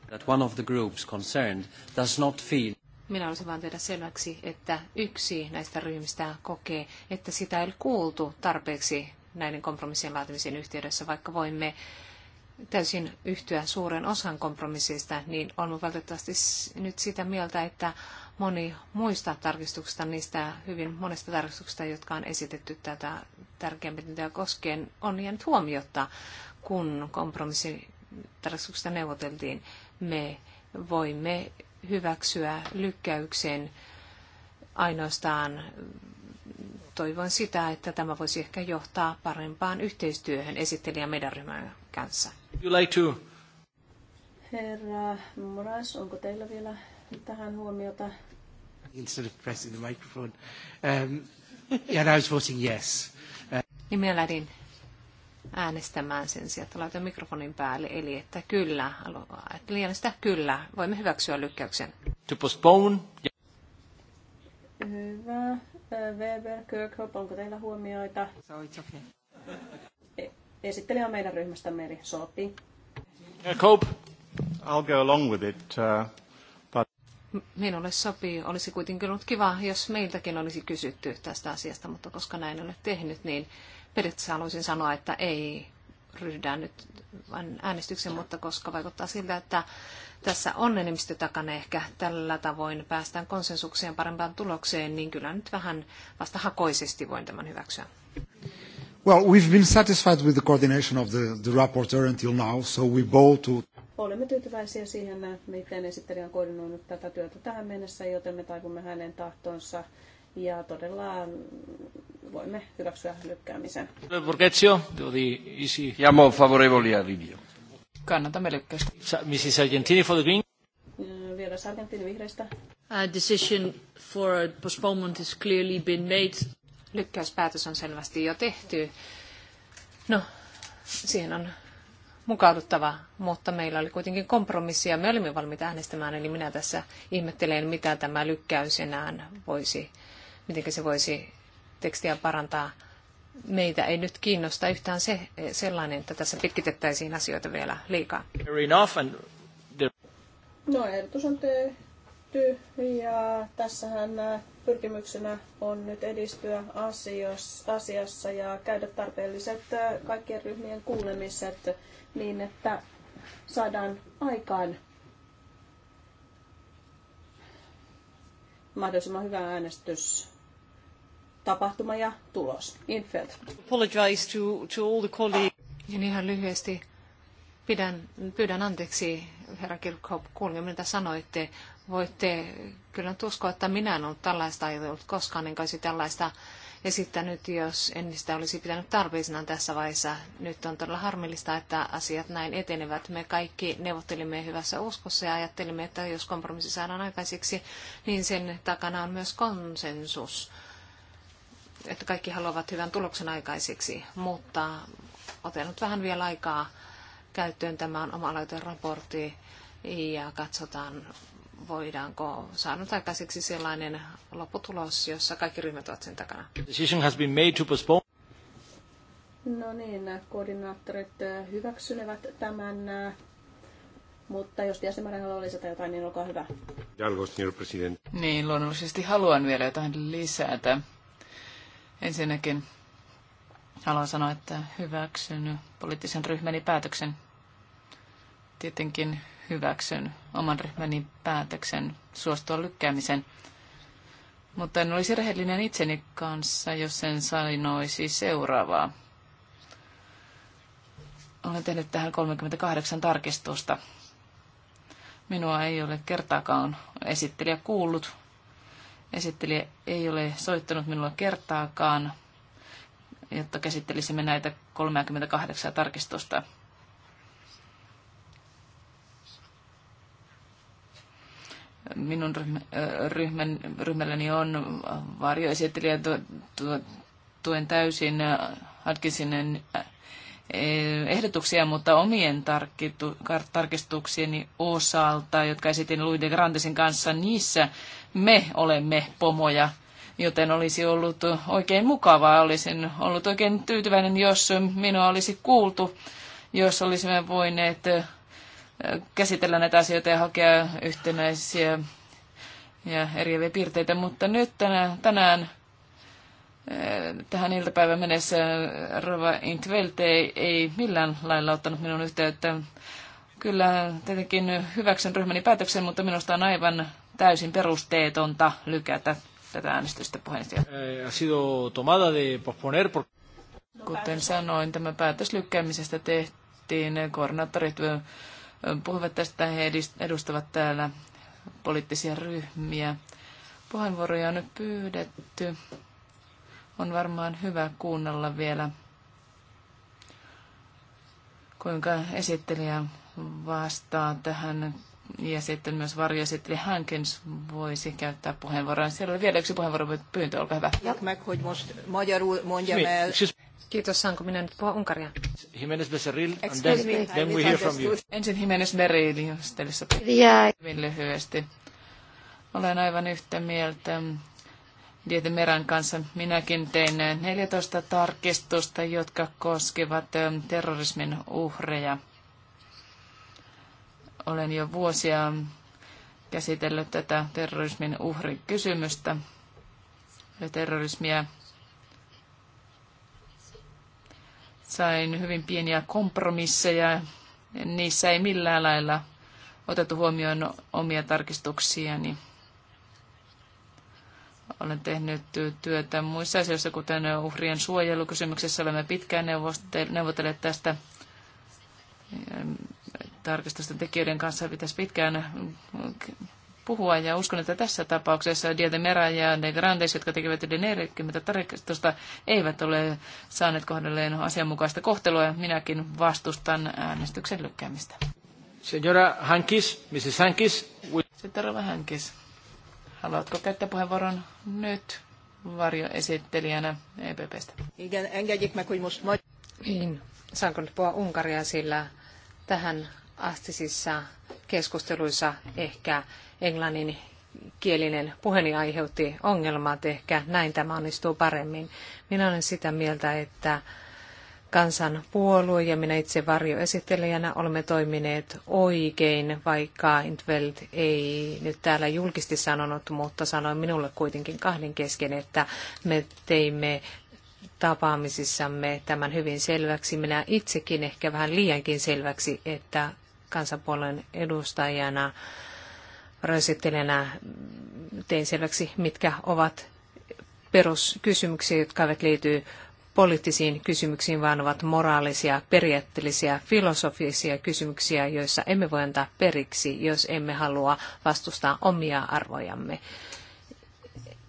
That one of the groups concerned does not feel minä olisin vain tehdä selväksi, että yksi näistä ryhmistä kokee, että sitä ei ole kuultu tarpeeksi näiden kompromissien laatimisen yhteydessä, vaikka voimme täysin yhtyä suuren osan kompromisseista, niin olemme valitettavasti nyt sitä mieltä, että moni muista tarkistuksista, niistä hyvin monesta tarkistuksista, jotka on esitetty tätä tärkeää mietintöä koskien, on jäänyt huomiota, kun kompromissitarkistuksista neuvoteltiin. Me voimme hyväksyä lykkäyksen ainoastaan toivon sitä, että tämä voisi ehkä johtaa parempaan yhteistyöhön esittelijä meidän ryhmän kanssa. You like to... Herra Moras, onko teillä vielä tähän huomiota? Instead of pressing the microphone. Um, yeah, no, I was voting yes. Uh... Niin minä lähdin äänestämään sen sijaan, että laitan mikrofonin päälle. Eli että kyllä, liian sitä kyllä. Voimme hyväksyä lykkäyksen. To postpone. Hyvä. Äh, Weber, Kirkhope, onko teillä huomioita? So it's okay. E- esittelijä on meidän ryhmästä Meri sopii. Kirkhope. I'll go along with it. Uh minulle sopii. Olisi kuitenkin ollut kiva, jos meiltäkin olisi kysytty tästä asiasta, mutta koska näin en ole tehnyt, niin periaatteessa haluaisin sanoa, että ei ryhdytään nyt vain äänestyksen, mutta koska vaikuttaa siltä, että tässä on enemmistö takana ehkä tällä tavoin päästään konsensukseen parempaan tulokseen, niin kyllä nyt vähän vasta hakoisesti voin tämän hyväksyä. Well, we've been satisfied with the coordination of the, the rapporteur until now, so we bow to olemme tyytyväisiä siihen, miten esittelijä on koordinoinut tätä työtä tähän mennessä, joten me taipumme hänen tahtonsa ja todella voimme hyväksyä lykkäämisen. Kannatamme lykkäystä. Mrs. Sargentini for the Green. Mm, Vieras Argentini vihreistä. A decision for a postponement has clearly been made. Lykkäyspäätös on selvästi jo tehty. No, siihen on mukauduttava, mutta meillä oli kuitenkin kompromissi ja me olimme valmiita äänestämään, eli minä tässä ihmettelen, mitä tämä lykkäys enää voisi, miten se voisi tekstiä parantaa. Meitä ei nyt kiinnosta yhtään se, sellainen, että tässä pitkitettäisiin asioita vielä liikaa. No ehdotus on tehty ja tässähän äh, pyrkimyksenä on nyt edistyä asiassa ja käydä tarpeelliset kaikkien ryhmien kuulemiset niin, että saadaan aikaan mahdollisimman hyvä äänestys tapahtuma ja tulos. Infeld. Apologize to, to all the colleagues. Ja niin ihan lyhyesti pidän, pyydän anteeksi, herra Kirkhoff, kun mitä sanoitte. Voitte kyllä nyt usko, että minä en ollut tällaista ajatellut koskaan, enkä olisi tällaista esittänyt, jos en sitä olisi pitänyt tarpeisena tässä vaiheessa. Nyt on todella harmillista, että asiat näin etenevät. Me kaikki neuvottelimme hyvässä uskossa ja ajattelimme, että jos kompromissi saadaan aikaiseksi, niin sen takana on myös konsensus että kaikki haluavat hyvän tuloksen aikaiseksi, mutta otan nyt vähän vielä aikaa käyttöön. tämän oma raportti ja katsotaan voidaanko saada aikaiseksi sellainen lopputulos, jossa kaikki ryhmät ovat sen takana. Decision has been made to postpone. No niin, koordinaattorit äh, hyväksynevät tämän, äh, mutta jos jäsenmäärä haluaa lisätä jotain, niin olkaa hyvä. Niin, luonnollisesti haluan vielä jotain lisätä. Ensinnäkin haluan sanoa, että hyväksyn poliittisen ryhmäni päätöksen. Tietenkin hyväksyn oman ryhmäni päätöksen suostua lykkäämisen. Mutta en olisi rehellinen itseni kanssa, jos sen sanoisi seuraavaa. Olen tehnyt tähän 38 tarkistusta. Minua ei ole kertaakaan esittelijä kuullut. Esittelijä ei ole soittanut minulle kertaakaan, jotta käsittelisimme näitä 38 tarkistusta. minun ryhmän, ryhmälläni on varjoesittelijä. Tuen täysin Atkinsinen ehdotuksia, mutta omien tarkistuksieni osalta, jotka esitin Louis de Grandesin kanssa, niissä me olemme pomoja, joten olisi ollut oikein mukavaa. Olisin ollut oikein tyytyväinen, jos minua olisi kuultu, jos olisimme voineet käsitellä näitä asioita ja hakea yhtenäisiä ja eriäviä piirteitä, mutta nyt tänään, tänään eh, tähän iltapäivän mennessä Rova Intvelt ei, ei millään lailla ottanut minun yhteyttä. Kyllä tietenkin hyväksyn ryhmäni päätöksen, mutta minusta on aivan täysin perusteetonta lykätä tätä äänestystä puheenjohtaja. Eh, Kuten sanoin, tämä päätös lykkäämisestä tehtiin koordinaattorit puhuvat tästä. He edustavat täällä poliittisia ryhmiä. Puheenvuoroja on nyt pyydetty. On varmaan hyvä kuunnella vielä, kuinka esittelijä vastaa tähän. Ja sitten myös varjoesittelijä Hankins voisi käyttää puheenvuoroa. Siellä oli vielä yksi puheenvuoro pyyntö, olkaa hyvä. Ja. Kiitos, saanko minä nyt puhua Unkaria? Jimenez Becerril, and then, then we hear from you. Ensin Jimenez Becerril, jos teille sopii. Yeah. Hyvin lyhyesti. Olen aivan yhtä mieltä Diete Meran kanssa. Minäkin tein 14 tarkistusta, jotka koskevat ähm, terrorismin uhreja. Olen jo vuosia käsitellyt tätä terrorismin kysymystä ja terrorismia sain hyvin pieniä kompromisseja. Niissä ei millään lailla otettu huomioon omia tarkistuksiani. Olen tehnyt työtä muissa asioissa, kuten uhrien suojelukysymyksessä. Olemme pitkään neuvotelleet tästä tarkistusten tekijöiden kanssa. Pitäisi pitkään puhua. Ja uskon, että tässä tapauksessa Diete Mera ja De Grandes, jotka tekevät yli 40 tarkistusta, eivät ole saaneet kohdalleen asianmukaista kohtelua. minäkin vastustan äänestyksen lykkäämistä. Senora Hankis, Mrs. Hankis. We... Sitten Rova Hankis. Haluatko käyttää puheenvuoron nyt varjoesittelijänä EPPstä? Niin, saanko nyt puhua Unkaria, sillä tähän astisissa äh, keskusteluissa ehkä englannin kielinen puheli aiheutti ongelmat, ehkä näin tämä onnistuu paremmin. Minä olen sitä mieltä, että kansanpuolue ja minä itse varjoesittelijänä olemme toimineet oikein, vaikka Intveld ei nyt täällä julkisesti sanonut, mutta sanoi minulle kuitenkin kahden kesken, että me teimme tapaamisissamme tämän hyvin selväksi. Minä itsekin ehkä vähän liiankin selväksi, että kansanpuolen edustajana varjoesittelijänä tein selväksi, mitkä ovat peruskysymyksiä, jotka eivät liity poliittisiin kysymyksiin, vaan ovat moraalisia, periaatteellisia, filosofisia kysymyksiä, joissa emme voi antaa periksi, jos emme halua vastustaa omia arvojamme.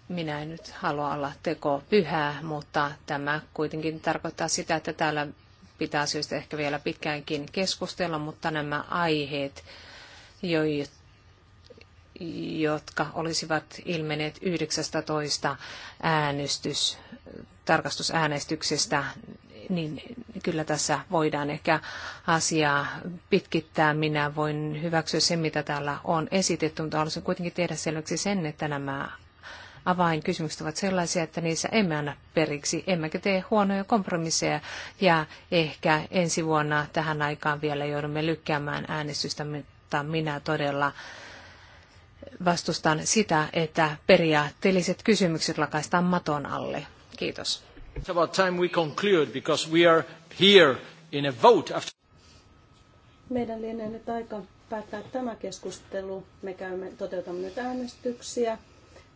Minä en nyt halua olla teko pyhää, mutta tämä kuitenkin tarkoittaa sitä, että täällä pitää asioista ehkä vielä pitkäänkin keskustella, mutta nämä aiheet, jotka olisivat ilmenneet 19 äänestys, tarkastusäänestyksestä, niin kyllä tässä voidaan ehkä asiaa pitkittää. Minä voin hyväksyä sen, mitä täällä on esitetty, mutta haluaisin kuitenkin tehdä selväksi sen, että nämä avainkysymykset ovat sellaisia, että niissä emme anna periksi, emmekä tee huonoja kompromisseja ja ehkä ensi vuonna tähän aikaan vielä joudumme lykkäämään äänestystä, mutta minä todella vastustan sitä, että periaatteelliset kysymykset lakaistaan maton alle. Kiitos. It's about time we conclude because we are here in a vote after... Meidän lienee nyt aika päättää tämä keskustelu. Me käymme, toteutamme nyt äänestyksiä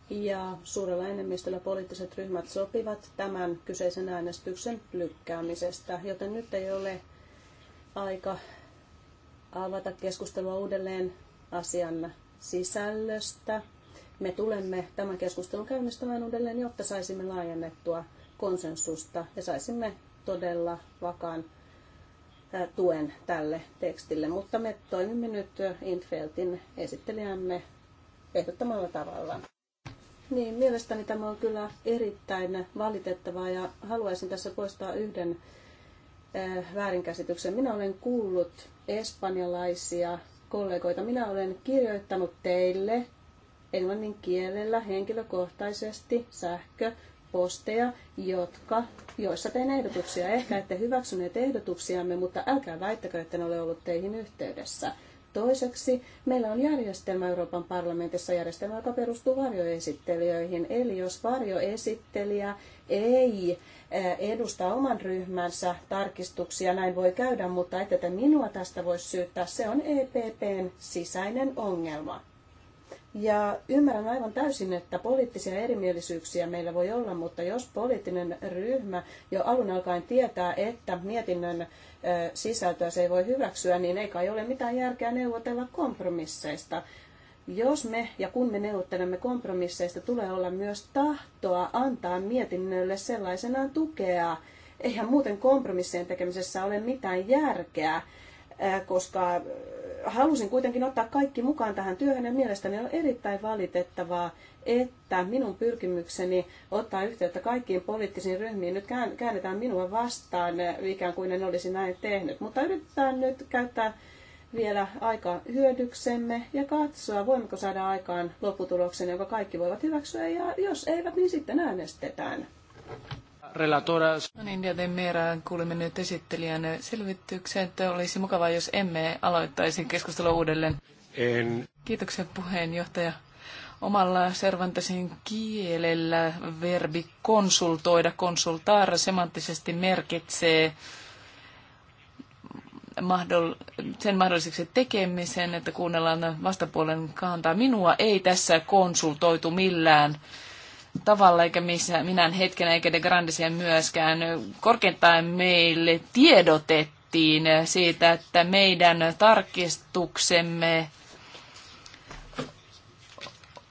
ja suurella enemmistöllä poliittiset ryhmät sopivat tämän kyseisen äänestyksen lykkäämisestä, joten nyt ei ole aika avata keskustelua uudelleen asian sisällöstä. Me tulemme tämän keskustelun käynnistämään uudelleen, jotta saisimme laajennettua konsensusta ja saisimme todella vakaan tuen tälle tekstille. Mutta me toimimme nyt Infeltin esittelijämme ehdottomalla tavalla. Niin, mielestäni tämä on kyllä erittäin valitettavaa ja haluaisin tässä poistaa yhden väärinkäsityksen. Minä olen kuullut espanjalaisia kollegoita. Minä olen kirjoittanut teille englannin kielellä henkilökohtaisesti sähkö posteja, jotka, joissa tein ehdotuksia. Ehkä ette hyväksyneet ehdotuksiamme, mutta älkää väittäkö, että ne ole ollut teihin yhteydessä. Toiseksi meillä on järjestelmä Euroopan parlamentissa, järjestelmä, joka perustuu varjoesittelijöihin. Eli jos varjoesittelijä ei eh, edusta oman ryhmänsä tarkistuksia, näin voi käydä, mutta ette te minua tästä voi syyttää. Se on EPPn sisäinen ongelma. Ja ymmärrän aivan täysin, että poliittisia erimielisyyksiä meillä voi olla, mutta jos poliittinen ryhmä jo alun alkaen tietää, että mietinnön sisältöä se ei voi hyväksyä, niin ei kai ole mitään järkeä neuvotella kompromisseista. Jos me ja kun me neuvottelemme kompromisseista, tulee olla myös tahtoa antaa mietinnölle sellaisenaan tukea. Eihän muuten kompromissien tekemisessä ole mitään järkeä. Äh, koska äh, halusin kuitenkin ottaa kaikki mukaan tähän työhön ja mielestäni on erittäin valitettavaa, että minun pyrkimykseni ottaa yhteyttä kaikkiin poliittisiin ryhmiin nyt käännetään minua vastaan, äh, ikään kuin en olisi näin tehnyt. Mutta yritetään nyt käyttää vielä aikaa hyödyksemme ja katsoa, voimmeko saada aikaan lopputuloksen, jonka kaikki voivat hyväksyä, ja jos eivät, niin sitten äänestetään relatora... No niin, ja Demeraan kuulimme nyt esittelijän selvityksen, että olisi mukavaa, jos emme aloittaisi keskustelua uudelleen. En. Kiitoksia puheenjohtaja. Omalla Cervantesin kielellä verbi konsultoida, konsultaara semanttisesti merkitsee sen mahdolliseksi tekemisen, että kuunnellaan vastapuolen kantaa. Minua ei tässä konsultoitu millään tavalla, eikä missä minä hetken eikä de Grandisia myöskään. Korkeintaan meille tiedotettiin siitä, että meidän tarkistuksemme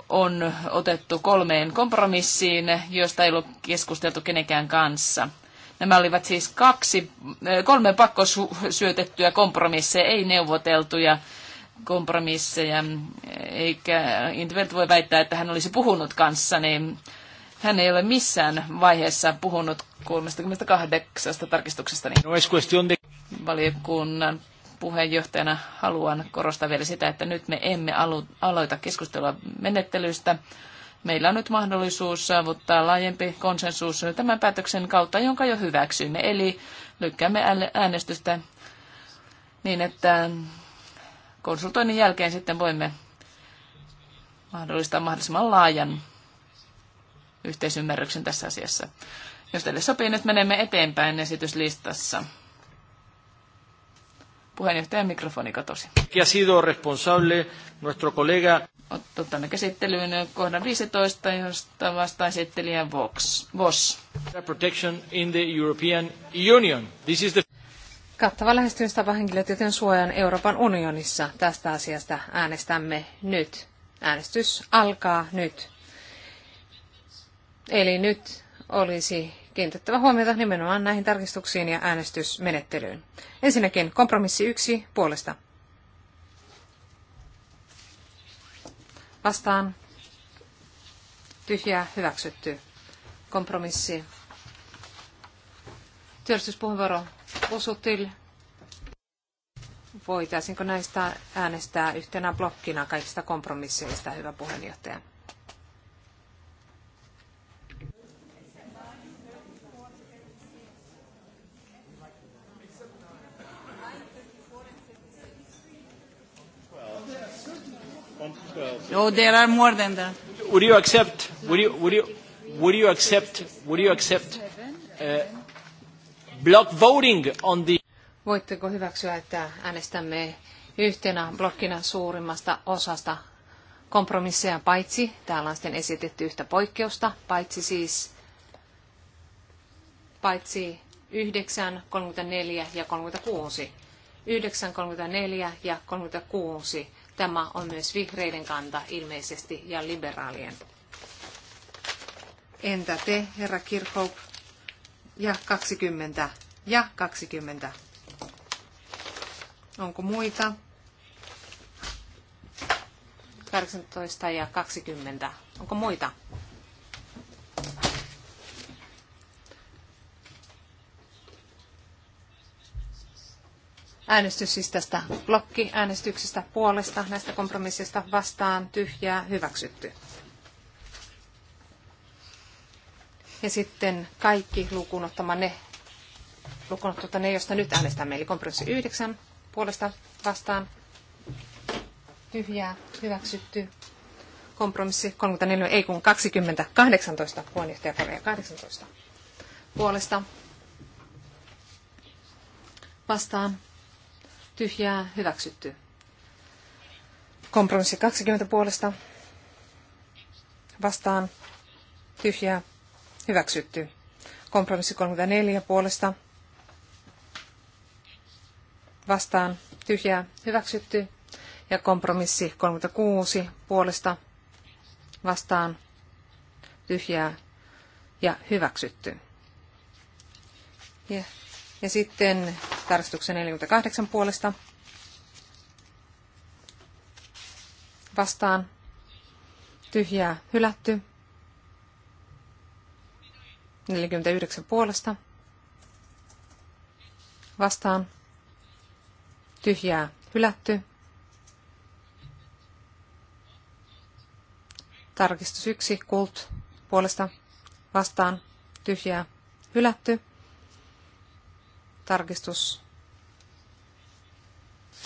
on otettu kolmeen kompromissiin, josta ei ollut keskusteltu kenenkään kanssa. Nämä olivat siis kaksi, kolme pakkosyötettyä kompromisseja, ei neuvoteltuja kompromisseja, eikä Intervelt voi väittää, että hän olisi puhunut kanssani. Hän ei ole missään vaiheessa puhunut 38 tarkistuksestani. No, Valiokunnan puheenjohtajana haluan korostaa vielä sitä, että nyt me emme aloita keskustelua menettelystä. Meillä on nyt mahdollisuus saavuttaa laajempi konsensus tämän päätöksen kautta, jonka jo hyväksyimme. Eli lykkäämme äänestystä niin, että konsultoinnin jälkeen sitten voimme mahdollistaa mahdollisimman laajan yhteisymmärryksen tässä asiassa. Jos teille sopii, nyt menemme eteenpäin esityslistassa. Puheenjohtajan mikrofoni katosi. Que ha sido responsable nuestro colega... Otamme käsittelyyn kohdan 15, josta vastaa esittelijä Vox. Vos. Protection in the European Union. This is the kattava lähestymistapa henkilötietojen suojan Euroopan unionissa. Tästä asiasta äänestämme nyt. Äänestys alkaa nyt. Eli nyt olisi kiinnitettävä huomiota nimenomaan näihin tarkistuksiin ja äänestysmenettelyyn. Ensinnäkin kompromissi yksi puolesta. Vastaan. Tyhjää hyväksytty. Kompromissi. Työllisyyspuheenvuoro Busutil. Voitaisinko näistä äänestää yhtenä blokkina kaikista kompromisseista, hyvä puheenjohtaja? No, there are more than that. Would you accept? Would you? Would you? Would you accept? Would you accept? Uh, block voting on the... Voitteko hyväksyä, että äänestämme yhtenä blokkina suurimmasta osasta kompromisseja paitsi, täällä on sitten esitetty yhtä poikkeusta, paitsi siis paitsi 9, 34 ja 36. 9, 34 ja 36. Tämä on myös vihreiden kanta ilmeisesti ja liberaalien. Entä te, herra Kirchhoff? ja 20 ja 20. Onko muita? 18 ja 20. Onko muita? Äänestys siis tästä blokkiäänestyksestä puolesta näistä kompromissista vastaan tyhjää hyväksytty. Ja sitten kaikki lukuun ottamaan ottamatta ne, josta nyt äänestämme, eli kompromissi 9 puolesta vastaan. Tyhjää, hyväksytty. Kompromissi 34, ei kun 20, 18, puheenjohtajakorja 18 puolesta vastaan. Tyhjää, hyväksytty. Kompromissi 20 puolesta vastaan. Tyhjää, Hyväksytty. Kompromissi 34 puolesta. Vastaan. Tyhjää. Hyväksytty. Ja kompromissi 36 puolesta. Vastaan. Tyhjää. Ja hyväksytty. Ja, ja sitten tarkistuksen 48 puolesta. Vastaan. Tyhjää. Hylätty. 49 puolesta. Vastaan. Tyhjää hylätty. Tarkistus 1. Kult puolesta. Vastaan. Tyhjää hylätty. Tarkistus.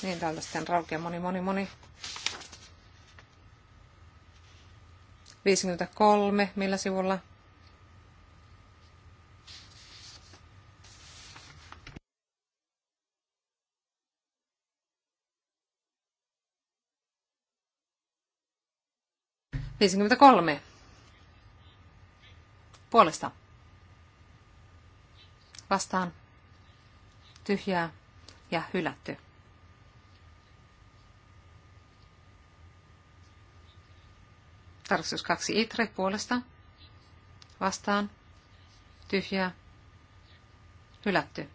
Niin täältä sitten raukea moni moni moni. 53, millä sivulla? 53 puolesta vastaan tyhjää ja hylätty. Tarkistus kaksi itre puolesta vastaan tyhjää hylätty.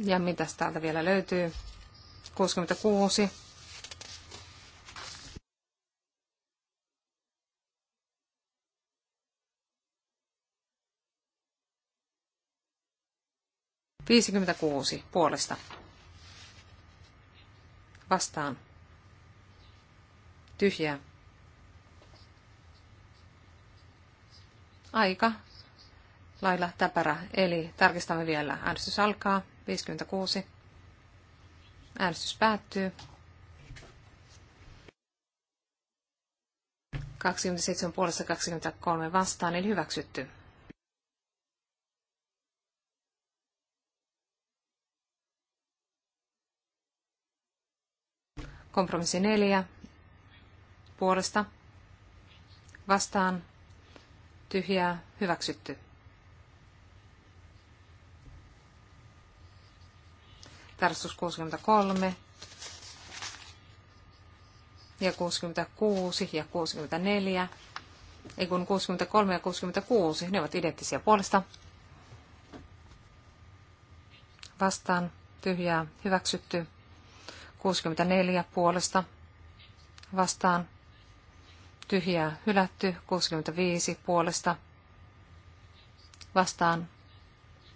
Ja mitä täältä vielä löytyy? 66. kuusi puolesta. Vastaan. Tyhjää. Aika lailla täpärä, eli tarkistamme vielä. Äänestys alkaa. 56. Äänestys päättyy. 27 puolesta 23 vastaan, eli hyväksytty. Kompromissi 4 puolesta vastaan tyhjää hyväksytty. tarkastus 63 ja 66 ja 64, ei kun 63 ja 66, ne ovat identtisiä puolesta. Vastaan tyhjää hyväksytty 64 puolesta. Vastaan tyhjää hylätty 65 puolesta. Vastaan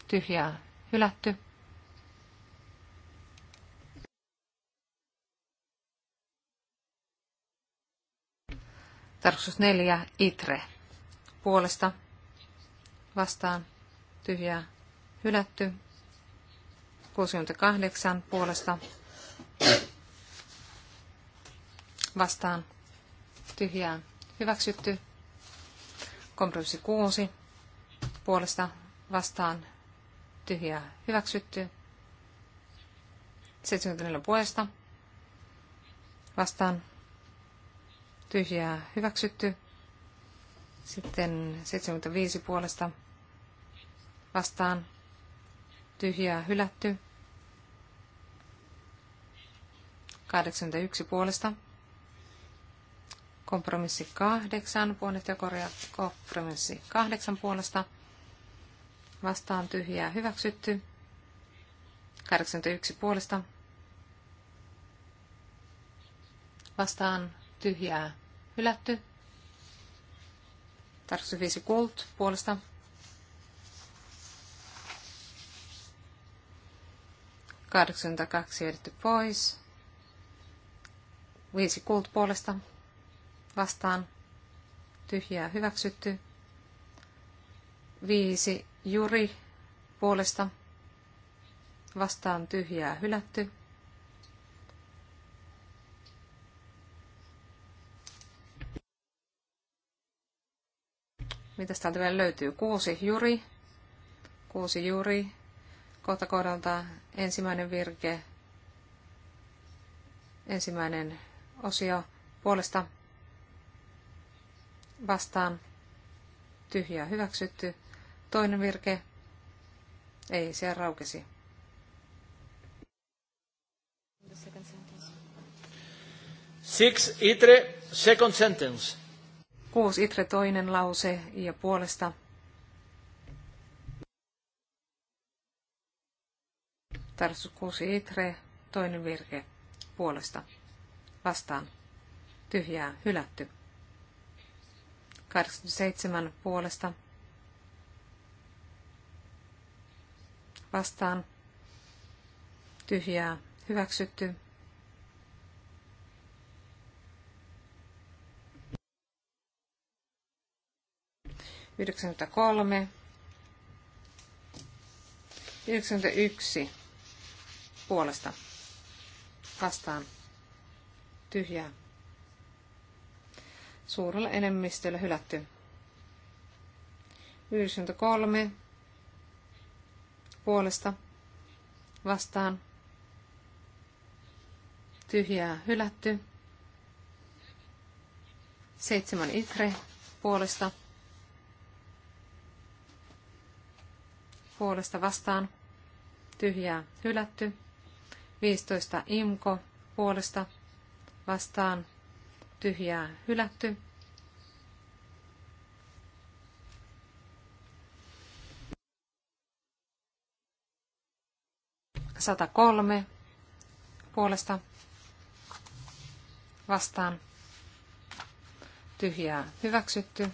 tyhjää hylätty Tarkoitus neljä, itre. Puolesta vastaan tyhjää hylätty. 68 puolesta vastaan tyhjää hyväksytty. Kompromissi 6 puolesta vastaan tyhjää hyväksytty. 74 puolesta vastaan tyhjää hyväksytty. Sitten 75 puolesta vastaan tyhjää hylätty. 81 puolesta. Kompromissi 8 ja korjaa kompromissi 8 puolesta. Vastaan tyhjää hyväksytty. 81 puolesta. Vastaan tyhjää hylätty. Tarkistus 5 Kult puolesta. kaksi vedetty pois. Viisi Kult puolesta. Vastaan. Tyhjää hyväksytty. Viisi Juri puolesta. Vastaan tyhjää hylätty. Mitäs täältä vielä löytyy? Kuusi juri. Kuusi juri. Kohta kohdalta ensimmäinen virke. Ensimmäinen osio puolesta vastaan. Tyhjää hyväksytty. Toinen virke. Ei, se raukesi. Six, itre, second sentence. Kuusi itre toinen lause ja puolesta Tarsu kuusi itre, toinen virke, puolesta, vastaan, tyhjää, hylätty. 87 puolesta, vastaan, tyhjää, hyväksytty. 93, 91 puolesta vastaan tyhjää. Suurella enemmistöllä hylätty. 93 puolesta vastaan tyhjää hylätty. 7 itre puolesta puolesta vastaan tyhjää hylätty. 15 imko puolesta vastaan tyhjää hylätty. Sata kolme puolesta vastaan tyhjää hyväksytty.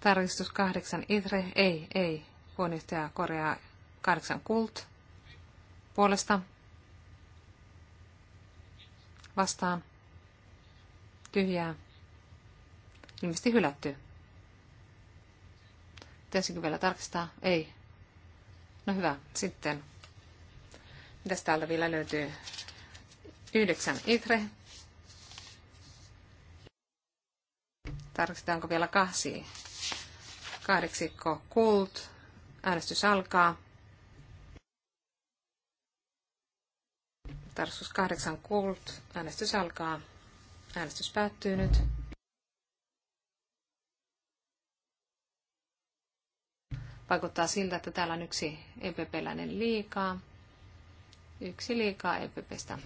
Tarkistus kahdeksan Itre, ei, ei. Puheenjohtaja korjaa kahdeksan Kult puolesta. Vastaan. Tyhjää. Ilmeisesti hylätty. Pitäisikö vielä tarkistaa? Ei. No hyvä, sitten. Mitäs täältä vielä löytyy? Yhdeksän Itre. Tarkistetaanko vielä kahsi kahdeksikko Kult. Äänestys alkaa. Tarkastus kahdeksan Kult. Äänestys alkaa. Äänestys päättyy nyt. Vaikuttaa siltä, että täällä on yksi EPP-läinen liikaa. Yksi liikaa EPPstä.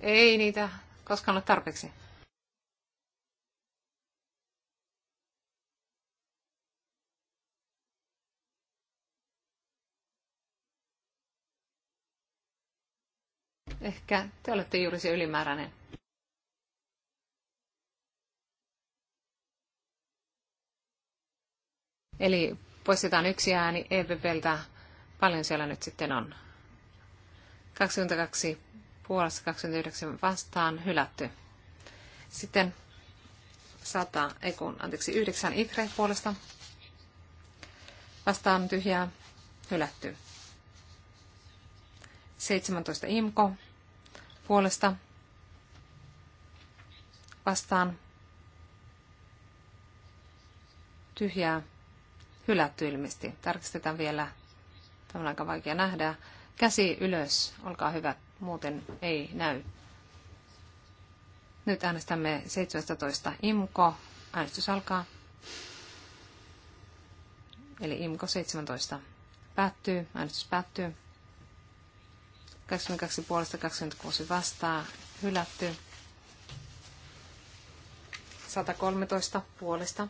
Ei niitä koskaan ole tarpeeksi. Ehkä te olette juuri se ylimääräinen. Eli poistetaan yksi ääni EPPltä. Paljon siellä nyt sitten on? 22 puolesta 29 vastaan hylätty. Sitten 100, ei kun, anteeksi, 9 ikre puolesta vastaan tyhjää hylätty. 17 imko puolesta vastaan tyhjää hylätty ilmeisesti. Tarkistetaan vielä. Tämä on aika vaikea nähdä. Käsi ylös, olkaa hyvä, muuten ei näy. Nyt äänestämme 17 IMKO. Äänestys alkaa. Eli IMKO 17 päättyy, äänestys päättyy. 22 puolesta 26 vastaa hylätty. 113 puolesta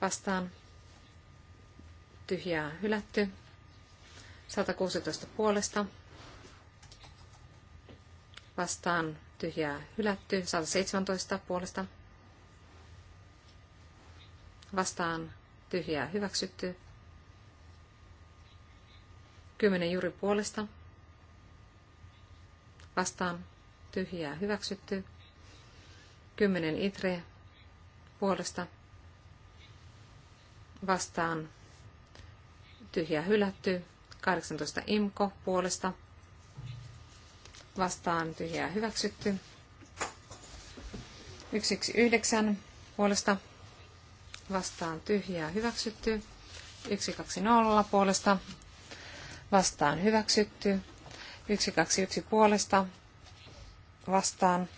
vastaan tyhjää hylätty. 116 puolesta vastaan tyhjää hylätty. 117 puolesta vastaan tyhjää hyväksytty. 10 juuri puolesta. Vastaan tyhjää hyväksytty. 10 itre puolesta. Vastaan tyhjää hylätty. 18 imko puolesta. Vastaan tyhjää hyväksytty. 119 puolesta. Vastaan tyhjää hyväksytty. 120 puolesta vastaan hyväksytty. 121 puolesta vastaan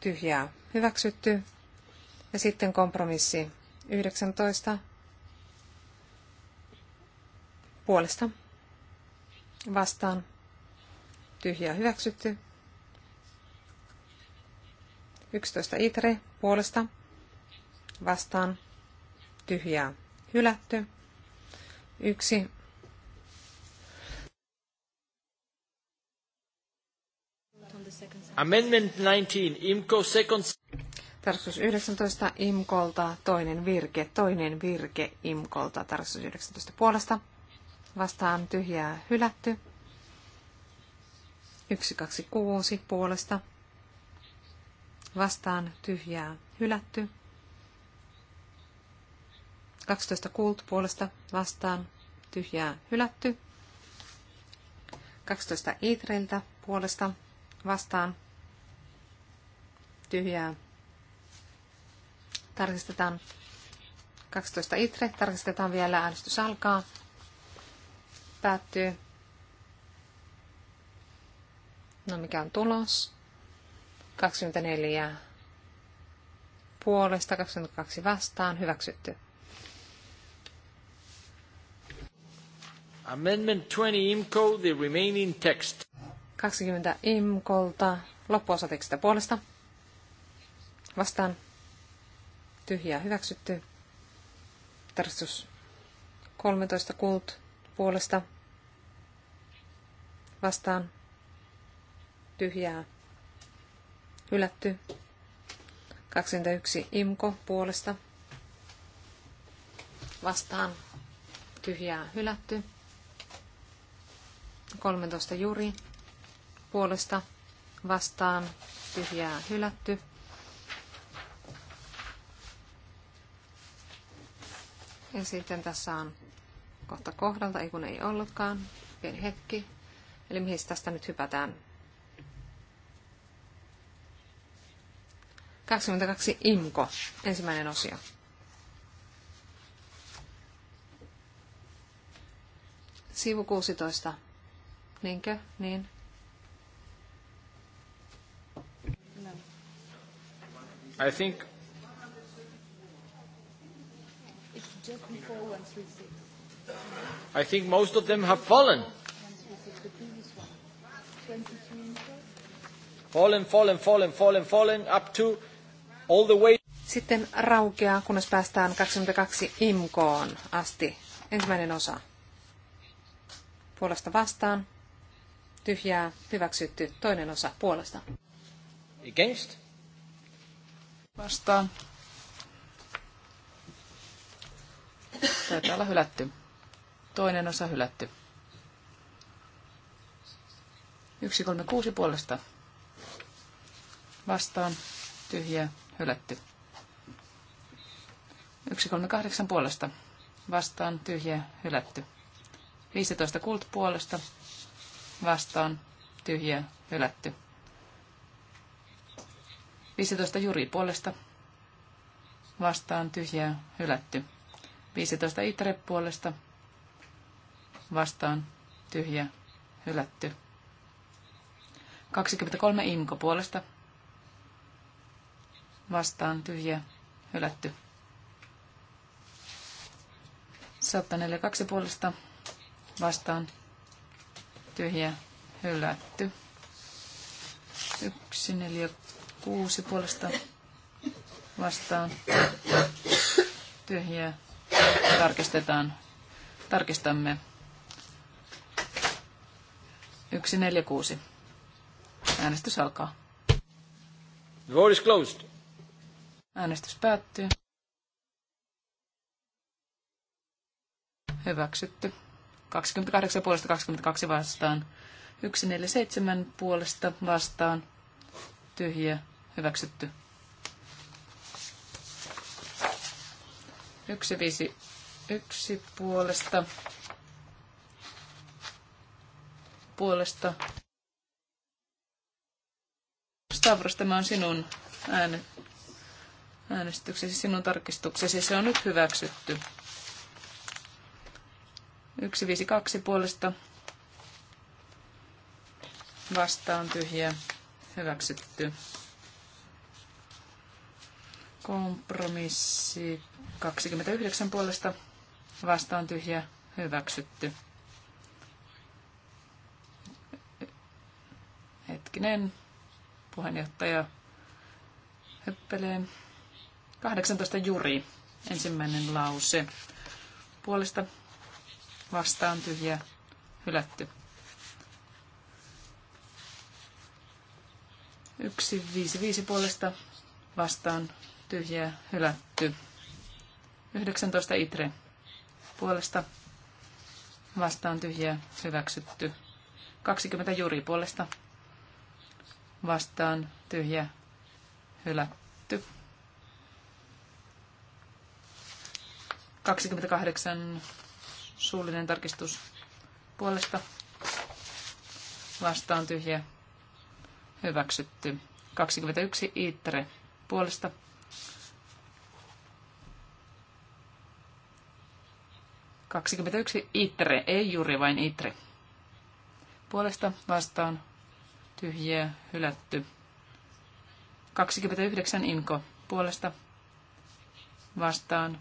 tyhjää hyväksytty. Ja sitten kompromissi 19 puolesta vastaan tyhjää hyväksytty. 11 itre puolesta vastaan tyhjää hylätty. 1 Amendment 19, IMCO second... Tarkastus 19 IMKolta, toinen virke, toinen virke IMKolta, tarkastus 19 puolesta. Vastaan tyhjää hylätty. 126 puolesta. Vastaan tyhjää hylätty. 12 kult puolesta vastaan tyhjää hylätty. 12 itreiltä puolesta vastaan tyhjää. Tarkistetaan 12 itre, tarkistetaan vielä, äänestys alkaa, päättyy. No mikä on tulos? 24 puolesta, 22 vastaan, hyväksytty. Amendment 20 IMCO, the remaining text. 20 imkolta. Loppuosatekstistä puolesta. Vastaan. Tyhjää hyväksytty. Tarkistus 13 kult puolesta. Vastaan. Tyhjää. Hylätty. 21 imko puolesta. Vastaan. Tyhjää hylätty. 13 juri puolesta vastaan tyhjää hylätty. Ja sitten tässä on kohta kohdalta, ei kun ei ollutkaan, pieni hetki. Eli mihin tästä nyt hypätään? 22 Imko, ensimmäinen osio. Sivu 16. Niinkö? Niin. I think I think most of them have fallen. Fallen, fallen, fallen, fallen, fallen, up to all the way. Sitten raukeaa, kunnes päästään 22 imkoon asti. Ensimmäinen osa. Puolesta vastaan. Tyhjää, hyväksytty. Toinen osa puolesta. Against vastaan. Taitaa olla hylätty. Toinen osa hylätty. 136 puolesta. Vastaan. Tyhjä. Hylätty. 138 puolesta. Vastaan. Tyhjä. Hylätty. 15 kult puolesta. Vastaan. Tyhjä. Hylätty. 15 juri puolesta vastaan tyhjää hylätty. 15 itre puolesta vastaan tyhjä hylätty. 23 imko puolesta vastaan tyhjä hylätty. 142 puolesta vastaan tyhjä hylätty. 1, 4, kuusi puolesta vastaan. Tyhjiä. Tarkistetaan. Tarkistamme. kuusi. Äänestys alkaa. The vote is closed. Äänestys päättyy. Hyväksytty. 28 puolesta 22 vastaan. 147 puolesta vastaan tyhjiä, hyväksytty. 151 puolesta, puolesta. Stavros, tämä on sinun ääne, äänestyksesi, sinun tarkistuksesi, se on nyt hyväksytty. 152 puolesta vastaan tyhjä hyväksytty. Kompromissi 29 puolesta vastaan tyhjä hyväksytty. Hetkinen, puheenjohtaja höppelee. 18 juri, ensimmäinen lause. Puolesta vastaan tyhjä hylätty. yksi viisi viisi puolesta vastaan tyhjää hylätty. 19 itre puolesta vastaan tyhjää hyväksytty. 20 juri puolesta vastaan tyhjä hylätty. 28 suullinen tarkistus puolesta vastaan tyhjä hyväksytty. 21 Iittere puolesta Kaksikymmentäyksi itre, ei juuri vain itre. Puolesta vastaan tyhjiä hylätty. 29 inko puolesta vastaan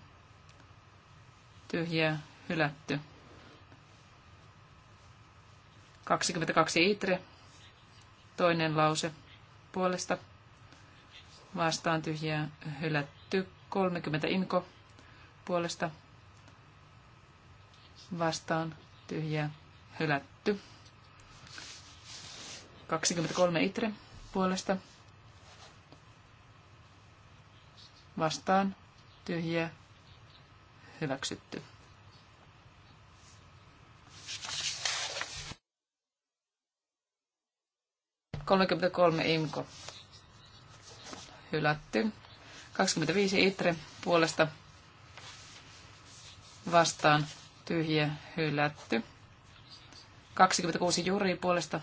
tyhjiä hylätty. 22 itre Toinen lause puolesta vastaan tyhjää hylätty. 30 inko puolesta vastaan tyhjää hylätty. 23 itre puolesta vastaan tyhjää hyväksytty. 33 imko. Hylätty. 25 itre puolesta vastaan tyhjä hylätty. 26 juri puolesta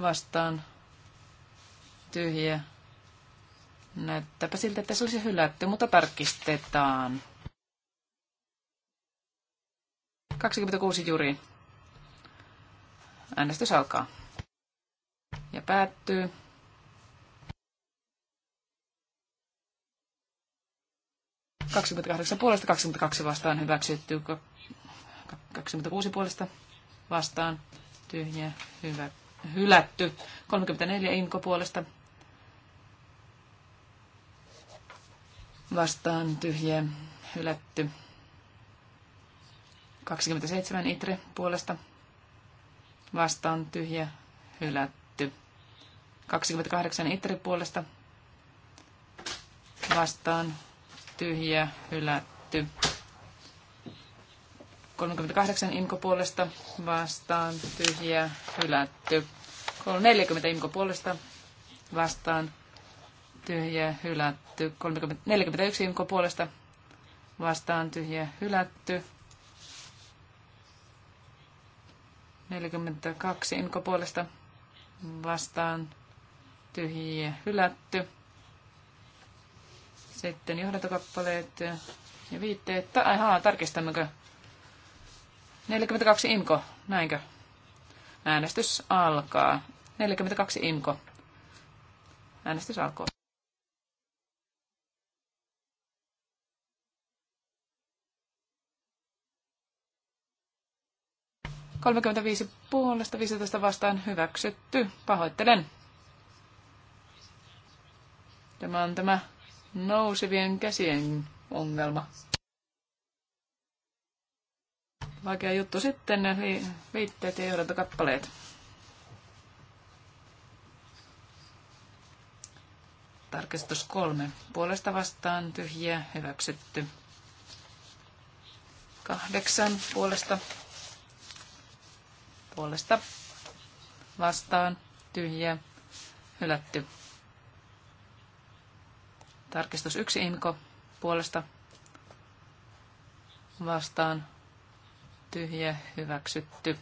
vastaan tyhjä. Näyttääpä siltä, että se olisi hylätty, mutta tarkistetaan. 26 juri. Äänestys alkaa päättyy. Kaksikymmentäkahdeksan puolesta, 22 vastaan hyväksytty, 26 puolesta vastaan tyhjä, hyvä, hylätty, 34 inko puolesta vastaan tyhjä, hylätty, 27 itre puolesta vastaan tyhjä, hylätty. 28 itteri puolesta vastaan tyhjä hylätty. 38 Imko puolesta vastaan tyhjä hylätty. 40 Imko puolesta vastaan tyhjä hylätty. 41 Imko puolesta vastaan tyhjä hylätty. 42 Imko puolesta vastaan tyhjiä hylätty. Sitten johdantokappaleet ja viitteet. Ta- Ahaa, tarkistammeko? 42 imko näinkö? Äänestys alkaa. 42 imko Äänestys alkaa. Kolmekymmentäviisi puolesta, 15 vastaan hyväksytty. Pahoittelen. Tämä on tämä nousevien käsien ongelma. Vaikea juttu sitten, eli viitteet ja johdantokappaleet. Tarkistus kolme. Puolesta vastaan tyhjiä hyväksytty. Kahdeksan puolesta. Puolesta vastaan tyhjiä hylätty. Tarkistus 1 imko puolesta vastaan tyhjä hyväksytty.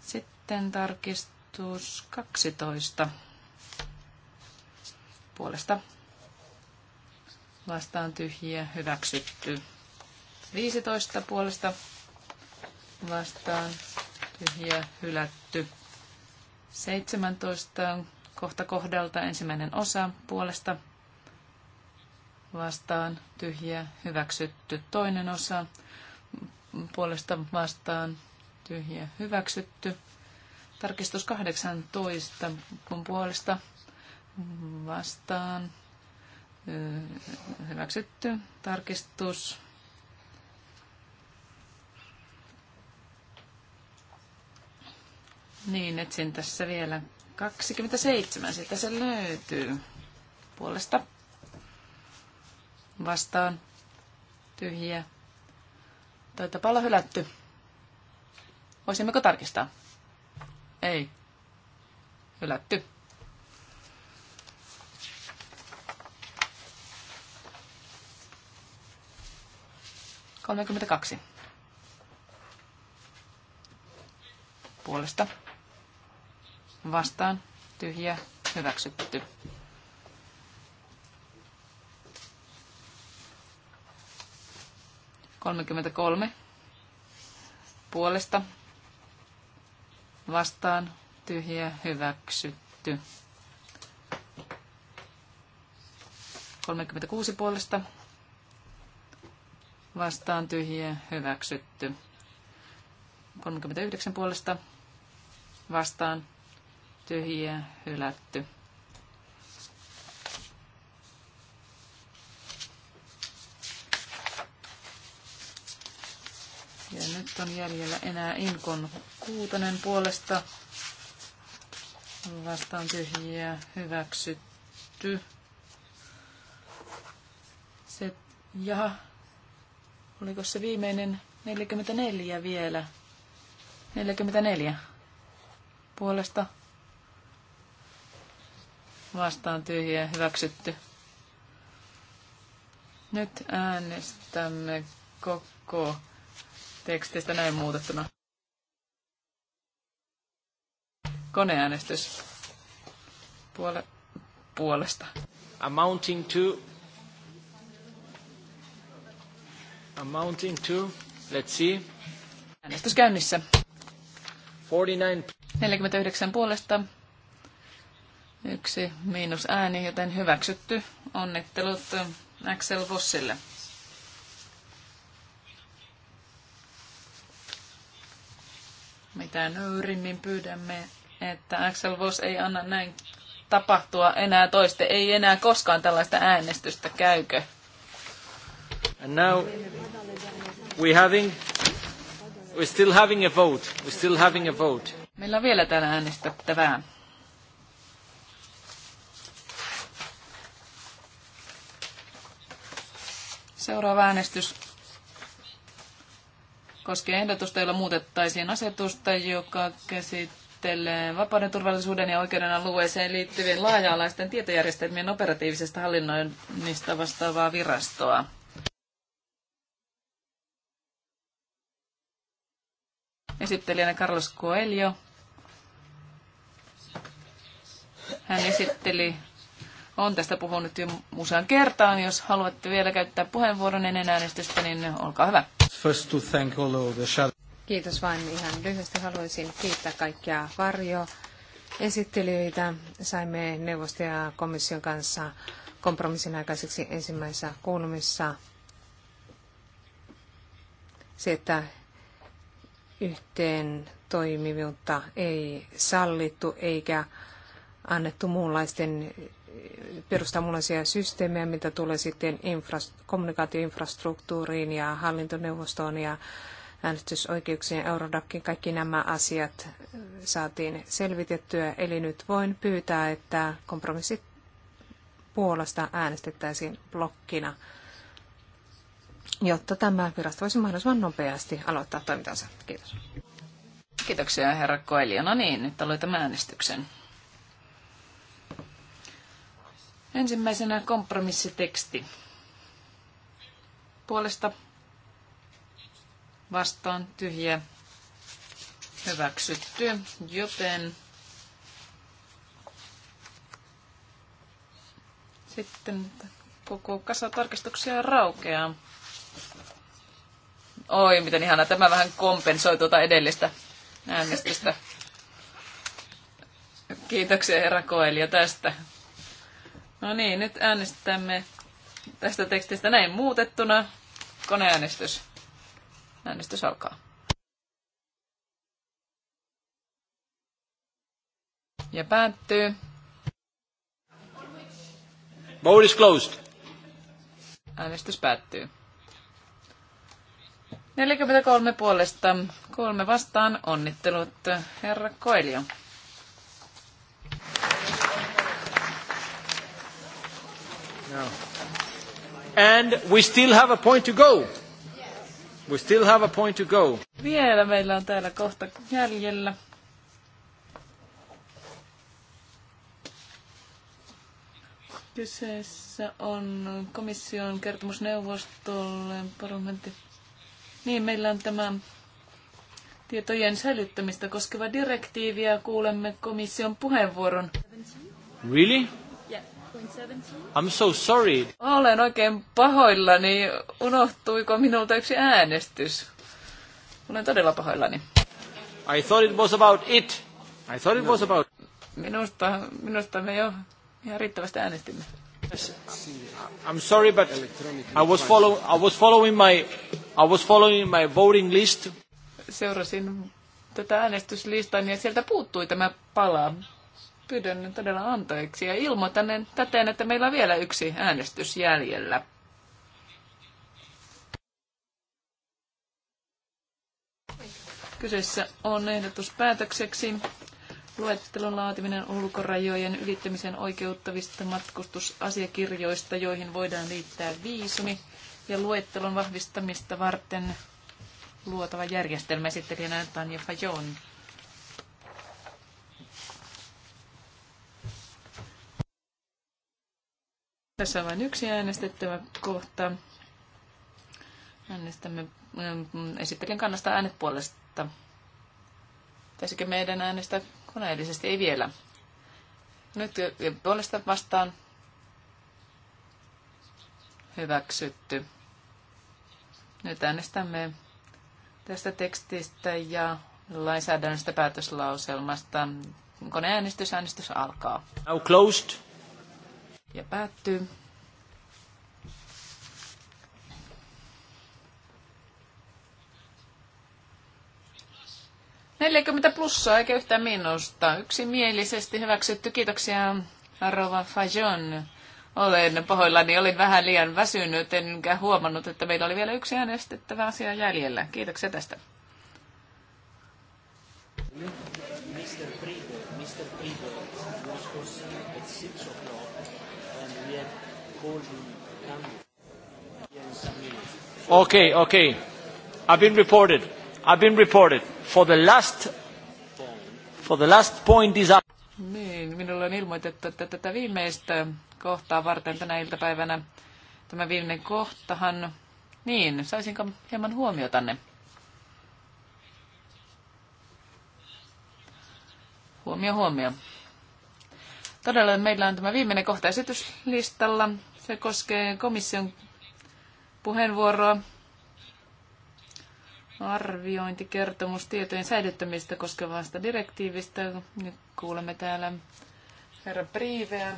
Sitten tarkistus 12 puolesta vastaan tyhjiä hyväksytty. 15 puolesta vastaan tyhjiä hylätty. 17 kohta kohdalta ensimmäinen osa puolesta vastaan tyhjä hyväksytty. Toinen osa puolesta vastaan tyhjä hyväksytty. Tarkistus 18 kun puolesta vastaan hyväksytty. Tarkistus Niin, etsin tässä vielä 27, sitä se löytyy puolesta vastaan tyhjiä. Taitapa olla hylätty. Voisimmeko tarkistaa? Ei. Hylätty. Kolmekymmentäkaksi. Puolesta. Vastaan. Tyhjä. Hyväksytty. 33 puolesta vastaan tyhjä hyväksytty. 36 puolesta vastaan tyhjä hyväksytty. 39 puolesta vastaan tyhjä hylätty. Nyt on jäljellä enää Inkon kuutonen puolesta. Vastaan tyhjiä hyväksytty. Se, jaha, oliko se viimeinen 44 vielä? 44 puolesta vastaan tyhjiä hyväksytty. Nyt äänestämme koko tekstistä näin muutettuna. Koneäänestys Puole- puolesta. Amounting to amounting to, let's see. Äänestys käynnissä. 49. 49 puolesta. Yksi miinus ääni, joten hyväksytty. Onnittelut Axel Vossille. mitä nöyrimmin niin pyydämme, että Axel Voss ei anna näin tapahtua enää toiste. Ei enää koskaan tällaista äänestystä käykö. And now we having we're still having a vote. We're still having a vote. Meillä on vielä täällä äänestettävää. Seuraava äänestys koskee ehdotusta, jolla muutettaisiin asetusta, joka käsittelee vapauden turvallisuuden ja oikeuden alueeseen liittyvien laaja-alaisten tietojärjestelmien operatiivisesta hallinnoinnista vastaavaa virastoa. Esittelijänä Carlos Coelho. Hän esitteli on tästä puhunut jo usean kertaan. Jos haluatte vielä käyttää puheenvuoron ennen äänestystä, niin olkaa hyvä. First to thank all of the Kiitos vain ihan lyhyesti. Haluaisin kiittää kaikkia varjo esittelijöitä. Saimme neuvosto ja komission kanssa kompromissin aikaiseksi ensimmäisessä kuulumissa. Se, että yhteen toimivuutta ei sallittu eikä annettu muunlaisten perustaa systeemejä, mitä tulee sitten infra- kommunikaatioinfrastruktuuriin ja hallintoneuvostoon ja äänestysoikeuksien Eurodakin. Kaikki nämä asiat äh, saatiin selvitettyä, eli nyt voin pyytää, että kompromissit puolesta äänestettäisiin blokkina, jotta tämä virasto voisi mahdollisimman nopeasti aloittaa toimintansa. Kiitos. Kiitoksia herra Koelio. No niin, nyt aloitamme äänestyksen. Ensimmäisenä kompromissiteksti. Puolesta vastaan tyhjä hyväksytty, joten sitten koko kasa tarkistuksia raukeaa. Oi, miten ihana. Tämä vähän kompensoi tuota edellistä äänestystä. Kiitoksia herra Koelia tästä. No niin, nyt äänestämme tästä tekstistä näin muutettuna. Koneäänestys. Äänestys alkaa. Ja päättyy. Vote is closed. Äänestys päättyy. 43 puolesta, kolme vastaan. Onnittelut, herra Koelio. No. And we still have a point to go. We still have a point to go. Vielä meillä on täällä kohta jäljellä. Kyseessä on komission kertomusneuvostolle parlamentti. Niin, meillä on tämä tietojen säilyttämistä koskeva direktiivi ja kuulemme komission puheenvuoron. Really? I'm so sorry. Olen oikein pahoillani. Unohtuiko minulta yksi äänestys? Olen todella pahoillani. I thought it was about it. I thought it was no. about... Minusta, minusta me jo ihan riittävästi äänestimme. I'm sorry, but I was, follow, I was following my, I was following my voting list. Seurasin tätä äänestyslistaa, niin sieltä puuttui tämä pala pyydän todella anteeksi ja ilmoitan täten, että meillä on vielä yksi äänestys jäljellä. Kyseessä on ehdotus päätökseksi luettelon laatiminen ulkorajojen ylittämisen oikeuttavista matkustusasiakirjoista, joihin voidaan liittää viisumi, ja luettelon vahvistamista varten luotava järjestelmä sitten esittelijänä ja Fajon. Tässä on vain yksi äänestettävä kohta. Äänestämme ähm, esittelen kannasta äänet puolesta. Pitäisikö meidän äänestää koneellisesti? Ei vielä. Nyt puolesta vastaan hyväksytty. Nyt äänestämme tästä tekstistä ja lainsäädännöstä päätöslauselmasta. Koneäänestys, äänestys alkaa. Now closed ja päättyy. Neljäkymmentä plussaa eikä yhtä miinusta. Yksimielisesti hyväksytty. Kiitoksia Rova Fajon. Olen pahoillani, olin vähän liian väsynyt, enkä huomannut, että meillä oli vielä yksi äänestettävä asia jäljellä. Kiitoksia tästä. Mr. Prigo, Mr. Prigo was foreseen at 6 o'clock. Okay, okay. I've been reported. I've been reported. For the last, for the last point is up. Niin, minulle on ilmoitettu, että tätä viimeistä kohtaa varten tänä iltapäivänä tämä viimeinen kohtahan, niin, saisinko hieman huomiotanne? Huomio, huomio. Todella meillä on tämä viimeinen kohta esityslistalla. Se koskee komission puheenvuoroa. Arviointikertomus tietojen säilyttämistä koskevasta direktiivistä. Nyt kuulemme täällä herra Priiveä.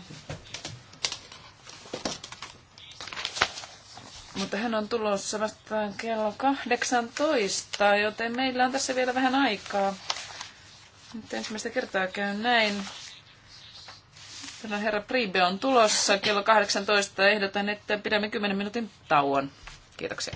Mutta hän on tulossa vastaan kello 18, joten meillä on tässä vielä vähän aikaa. Nyt ensimmäistä kertaa käyn näin. Sillä herra Priibe on tulossa kello 18. Ehdotan, että pidämme 10 minuutin tauon. Kiitoksia.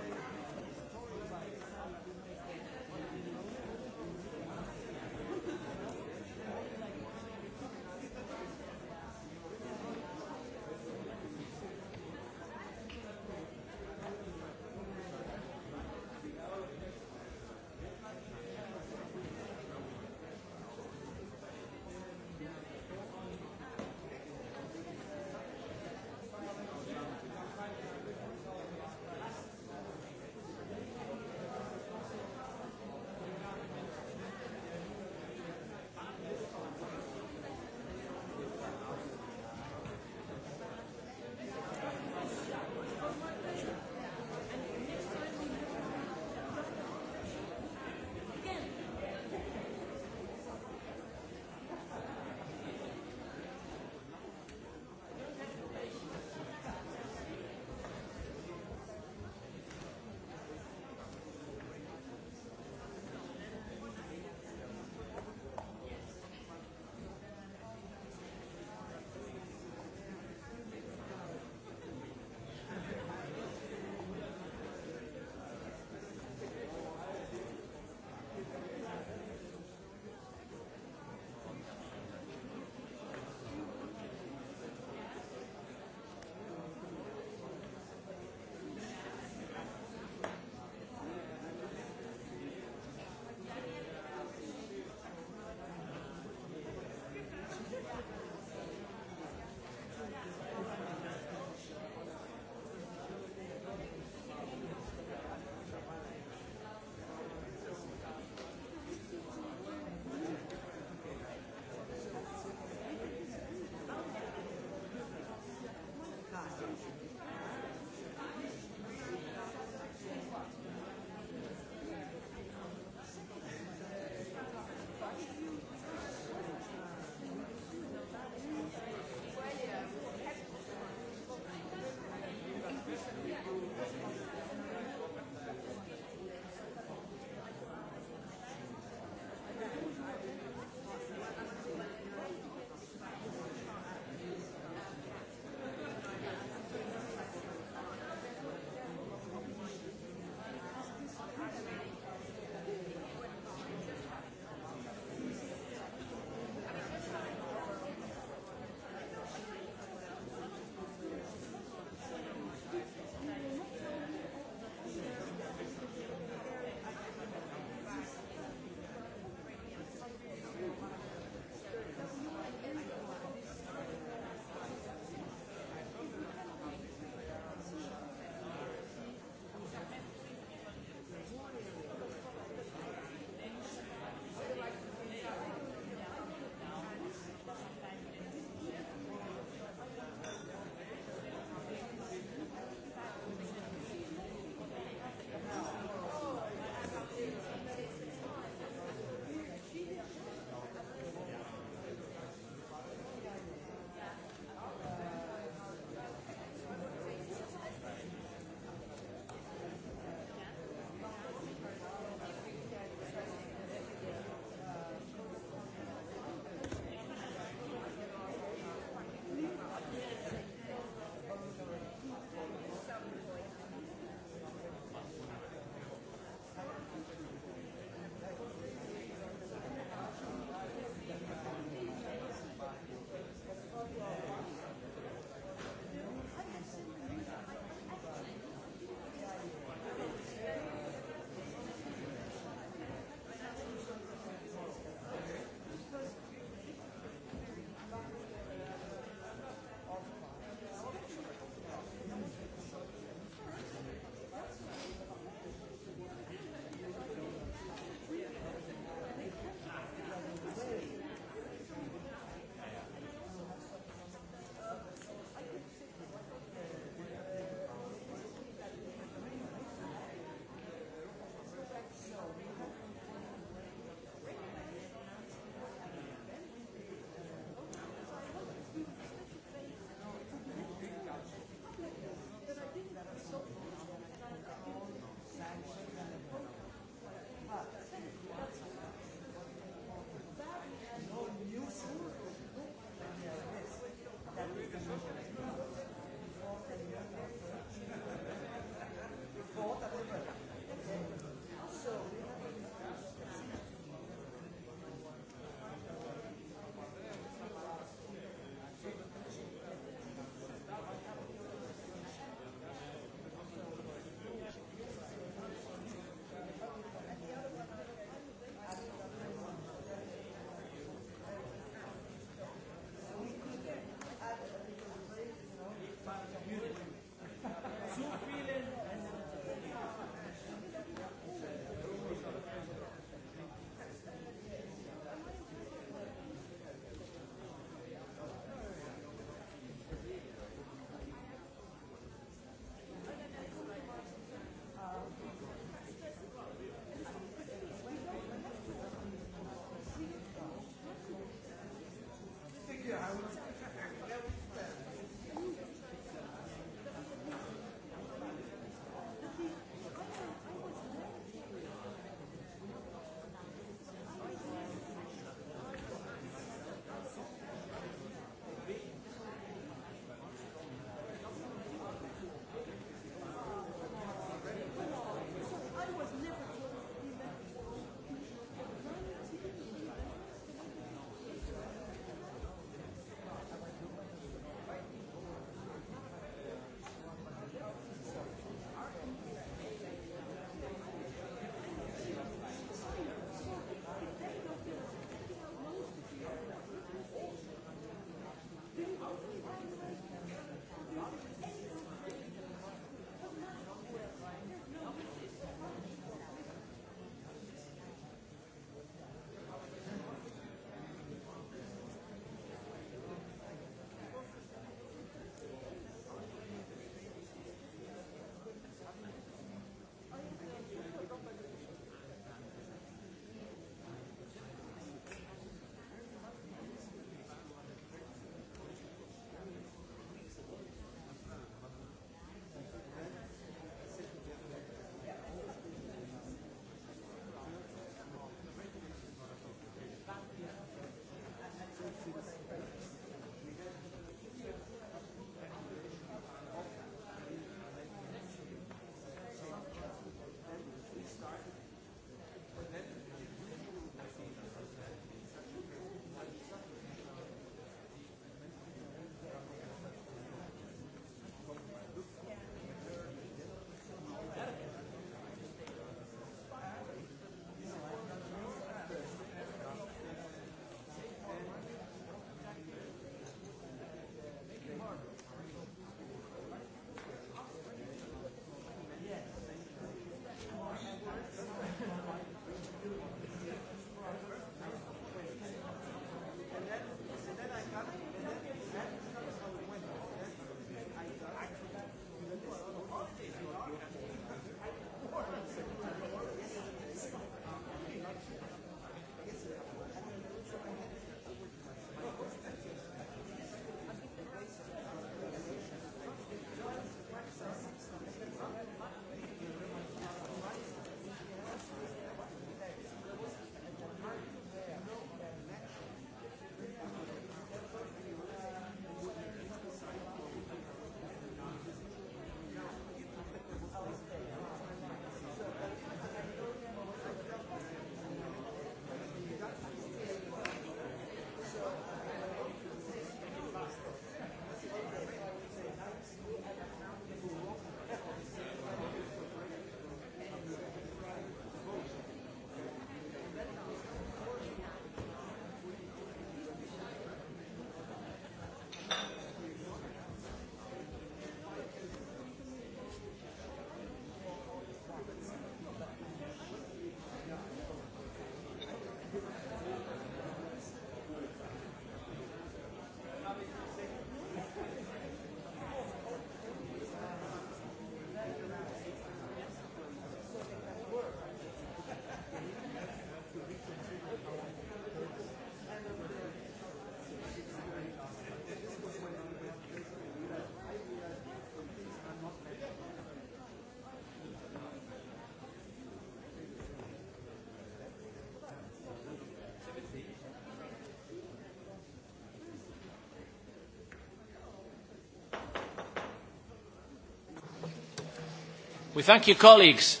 We thank you, colleagues.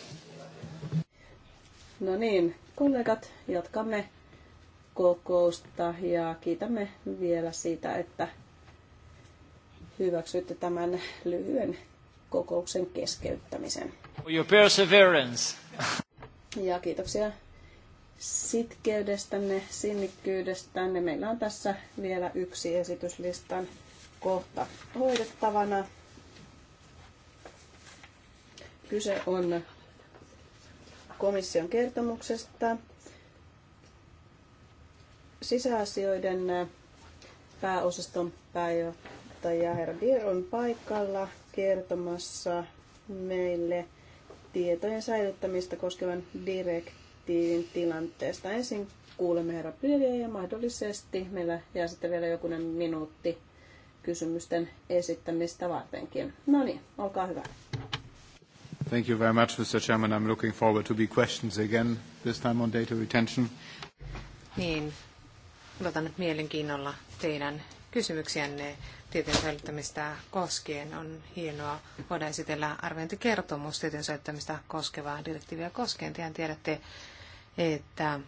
No niin, kollegat, jatkamme kokousta ja kiitämme vielä siitä, että hyväksytte tämän lyhyen kokouksen keskeyttämisen. Your perseverance. Ja kiitoksia sitkeydestänne, sinnikkyydestänne. Meillä on tässä vielä yksi esityslistan kohta hoidettavana. Kyse on komission kertomuksesta sisäasioiden pääosaston pääjohtaja Herra Dier on paikalla kertomassa meille tietojen säilyttämistä koskevan direktiivin tilanteesta. Ensin kuulemme herra Pyliä ja mahdollisesti meillä jää sitten vielä jokunen minuutti kysymysten esittämistä vartenkin. No niin, olkaa hyvä. Thank you very much, Mr. Chairman. I'm looking forward to be questions again, this time on data retention. Niin, odotan nyt mielenkiinnolla teidän kysymyksiänne tietojen säilyttämistä koskien. On hienoa voida esitellä arviointikertomus tietojen säilyttämistä koskevaa direktiiviä koskien. Tehän tiedätte, että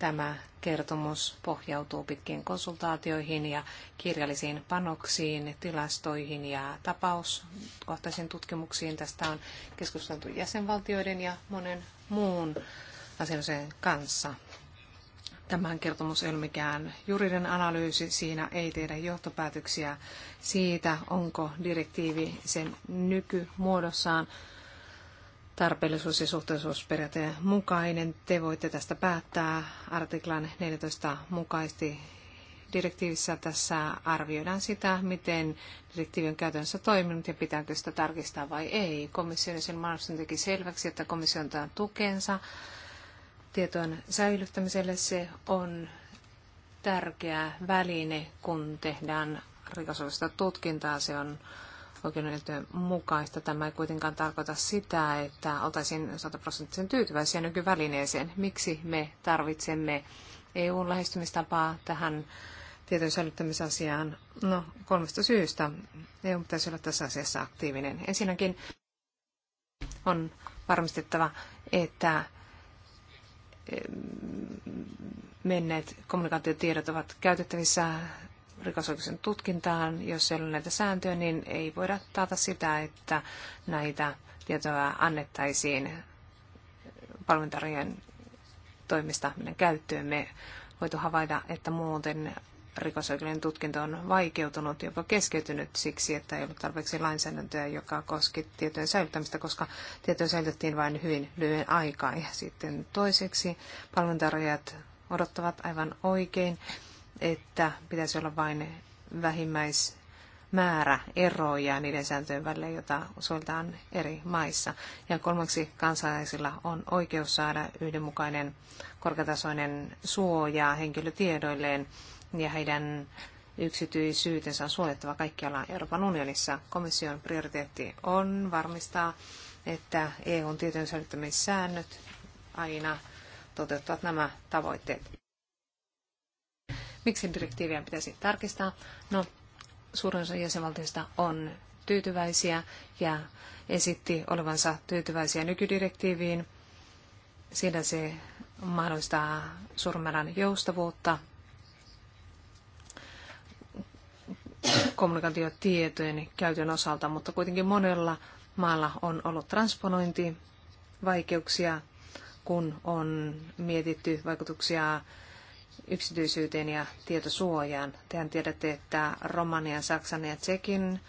Tämä kertomus pohjautuu pitkiin konsultaatioihin ja kirjallisiin panoksiin, tilastoihin ja tapauskohtaisiin tutkimuksiin. Tästä on keskusteltu jäsenvaltioiden ja monen muun asioiden kanssa. Tämän kertomus ei ole mikään juridinen analyysi, siinä ei tehdä johtopäätöksiä siitä, onko direktiivi sen nykymuodossaan tarpeellisuus- ja suhteellisuusperiaatteen mukainen. Te voitte tästä päättää artiklan 14 mukaisesti direktiivissä tässä arvioidaan sitä, miten direktiivi on käytännössä toiminut ja pitääkö sitä tarkistaa vai ei. Komission sen Marston teki selväksi, että komissio antaa tukensa tietojen säilyttämiselle. Se on tärkeä väline, kun tehdään rikosoikeudesta tutkintaa. Se on oikeudeneltojen mukaista. Tämä ei kuitenkaan tarkoita sitä, että oltaisiin 100 prosenttisen tyytyväisiä nykyvälineeseen. Miksi me tarvitsemme EUn lähestymistapaa tähän tietojen säilyttämisasiaan? No, kolmesta syystä. EU pitäisi olla tässä asiassa aktiivinen. Ensinnäkin on varmistettava, että menneet kommunikaatiotiedot ovat käytettävissä rikosoikeuden tutkintaan, jos siellä on näitä sääntöjä, niin ei voida taata sitä, että näitä tietoja annettaisiin palveluntarjoajien toimista meidän käyttöön. Me voitu havaita, että muuten rikosoikeuden tutkinto on vaikeutunut, jopa keskeytynyt siksi, että ei ollut tarpeeksi lainsäädäntöä, joka koski tietojen säilyttämistä, koska tietoja säilytettiin vain hyvin lyhyen aikaa. Ja sitten toiseksi palveluntarjoajat odottavat aivan oikein, että pitäisi olla vain vähimmäismäärä eroja niiden sääntöjen välillä, joita soiltaan eri maissa. Ja kolmanneksi kansalaisilla on oikeus saada yhdenmukainen korkeatasoinen suoja henkilötiedoilleen ja heidän yksityisyytensä on suojattava kaikkialla Euroopan unionissa. Komission prioriteetti on varmistaa, että EUn tietojen säännöt aina toteuttavat nämä tavoitteet. Miksi direktiiviä pitäisi tarkistaa? No, suurin osa jäsenvaltioista on tyytyväisiä ja esitti olevansa tyytyväisiä nykydirektiiviin. Siinä se mahdollistaa surmeran joustavuutta, kommunikaatiotietojen käytön osalta, mutta kuitenkin monella maalla on ollut transponointivaikeuksia, vaikeuksia, kun on mietitty vaikutuksia yksityisyyteen ja tietosuojaan. Tehän tiedätte, että Romanian, Saksan ja Tsekin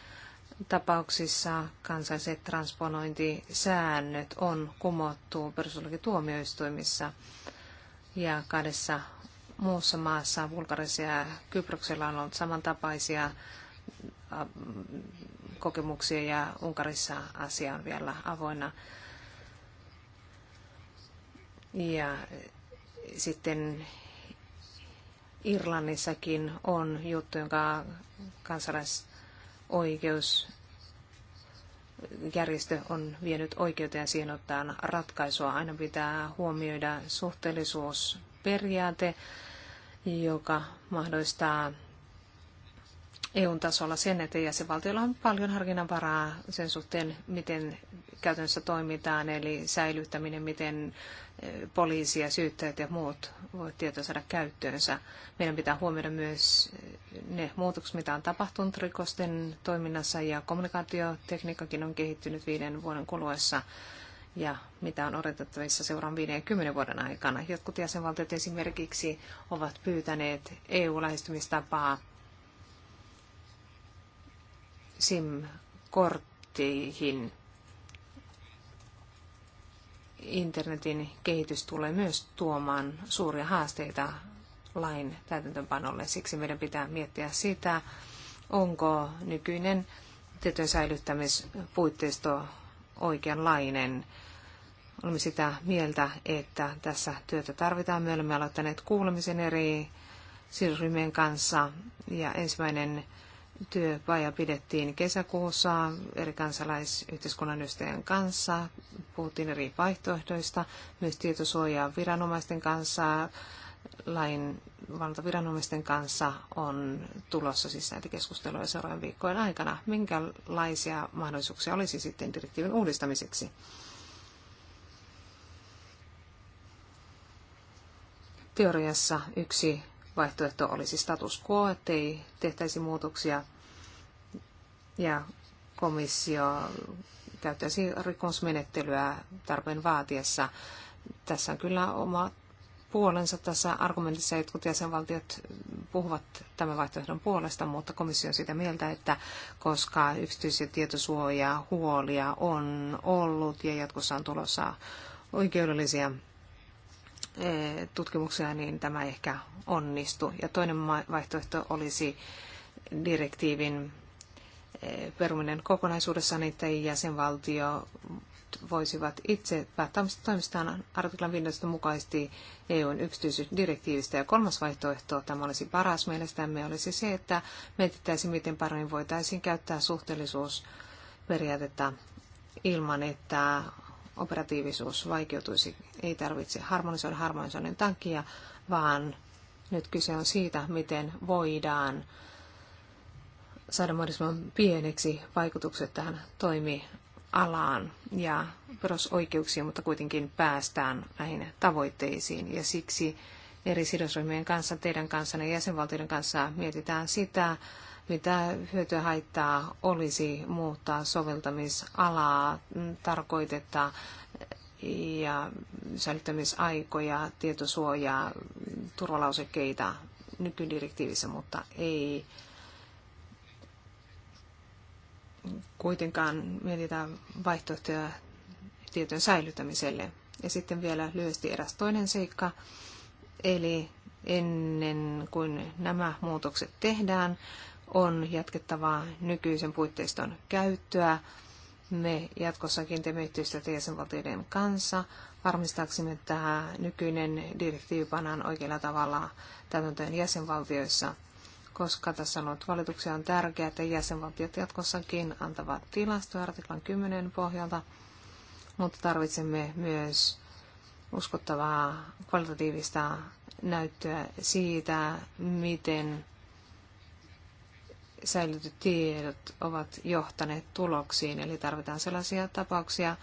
tapauksissa kansalliset transponointisäännöt on kumottu perustuslakituomioistuimissa ja kahdessa muussa maassa, Bulgarissa ja Kyproksella on ollut samantapaisia ähm, kokemuksia ja Unkarissa asia on vielä avoinna. Ja sitten Irlannissakin on juttu, jonka kansalaisoikeusjärjestö on vienyt oikeuteen siihen ottaan ratkaisua. Aina pitää huomioida suhteellisuusperiaate, joka mahdollistaa EUn tasolla sen, että jäsenvaltioilla on paljon harkinnanvaraa sen suhteen, miten käytännössä toimitaan, eli säilyttäminen, miten e, poliisi ja syyttäjät ja muut voivat tietoa saada käyttöönsä. Meidän pitää huomioida myös e, ne muutokset, mitä on tapahtunut rikosten toiminnassa ja kommunikaatiotekniikkakin on kehittynyt viiden vuoden kuluessa ja mitä on odotettavissa seuraavan 50 vuoden aikana. Jotkut jäsenvaltiot esimerkiksi ovat pyytäneet EU-lähestymistapaa SIM-kortteihin. Internetin kehitys tulee myös tuomaan suuria haasteita lain täytäntöönpanolle. Siksi meidän pitää miettiä sitä, onko nykyinen tietojen säilyttämispuitteisto oikeanlainen. Olemme sitä mieltä, että tässä työtä tarvitaan. Me olemme aloittaneet kuulemisen eri sidosryhmien kanssa ja ensimmäinen työpaja pidettiin kesäkuussa eri kansalaisyhteiskunnan ystävien kanssa. Puhuttiin eri vaihtoehdoista, myös tietosuojaa viranomaisten kanssa, lain valtaviranomaisten kanssa on tulossa siis näitä keskusteluja seuraavan viikkojen aikana. Minkälaisia mahdollisuuksia olisi sitten direktiivin uudistamiseksi? Teoriassa yksi vaihtoehto olisi status quo, ettei tehtäisi muutoksia ja komissio käyttäisi rikosmenettelyä tarpeen vaatiessa. Tässä on kyllä oma puolensa tässä argumentissa. Jotkut jäsenvaltiot puhuvat tämän vaihtoehdon puolesta, mutta komissio on sitä mieltä, että koska yksityisiä tietosuojaa huolia on ollut ja jatkossa on tulossa oikeudellisia e, tutkimuksia, niin tämä ehkä onnistu. Ja toinen vaihtoehto olisi direktiivin peruminen kokonaisuudessaan, että jäsenvaltio voisivat itse päättää toimistaan artiklan 15 mukaisesti EUn yksityisyysdirektiivistä. Ja kolmas vaihtoehto, tämä olisi paras mielestämme, olisi se, että mietittäisiin, miten paremmin voitaisiin käyttää suhteellisuusperiaatetta ilman, että operatiivisuus vaikeutuisi. Ei tarvitse harmonisoida harmonisoinnin takia, vaan nyt kyse on siitä, miten voidaan saada mahdollisimman pieneksi vaikutukset tähän toimialaan ja perusoikeuksiin, mutta kuitenkin päästään näihin tavoitteisiin. Ja siksi eri sidosryhmien kanssa, teidän kanssa, ja jäsenvaltioiden kanssa mietitään sitä, mitä hyötyä haittaa olisi muuttaa soveltamisalaa, tarkoitetta ja säilyttämisaikoja, tietosuojaa, turvalausekkeita nykydirektiivissä, mutta ei kuitenkaan mietitään vaihtoehtoja tietojen säilytämiselle Ja sitten vielä lyhyesti eräs toinen seikka, eli ennen kuin nämä muutokset tehdään, on jatkettava nykyisen puitteiston käyttöä. Me jatkossakin teemme yhteistyötä jäsenvaltioiden kanssa varmistaaksemme, että nykyinen direktiivi pannaan oikealla tavalla täytäntöön jäsenvaltioissa – koska tässä on ollut valituksia, on tärkeää, että jäsenvaltiot jatkossakin antavat tilastoja artiklan 10 pohjalta, mutta tarvitsemme myös uskottavaa kvalitatiivista näyttöä siitä, miten säilytyt tiedot ovat johtaneet tuloksiin. Eli tarvitaan sellaisia tapauksia,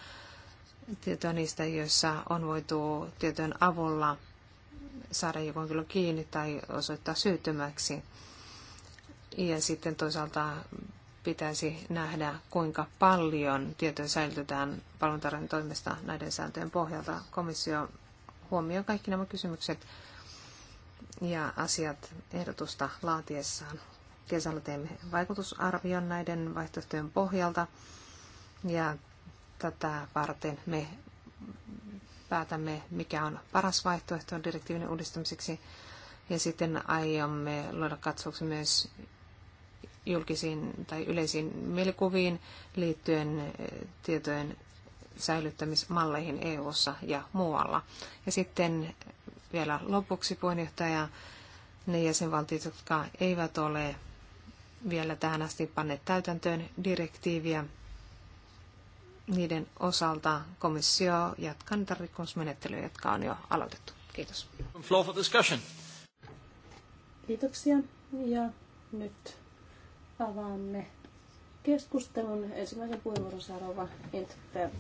tietoa niistä, joissa on voitu tietojen avulla saada joku kyllä kiinni tai osoittaa syyttömäksi. Ja sitten toisaalta pitäisi nähdä, kuinka paljon tietoja säilytetään palveluntarjoajan toimesta näiden sääntöjen pohjalta. Komissio huomioi kaikki nämä kysymykset ja asiat ehdotusta laatiessaan. Kesällä teemme vaikutusarvion näiden vaihtoehtojen pohjalta ja tätä varten me päätämme, mikä on paras vaihtoehto direktiivin uudistamiseksi. Ja sitten aiomme luoda katsauksen myös julkisiin tai yleisiin mielikuviin liittyen eh, tietojen säilyttämismalleihin EU:ssa ja muualla. Ja sitten vielä lopuksi puheenjohtaja, ne jäsenvaltiot, jotka eivät ole vielä tähän asti panneet täytäntöön direktiiviä, niiden osalta komissio jatkaa niitä rikkomusmenettelyjä, jotka on jo aloitettu. Kiitos. Flow for discussion. Kiitoksia. Ja nyt avaamme keskustelun. Ensimmäisen puheenvuoron saa Entfeld.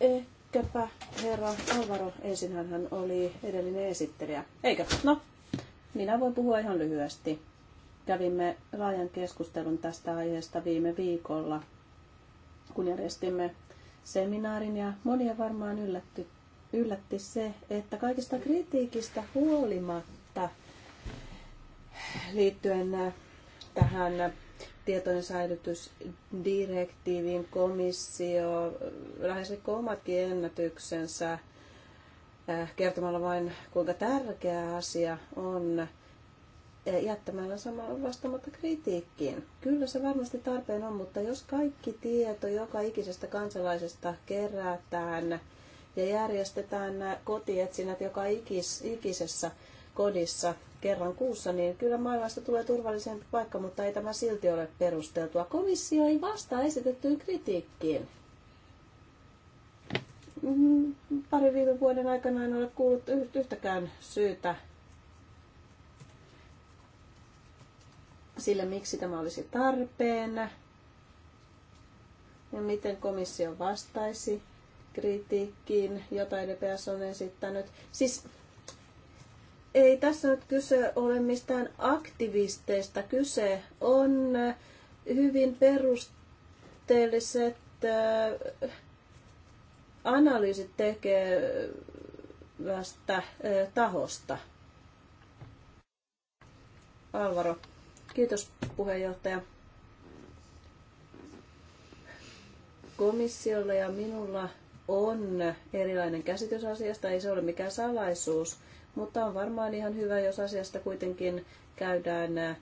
Ehkäpä herra Alvaro, ensin hän oli edellinen esittelijä. Eikö? No, minä voin puhua ihan lyhyesti. Kävimme laajan keskustelun tästä aiheesta viime viikolla, kun järjestimme seminaarin ja monia varmaan yllätty, yllätti se, että kaikista kritiikistä huolimatta Liittyen äh, tähän tietojen säilytysdirektiiviin komissio äh, lähes omatkin ennätyksensä äh, kertomalla vain, kuinka tärkeä asia on jättämällä samalla vastaamatta kritiikkiin. Kyllä se varmasti tarpeen on, mutta jos kaikki tieto joka ikisestä kansalaisesta kerätään ja järjestetään kotietsinnät joka ikis, ikisessä kodissa, kerran kuussa, niin kyllä maailmasta tulee turvallisempi paikka, mutta ei tämä silti ole perusteltua. Komissio ei vastaa esitettyyn kritiikkiin. Mm, pari viime vuoden aikana en ole kuullut yhtäkään syytä sille, miksi tämä olisi tarpeen ja miten komissio vastaisi kritiikkiin, jota EDPS on esittänyt. Siis ei tässä nyt kyse ole mistään aktivisteista. Kyse on eh, hyvin perusteelliset eh, analyysit tekevästä eh, tahosta. Alvaro, kiitos puheenjohtaja. Komissiolla ja minulla on erilainen käsitys asiasta, ei se ole mikään salaisuus – mutta on varmaan ihan hyvä, jos asiasta kuitenkin käydään äh,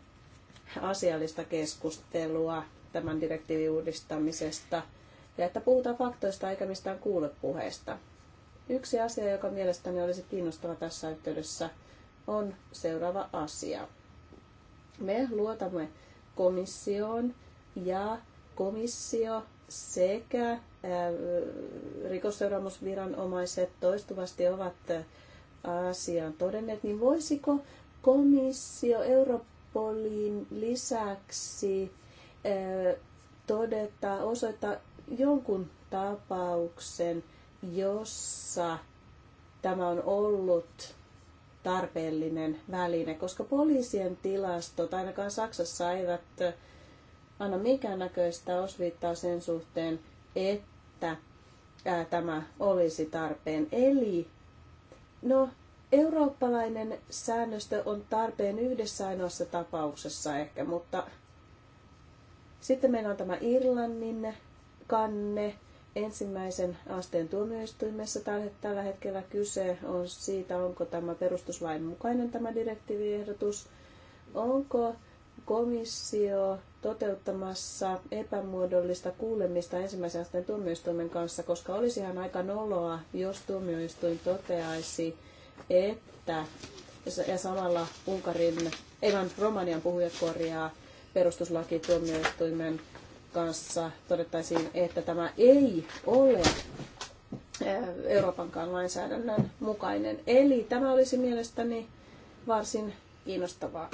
asiallista keskustelua tämän direktiivin uudistamisesta ja että puhutaan faktoista eikä mistään kuulepuheesta. Yksi asia, joka mielestäni olisi kiinnostava tässä yhteydessä, on seuraava asia. Me luotamme komissioon ja komissio sekä äh, rikosseuraamusviranomaiset toistuvasti ovat äh, asiaan todenneet, niin voisiko komissio Europolin lisäksi todeta, osoittaa jonkun tapauksen, jossa tämä on ollut tarpeellinen väline, koska poliisien tilastot ainakaan Saksassa eivät anna minkäännäköistä osviittaa sen suhteen, että tämä olisi tarpeen. Eli No, eurooppalainen säännöstö on tarpeen yhdessä ainoassa tapauksessa ehkä, mutta sitten meillä on tämä Irlannin kanne. Ensimmäisen asteen tuomioistuimessa tällä hetkellä kyse on siitä, onko tämä perustuslain mukainen tämä direktiiviehdotus, onko komissio toteuttamassa epämuodollista kuulemista ensimmäisen asteen tuomioistuimen kanssa, koska olisi ihan aika noloa, jos tuomioistuin toteaisi, että ja samalla Unkarin, ei vaan Romanian puhujat korjaa perustuslakituomioistuimen kanssa todettaisiin, että tämä ei ole Euroopankaan lainsäädännön mukainen. Eli tämä olisi mielestäni varsin kiinnostavaa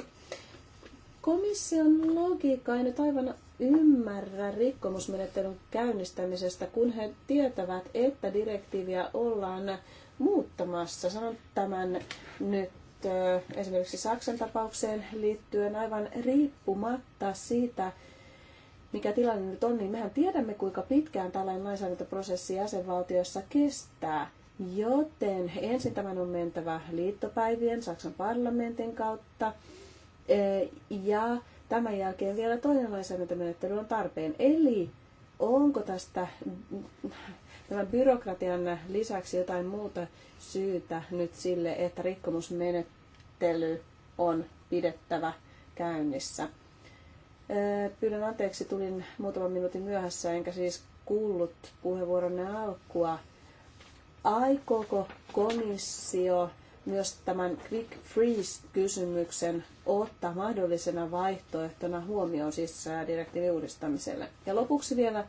Komission logiikka ei nyt aivan ymmärrä rikkomusmenettelyn käynnistämisestä, kun he tietävät, että direktiiviä ollaan muuttamassa. Sanon tämän nyt esimerkiksi Saksan tapaukseen liittyen aivan riippumatta siitä, mikä tilanne nyt on, niin mehän tiedämme, kuinka pitkään tällainen lainsäädäntöprosessi jäsenvaltiossa kestää. Joten ensin tämän on mentävä liittopäivien Saksan parlamentin kautta ja tämän jälkeen vielä toinen lainsäädäntömenettely on tarpeen. Eli onko tästä tämän byrokratian lisäksi jotain muuta syytä nyt sille, että rikkomusmenettely on pidettävä käynnissä? Pyydän anteeksi, tulin muutaman minuutin myöhässä, enkä siis kuullut puheenvuoronne alkua. Aikooko komissio myös tämän quick freeze-kysymyksen ottaa mahdollisena vaihtoehtona huomioon siis direktiivin uudistamiselle. Ja lopuksi vielä,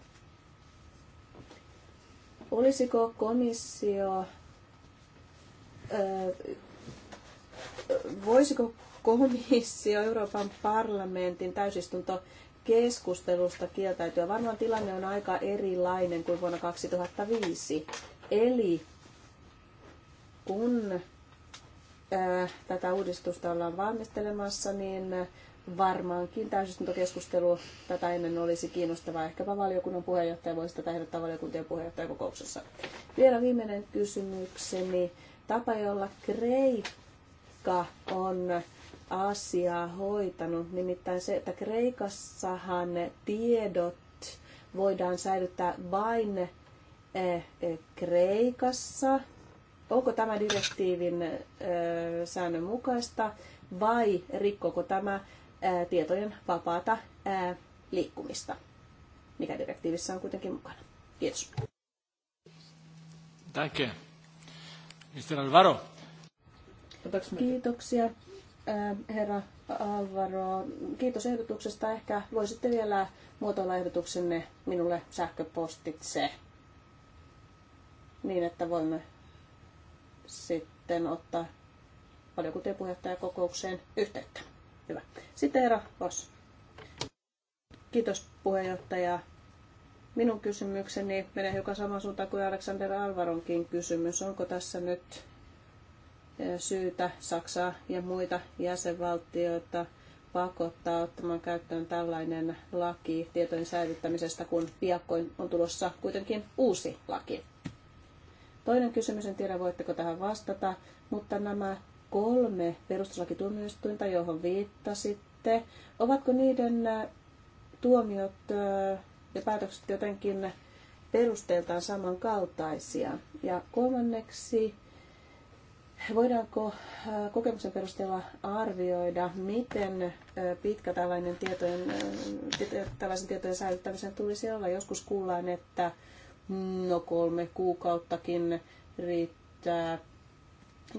olisiko komissio, voisiko komissio Euroopan parlamentin täysistunto keskustelusta kieltäytyä. Varmaan tilanne on aika erilainen kuin vuonna 2005. Eli kun tätä uudistusta ollaan valmistelemassa, niin varmaankin täysistuntokeskustelu tätä ennen olisi kiinnostavaa. Ehkäpä valiokunnan puheenjohtaja voisi tätä ehdottaa valiokuntien puheenjohtajakokouksessa. Vielä viimeinen kysymykseni. Tapa, jolla Kreikka on asiaa hoitanut, nimittäin se, että Kreikassahan tiedot voidaan säilyttää vain eh, eh, Kreikassa Onko tämä direktiivin säännön mukaista vai rikkoko tämä tietojen vapaata liikkumista, mikä direktiivissä on kuitenkin mukana? Kiitos. Danke. Mr. Alvaro. Kiitoksia, herra Alvaro. Kiitos ehdotuksesta. Ehkä voisitte vielä muotoilla ehdotuksenne minulle sähköpostitse niin, että voimme sitten ottaa valiokuntien kokoukseen yhteyttä. Hyvä. Sitten Eero Vos. Kiitos puheenjohtaja. Minun kysymykseni menee hiukan samaan suuntaan kuin Alexander Alvaronkin kysymys. Onko tässä nyt eh, syytä Saksaa ja muita jäsenvaltioita pakottaa ottamaan käyttöön tällainen laki tietojen säilyttämisestä, kun piakkoin on tulossa kuitenkin uusi laki. Toinen kysymys, en tiedä voitteko tähän vastata, mutta nämä kolme perustuslakituomioistuinta, johon viittasitte, ovatko niiden äh, tuomiot äh, ja päätökset jotenkin perusteeltaan samankaltaisia? Ja kolmanneksi, voidaanko äh, kokemuksen perusteella arvioida, miten pitkä tällainen tietojen, tällaisen tietojen säilyttämisen tulisi olla? Joskus kuullaan, että No kolme kuukauttakin riittää,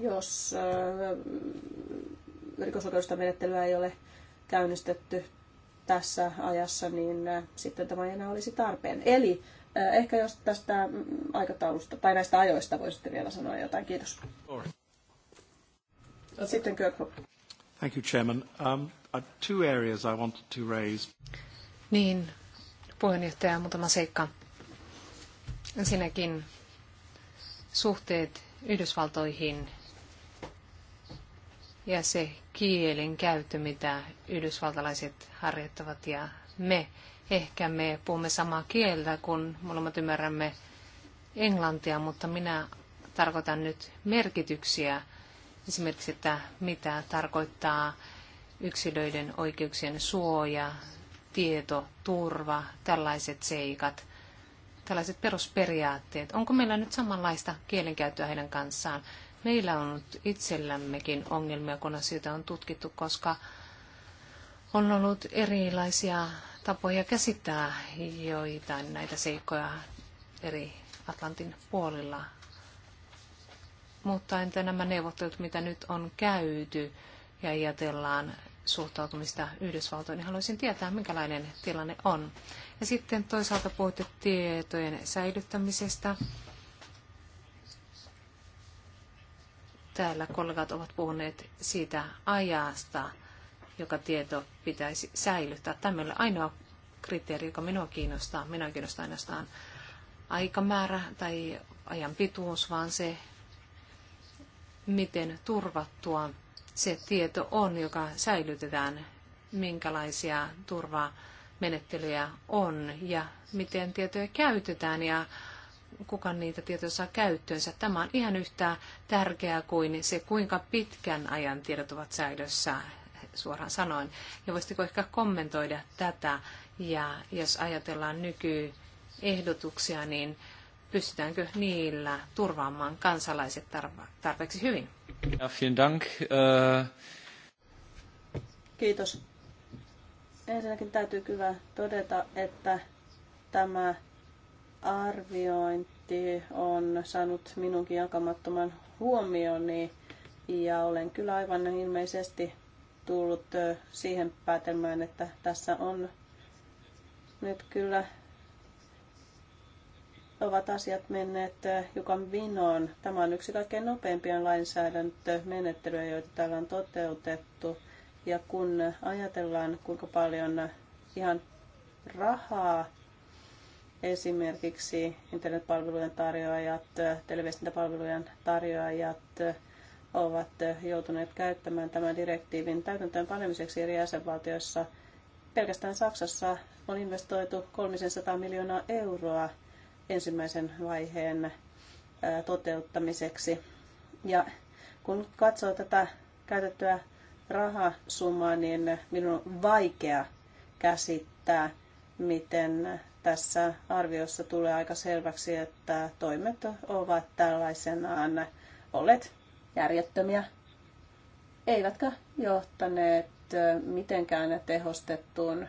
jos äh, rikosoikeudellista menettelyä ei ole käynnistetty tässä ajassa, niin äh, sitten tämä ei enää olisi tarpeen. Eli äh, ehkä jos tästä mm, aikataulusta tai näistä ajoista voisitte vielä sanoa jotain. Kiitos. Sitten Kirkhope. Thank you, Chairman. Um, uh, two areas I wanted to raise. Niin, puheenjohtaja, muutama seikka. Ensinnäkin suhteet Yhdysvaltoihin ja se kielen käyttö, mitä yhdysvaltalaiset harjoittavat ja me. Ehkä me puhumme samaa kieltä, kun molemmat ymmärrämme englantia, mutta minä tarkoitan nyt merkityksiä. Esimerkiksi, että mitä tarkoittaa yksilöiden oikeuksien suoja, tieto, turva, tällaiset seikat tällaiset perusperiaatteet. Onko meillä nyt samanlaista kielenkäyttöä heidän kanssaan? Meillä on ollut itsellämmekin ongelmia, kun asioita on tutkittu, koska on ollut erilaisia tapoja käsittää joitain näitä seikkoja eri Atlantin puolilla. Mutta entä nämä neuvottelut, mitä nyt on käyty ja ajatellaan suhtautumista Yhdysvaltoihin, niin haluaisin tietää, minkälainen tilanne on. Ja sitten toisaalta puhuttu tietojen säilyttämisestä. Täällä kollegat ovat puhuneet siitä ajasta, joka tieto pitäisi säilyttää. Tämä on ainoa kriteeri, joka minua kiinnostaa. Minua kiinnostaa ainoastaan aikamäärä tai ajan pituus, vaan se, miten turvattua se tieto on, joka säilytetään, minkälaisia turvaa menettelyjä on ja miten tietoja käytetään ja kuka niitä tietoja saa käyttöönsä. Tämä on ihan yhtä tärkeää kuin se, kuinka pitkän ajan tiedot ovat säilössä, suoraan sanoen. Ja voisitko ehkä kommentoida tätä, ja jos ajatellaan nykyehdotuksia, niin pystytäänkö niillä turvaamaan kansalaiset tarpeeksi hyvin? Ja, vielen dank. Äh, Kiitos. Ensinnäkin täytyy kyllä todeta, että tämä arviointi on saanut minunkin jakamattoman huomioni ja olen kyllä aivan ilmeisesti tullut siihen päätelmään, että tässä on nyt kyllä ovat asiat menneet Jukan vinoon. Tämä on yksi kaikkein nopeimpia lainsäädäntömenettelyjä, joita täällä on toteutettu. Ja kun ajatellaan, kuinka paljon ihan rahaa esimerkiksi internetpalvelujen tarjoajat, televiestintäpalvelujen tarjoajat ovat joutuneet käyttämään tämän direktiivin täytäntöön panemiseksi eri jäsenvaltioissa. Pelkästään Saksassa on investoitu 300 miljoonaa euroa ensimmäisen vaiheen toteuttamiseksi. Ja kun katsoo tätä käytettyä rahasumma, niin minun on vaikea käsittää, miten tässä arviossa tulee aika selväksi, että toimet ovat tällaisenaan olleet järjettömiä, eivätkä johtaneet mitenkään tehostettuun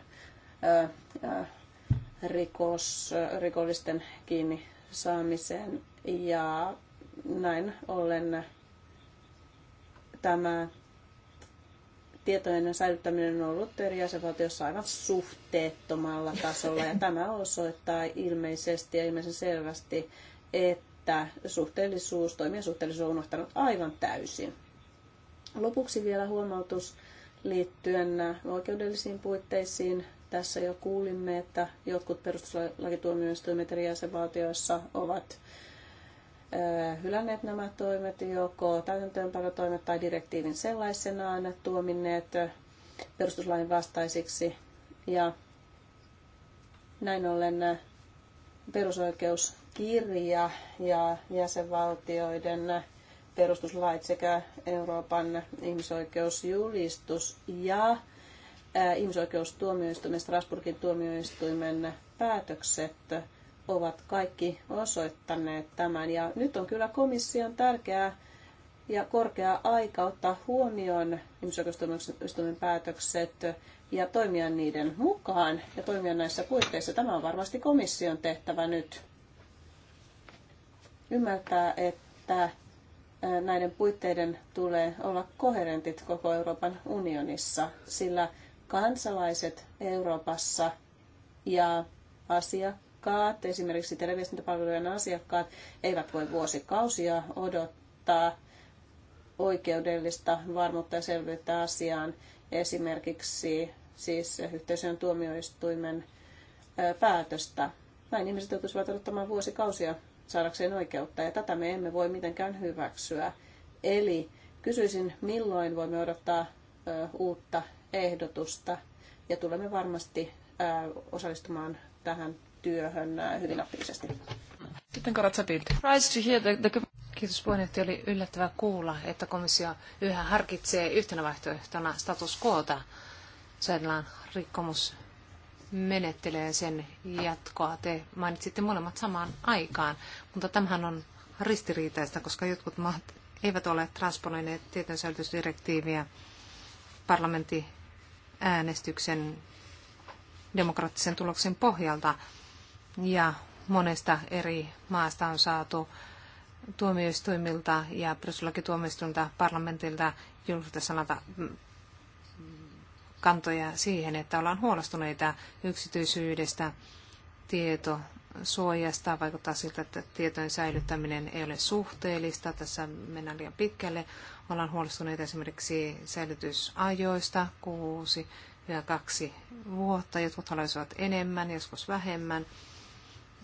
rikos, rikollisten kiinni saamiseen ja näin ollen tämä tietojen säilyttäminen on ollut eri jäsenvaltiossa aivan suhteettomalla tasolla ja tämä osoittaa ilmeisesti ja ilmeisen selvästi, että suhteellisuus, toimien suhteellisuus on unohtanut aivan täysin. Lopuksi vielä huomautus liittyen oikeudellisiin puitteisiin. Tässä jo kuulimme, että jotkut perustuslakituomioistuimet eri jäsenvaltioissa ovat hylänneet nämä toimet, joko täytäntöönpanotoimet tai direktiivin sellaisenaan tuomineet perustuslain vastaisiksi. Ja näin ollen perusoikeuskirja ja jäsenvaltioiden perustuslait sekä Euroopan ihmisoikeusjulistus ja ihmisoikeustuomioistuimen, Strasbourgin tuomioistuimen päätökset – ovat kaikki osoittaneet tämän. Ja nyt on kyllä komission tärkeää ja korkea aika ottaa huomioon ihmisoikeustuomioistuimen päätökset ja toimia niiden mukaan ja toimia näissä puitteissa. Tämä on varmasti komission tehtävä nyt ymmärtää, että näiden puitteiden tulee olla koherentit koko Euroopan unionissa, sillä kansalaiset Euroopassa ja asiakkaat asiakkaat, esimerkiksi televisiopalvelujen asiakkaat, eivät voi vuosikausia odottaa oikeudellista varmuutta ja selvyyttä asiaan. Esimerkiksi siis yhteisön tuomioistuimen päätöstä. Näin ihmiset joutuisivat odottamaan vuosikausia saadakseen oikeutta, ja tätä me emme voi mitenkään hyväksyä. Eli kysyisin, milloin voimme odottaa uutta ehdotusta, ja tulemme varmasti osallistumaan tähän työhön äh, hyvin aktiivisesti. Sitten Karatsa Kiitos puheenjohtaja. Oli yllättävää kuulla, että komissio yhä harkitsee yhtenä vaihtoehtona status quota. Säädellään rikkomus menettelee sen jatkoa. Te mainitsitte molemmat samaan aikaan, mutta tämähän on ristiriitaista, koska jotkut maat eivät ole transponoineet tietosäilytysdirektiiviä parlamentin äänestyksen demokraattisen tuloksen pohjalta ja monesta eri maasta on saatu tuomioistuimilta ja tuomioistuimilta parlamentilta julkista sanata mm, kantoja siihen, että ollaan huolestuneita yksityisyydestä, tieto, suojasta. Vaikuttaa siltä, että tietojen säilyttäminen ei ole suhteellista. Tässä mennään liian pitkälle. Ollaan huolestuneita esimerkiksi säilytysajoista, kuusi ja kaksi vuotta. Jotkut haluaisivat enemmän, joskus vähemmän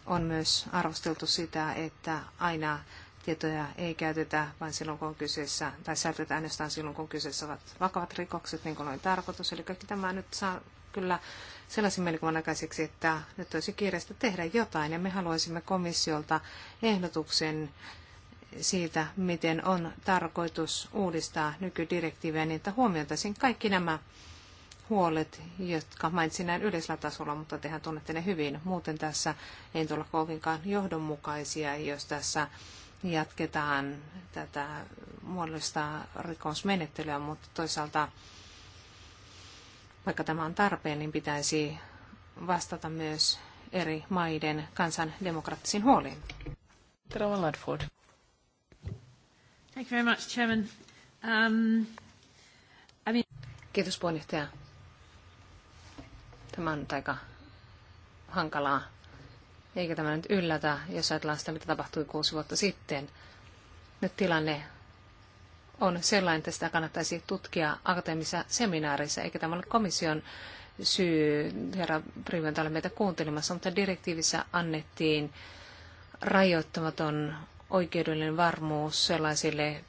on myös arvosteltu sitä, että aina tietoja ei käytetä vain silloin, kun on kyseessä, tai säilytetään ainoastaan silloin, kun kyseessä ovat vakavat rikokset, niin kuin oli tarkoitus. Eli kaikki tämä nyt saa kyllä sellaisen mielikuvan aikaiseksi, että nyt olisi kiireistä tehdä jotain, ja me haluaisimme komissiolta ehdotuksen siitä, miten on tarkoitus uudistaa nykydirektiiviä, niin että huomioitaisiin kaikki nämä huolet, jotka mainitsin näin yleisellä tasolla, mutta tehän tunnette ne hyvin. Muuten tässä ei tulla kovinkaan johdonmukaisia, jos tässä jatketaan tätä muodollista rikosmenettelyä, mutta toisaalta vaikka tämä on tarpeen, niin pitäisi vastata myös eri maiden kansan demokraattisiin huoliin. Tervetuloa Ladford. Thank you very much, Chairman. Um, I mean... Kiitos puheenjohtaja. Tämä on nyt aika hankalaa. Eikä tämä nyt yllätä, jos ajatellaan sitä, mitä tapahtui kuusi vuotta sitten. Nyt tilanne on sellainen, että sitä kannattaisi tutkia akateemisessa seminaarissa, eikä tämä ole komission syy, herra Priventä ole meitä kuuntelemassa, mutta direktiivissä annettiin rajoittamaton oikeudellinen varmuus sellaisille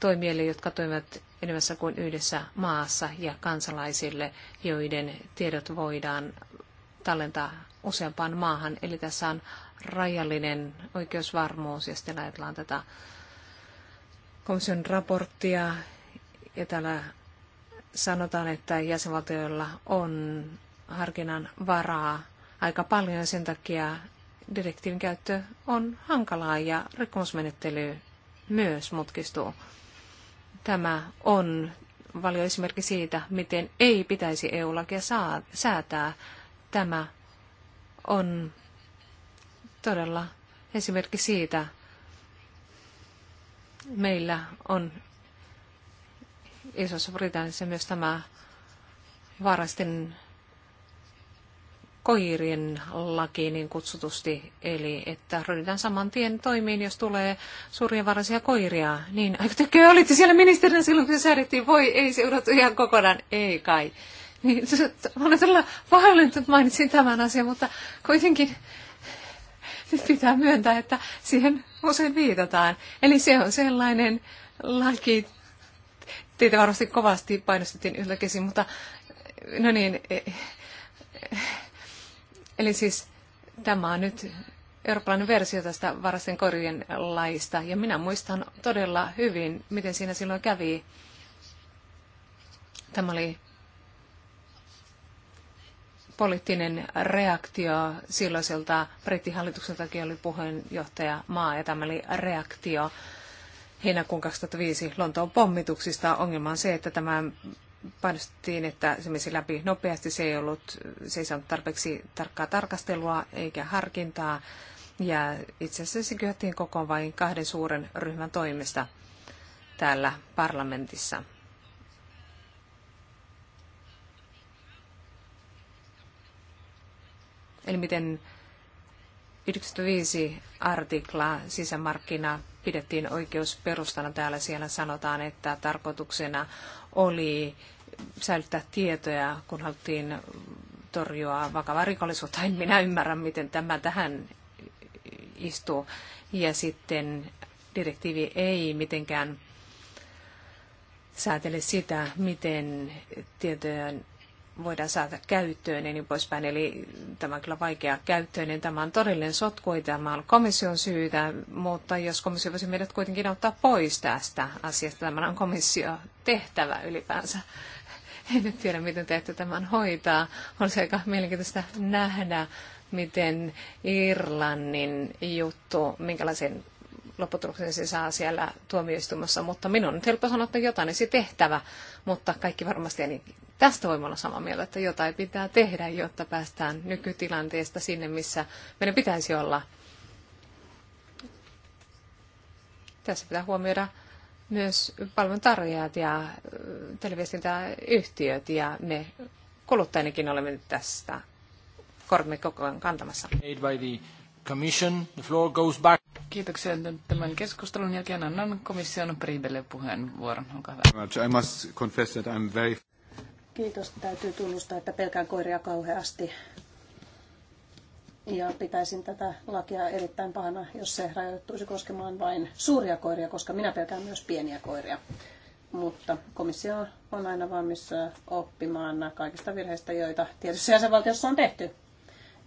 toimijoille, jotka toimivat enemmässä kuin yhdessä maassa ja kansalaisille, joiden tiedot voidaan tallentaa useampaan maahan. Eli tässä on rajallinen oikeusvarmuus ja sitten ajatellaan tätä komission raporttia ja täällä sanotaan, että jäsenvaltioilla on harkinnan varaa aika paljon sen takia direktiivin käyttö on hankalaa ja rikkomusmenettely myös mutkistuu. Tämä on valio esimerkki siitä, miten ei pitäisi EU-lakia säätää. Tämä on todella esimerkki siitä, meillä on Isossa Britanniassa myös tämä vaarallisten koirien laki niin kutsutusti, eli että ryhdytään saman tien toimiin, jos tulee surjenvaraisia koiria. Niin, aika tekee, olitte siellä ministerinä silloin, kun se säädettiin, voi ei se ihan kokonaan, ei kai. Niin, olen todella pahoillani, että mainitsin tämän asian, mutta kuitenkin nyt pitää myöntää, että siihen usein viitataan. Eli se on sellainen laki, teitä varmasti kovasti painostettiin kesin, mutta no niin, eh, Eli siis tämä on nyt eurooppalainen versio tästä varasten korjien laista. Ja minä muistan todella hyvin, miten siinä silloin kävi. Tämä oli poliittinen reaktio silloiselta brittihallitukseltakin oli puheenjohtaja maa ja tämä oli reaktio heinäkuun 2005 Lontoon pommituksista. Ongelma on se, että tämä painostettiin, että se menisi läpi nopeasti. Se ei, ollut, se ei saanut tarpeeksi tarkkaa tarkastelua eikä harkintaa. Ja itse asiassa se kyhättiin kokoon vain kahden suuren ryhmän toimesta täällä parlamentissa. Eli miten 95 artikla sisämarkkina pidettiin oikeusperustana täällä. Siellä sanotaan, että tarkoituksena oli säilyttää tietoja, kun haluttiin torjua vakavaa rikollisuutta. En minä ymmärrä, miten tämä tähän istuu. Ja sitten direktiivi ei mitenkään säätele sitä, miten tietojen voidaan saada käyttöön ja niin poispäin. Eli tämä on kyllä vaikea käyttöinen. Niin tämä on todellinen sotku, ei tämä on komission syytä, mutta jos komissio voisi meidät kuitenkin ottaa pois tästä asiasta, tämä on komissio tehtävä ylipäänsä. En nyt tiedä, miten te ette tämän hoitaa. On se aika mielenkiintoista nähdä, miten Irlannin juttu, minkälaisen lopputuloksen se saa siellä tuomioistumassa, mutta minun on nyt helppo sanoa, että jotain se tehtävä, mutta kaikki varmasti Tästä voimme olla samaa mieltä, että jotain pitää tehdä, jotta päästään nykytilanteesta sinne, missä meidän pitäisi olla. Tässä pitää huomioida myös palveluntarjoajat ja televiestintäyhtiöt ja me kuluttajienkin olemme tästä kormi koko ajan kantamassa. Kiitoksia tämän keskustelun jälkeen annan komission Priibelle puheenvuoron. Olkaa hyvä. I must confess that I'm very... Kiitos. Täytyy tunnustaa, että pelkään koiria kauheasti. Ja pitäisin tätä lakia erittäin pahana, jos se rajoittuisi koskemaan vain suuria koiria, koska minä pelkään myös pieniä koiria. Mutta komissio on aina valmis oppimaan kaikista virheistä, joita tietyssä jäsenvaltiossa on tehty,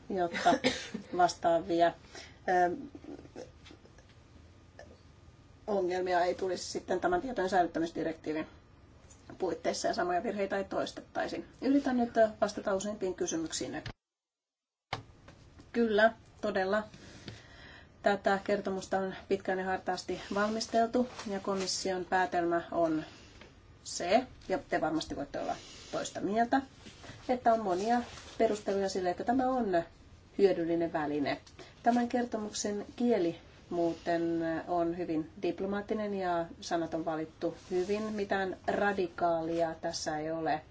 jotta vastaavia ongelmia ei tulisi sitten tämän tietojen säilyttämisdirektiivin puitteissa ja samoja virheitä ei toistettaisi. Yritän nyt äh, vastata useimpiin kysymyksiin. Kyllä, todella. Tätä kertomusta on pitkään ja hartaasti valmisteltu ja komission päätelmä on se, ja te varmasti voitte olla toista mieltä, että on monia perusteluja sille, että tämä on hyödyllinen väline. Tämän kertomuksen kieli muuten on hyvin diplomaattinen ja sanat on valittu hyvin. Mitään radikaalia tässä ei ole.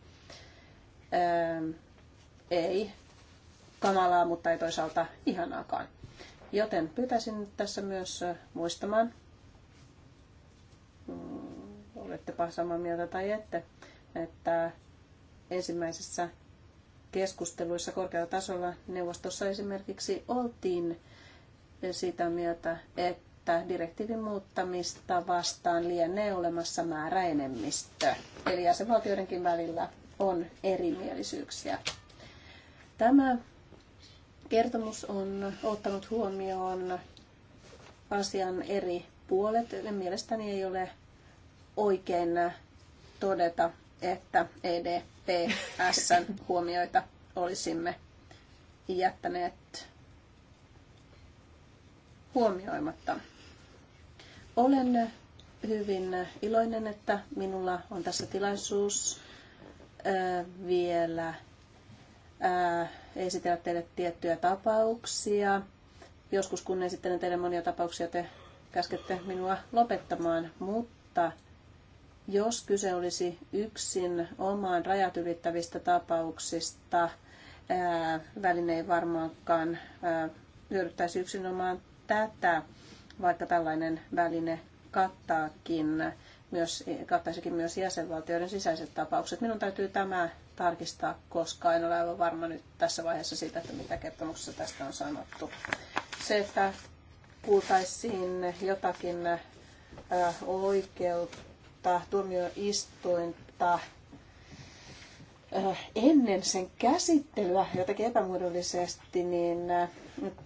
Öö, ei kamalaa, mutta ei toisaalta ihanaakaan. Joten pyytäisin tässä myös muistamaan, mm, olettepa samaa mieltä tai ette, että ensimmäisessä keskusteluissa korkealla tasolla neuvostossa esimerkiksi oltiin sitä mieltä, että direktiivin muuttamista vastaan lienee olemassa määräenemmistö. Eli jäsenvaltioidenkin välillä on erimielisyyksiä. Tämä kertomus on ottanut huomioon asian eri puolet. Mielestäni ei ole oikein todeta, että EDPS huomioita olisimme jättäneet huomioimatta. Olen hyvin iloinen, että minulla on tässä tilaisuus vielä esitellä teille tiettyjä tapauksia. Joskus kun esittelen teille monia tapauksia, te käskette minua lopettamaan, mutta jos kyse olisi yksin omaan rajat ylittävistä tapauksista, väline ei varmaankaan hyödyttäisi yksinomaan tätä, vaikka tällainen väline kattaakin myös, kattaisikin myös jäsenvaltioiden sisäiset tapaukset. Minun täytyy tämä tarkistaa, koska en ole aivan varma nyt tässä vaiheessa siitä, että mitä kertomuksessa tästä on sanottu. Se, että kuultaisiin jotakin äh, oikeutta, tuomioistuinta äh, ennen sen käsittelyä jotenkin epämuodollisesti, niin äh,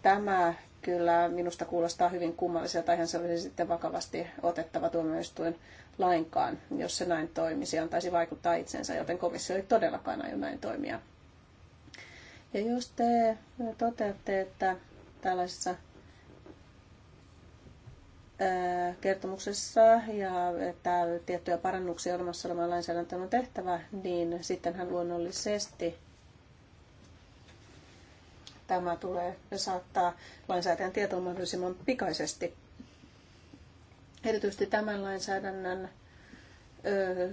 tämä kyllä minusta kuulostaa hyvin kummalliselta, eihän se olisi sitten vakavasti otettava tuomioistuin lainkaan, jos se näin toimisi, antaisi vaikuttaa itsensä, joten komissio ei todellakaan aio näin toimia. Ja jos te toteatte, että tällaisessa kertomuksessa ja että tiettyjä parannuksia olemassa olevan lainsäädäntöön on tehtävä, niin sittenhän luonnollisesti tämä tulee saattaa lainsäätäjän tietoon mahdollisimman pikaisesti. Erityisesti tämän lainsäädännön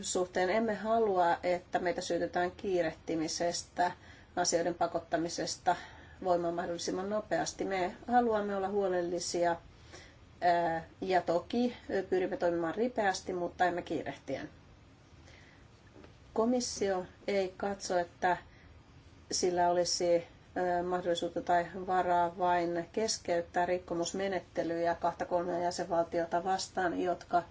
suhteen emme halua, että meitä syytetään kiirehtimisestä, asioiden pakottamisesta voimaan mahdollisimman nopeasti. Me haluamme olla huolellisia ja toki pyrimme toimimaan ripeästi, mutta emme kiirehtien. Komissio ei katso, että sillä olisi mahdollisuutta tai varaa vain keskeyttää rikkomusmenettelyjä kahta kolmea jäsenvaltiota vastaan, jotka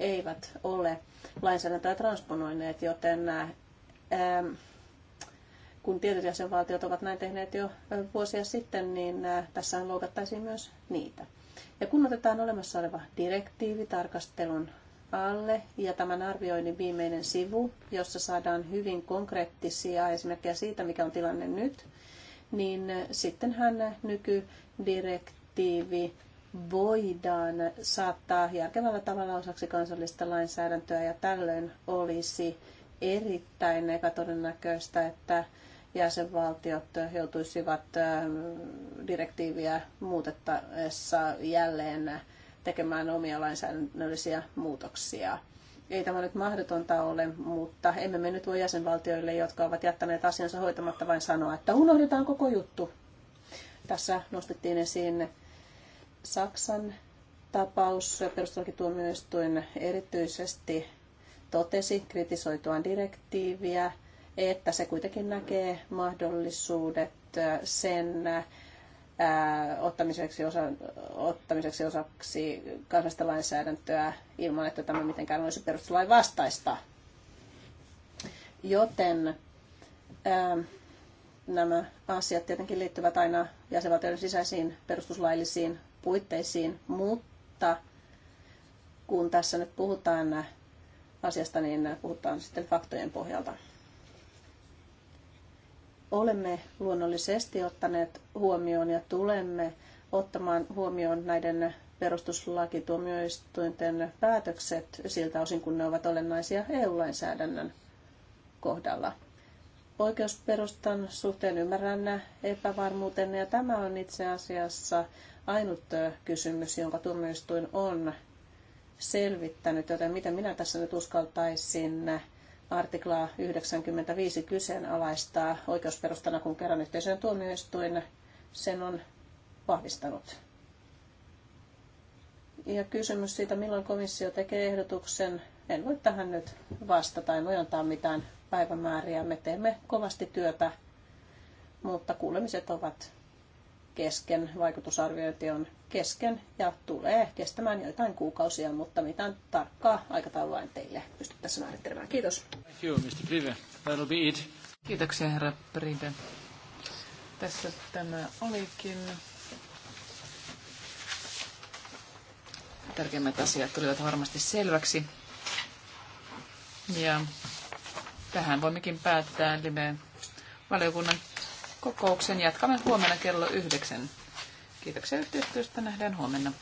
eivät ole lainsäädäntöä transponoineet, joten nämä, kun tietyt jäsenvaltiot ovat näin tehneet jo vuosia sitten, niin tässä loukattaisiin myös niitä. Ja kun otetaan olemassa oleva direktiivi tarkastelun alle ja tämän arvioinnin viimeinen sivu, jossa saadaan hyvin konkreettisia esimerkkejä siitä, mikä on tilanne nyt, niin sittenhän nykydirektiivi voidaan saattaa järkevällä tavalla osaksi kansallista lainsäädäntöä ja tällöin olisi erittäin epätodennäköistä, että jäsenvaltiot joutuisivat direktiiviä muutettaessa jälleen tekemään omia lainsäädännöllisiä muutoksia. Ei tämä nyt mahdotonta ole, mutta emme me nyt voi jäsenvaltioille, jotka ovat jättäneet asiansa hoitamatta, vain sanoa, että unohdetaan koko juttu. Tässä nostettiin esiin Saksan tapaus. Perustuslakituomioistuin erityisesti totesi kritisoituaan direktiiviä, että se kuitenkin näkee mahdollisuudet sen ottamiseksi, osa, ottamiseksi osaksi kansallista lainsäädäntöä ilman, että tämä mitenkään olisi perustuslain vastaista. Joten ää, nämä asiat tietenkin liittyvät aina jäsenvaltioiden sisäisiin perustuslaillisiin puitteisiin, mutta kun tässä nyt puhutaan asiasta, niin puhutaan sitten faktojen pohjalta olemme luonnollisesti ottaneet huomioon ja tulemme ottamaan huomioon näiden perustuslakituomioistuinten päätökset siltä osin, kun ne ovat olennaisia EU-lainsäädännön kohdalla. Oikeusperustan suhteen ymmärrän epävarmuuten ja tämä on itse asiassa ainut kysymys, jonka tuomioistuin on selvittänyt, joten miten minä tässä nyt uskaltaisin artiklaa 95 kyseenalaistaa oikeusperustana, kun kerran yhteisön tuomioistuin sen on vahvistanut. Ja kysymys siitä, milloin komissio tekee ehdotuksen, en voi tähän nyt vastata, en voi antaa mitään päivämääriä. Me teemme kovasti työtä, mutta kuulemiset ovat kesken, vaikutusarviointi on kesken ja tulee kestämään joitain kuukausia, mutta mitään tarkkaa aikataulua en teille pysty tässä määrittelemään. Kiitos. Thank you, Mr. That'll be it. Kiitoksia, herra Prive. Tässä tämä olikin. Tärkeimmät asiat tulivat varmasti selväksi. Ja tähän voimmekin päättää live valiokunnan kokouksen. Jatkamme huomenna kello yhdeksän. Kiitoksia yhteistyöstä. Nähdään huomenna.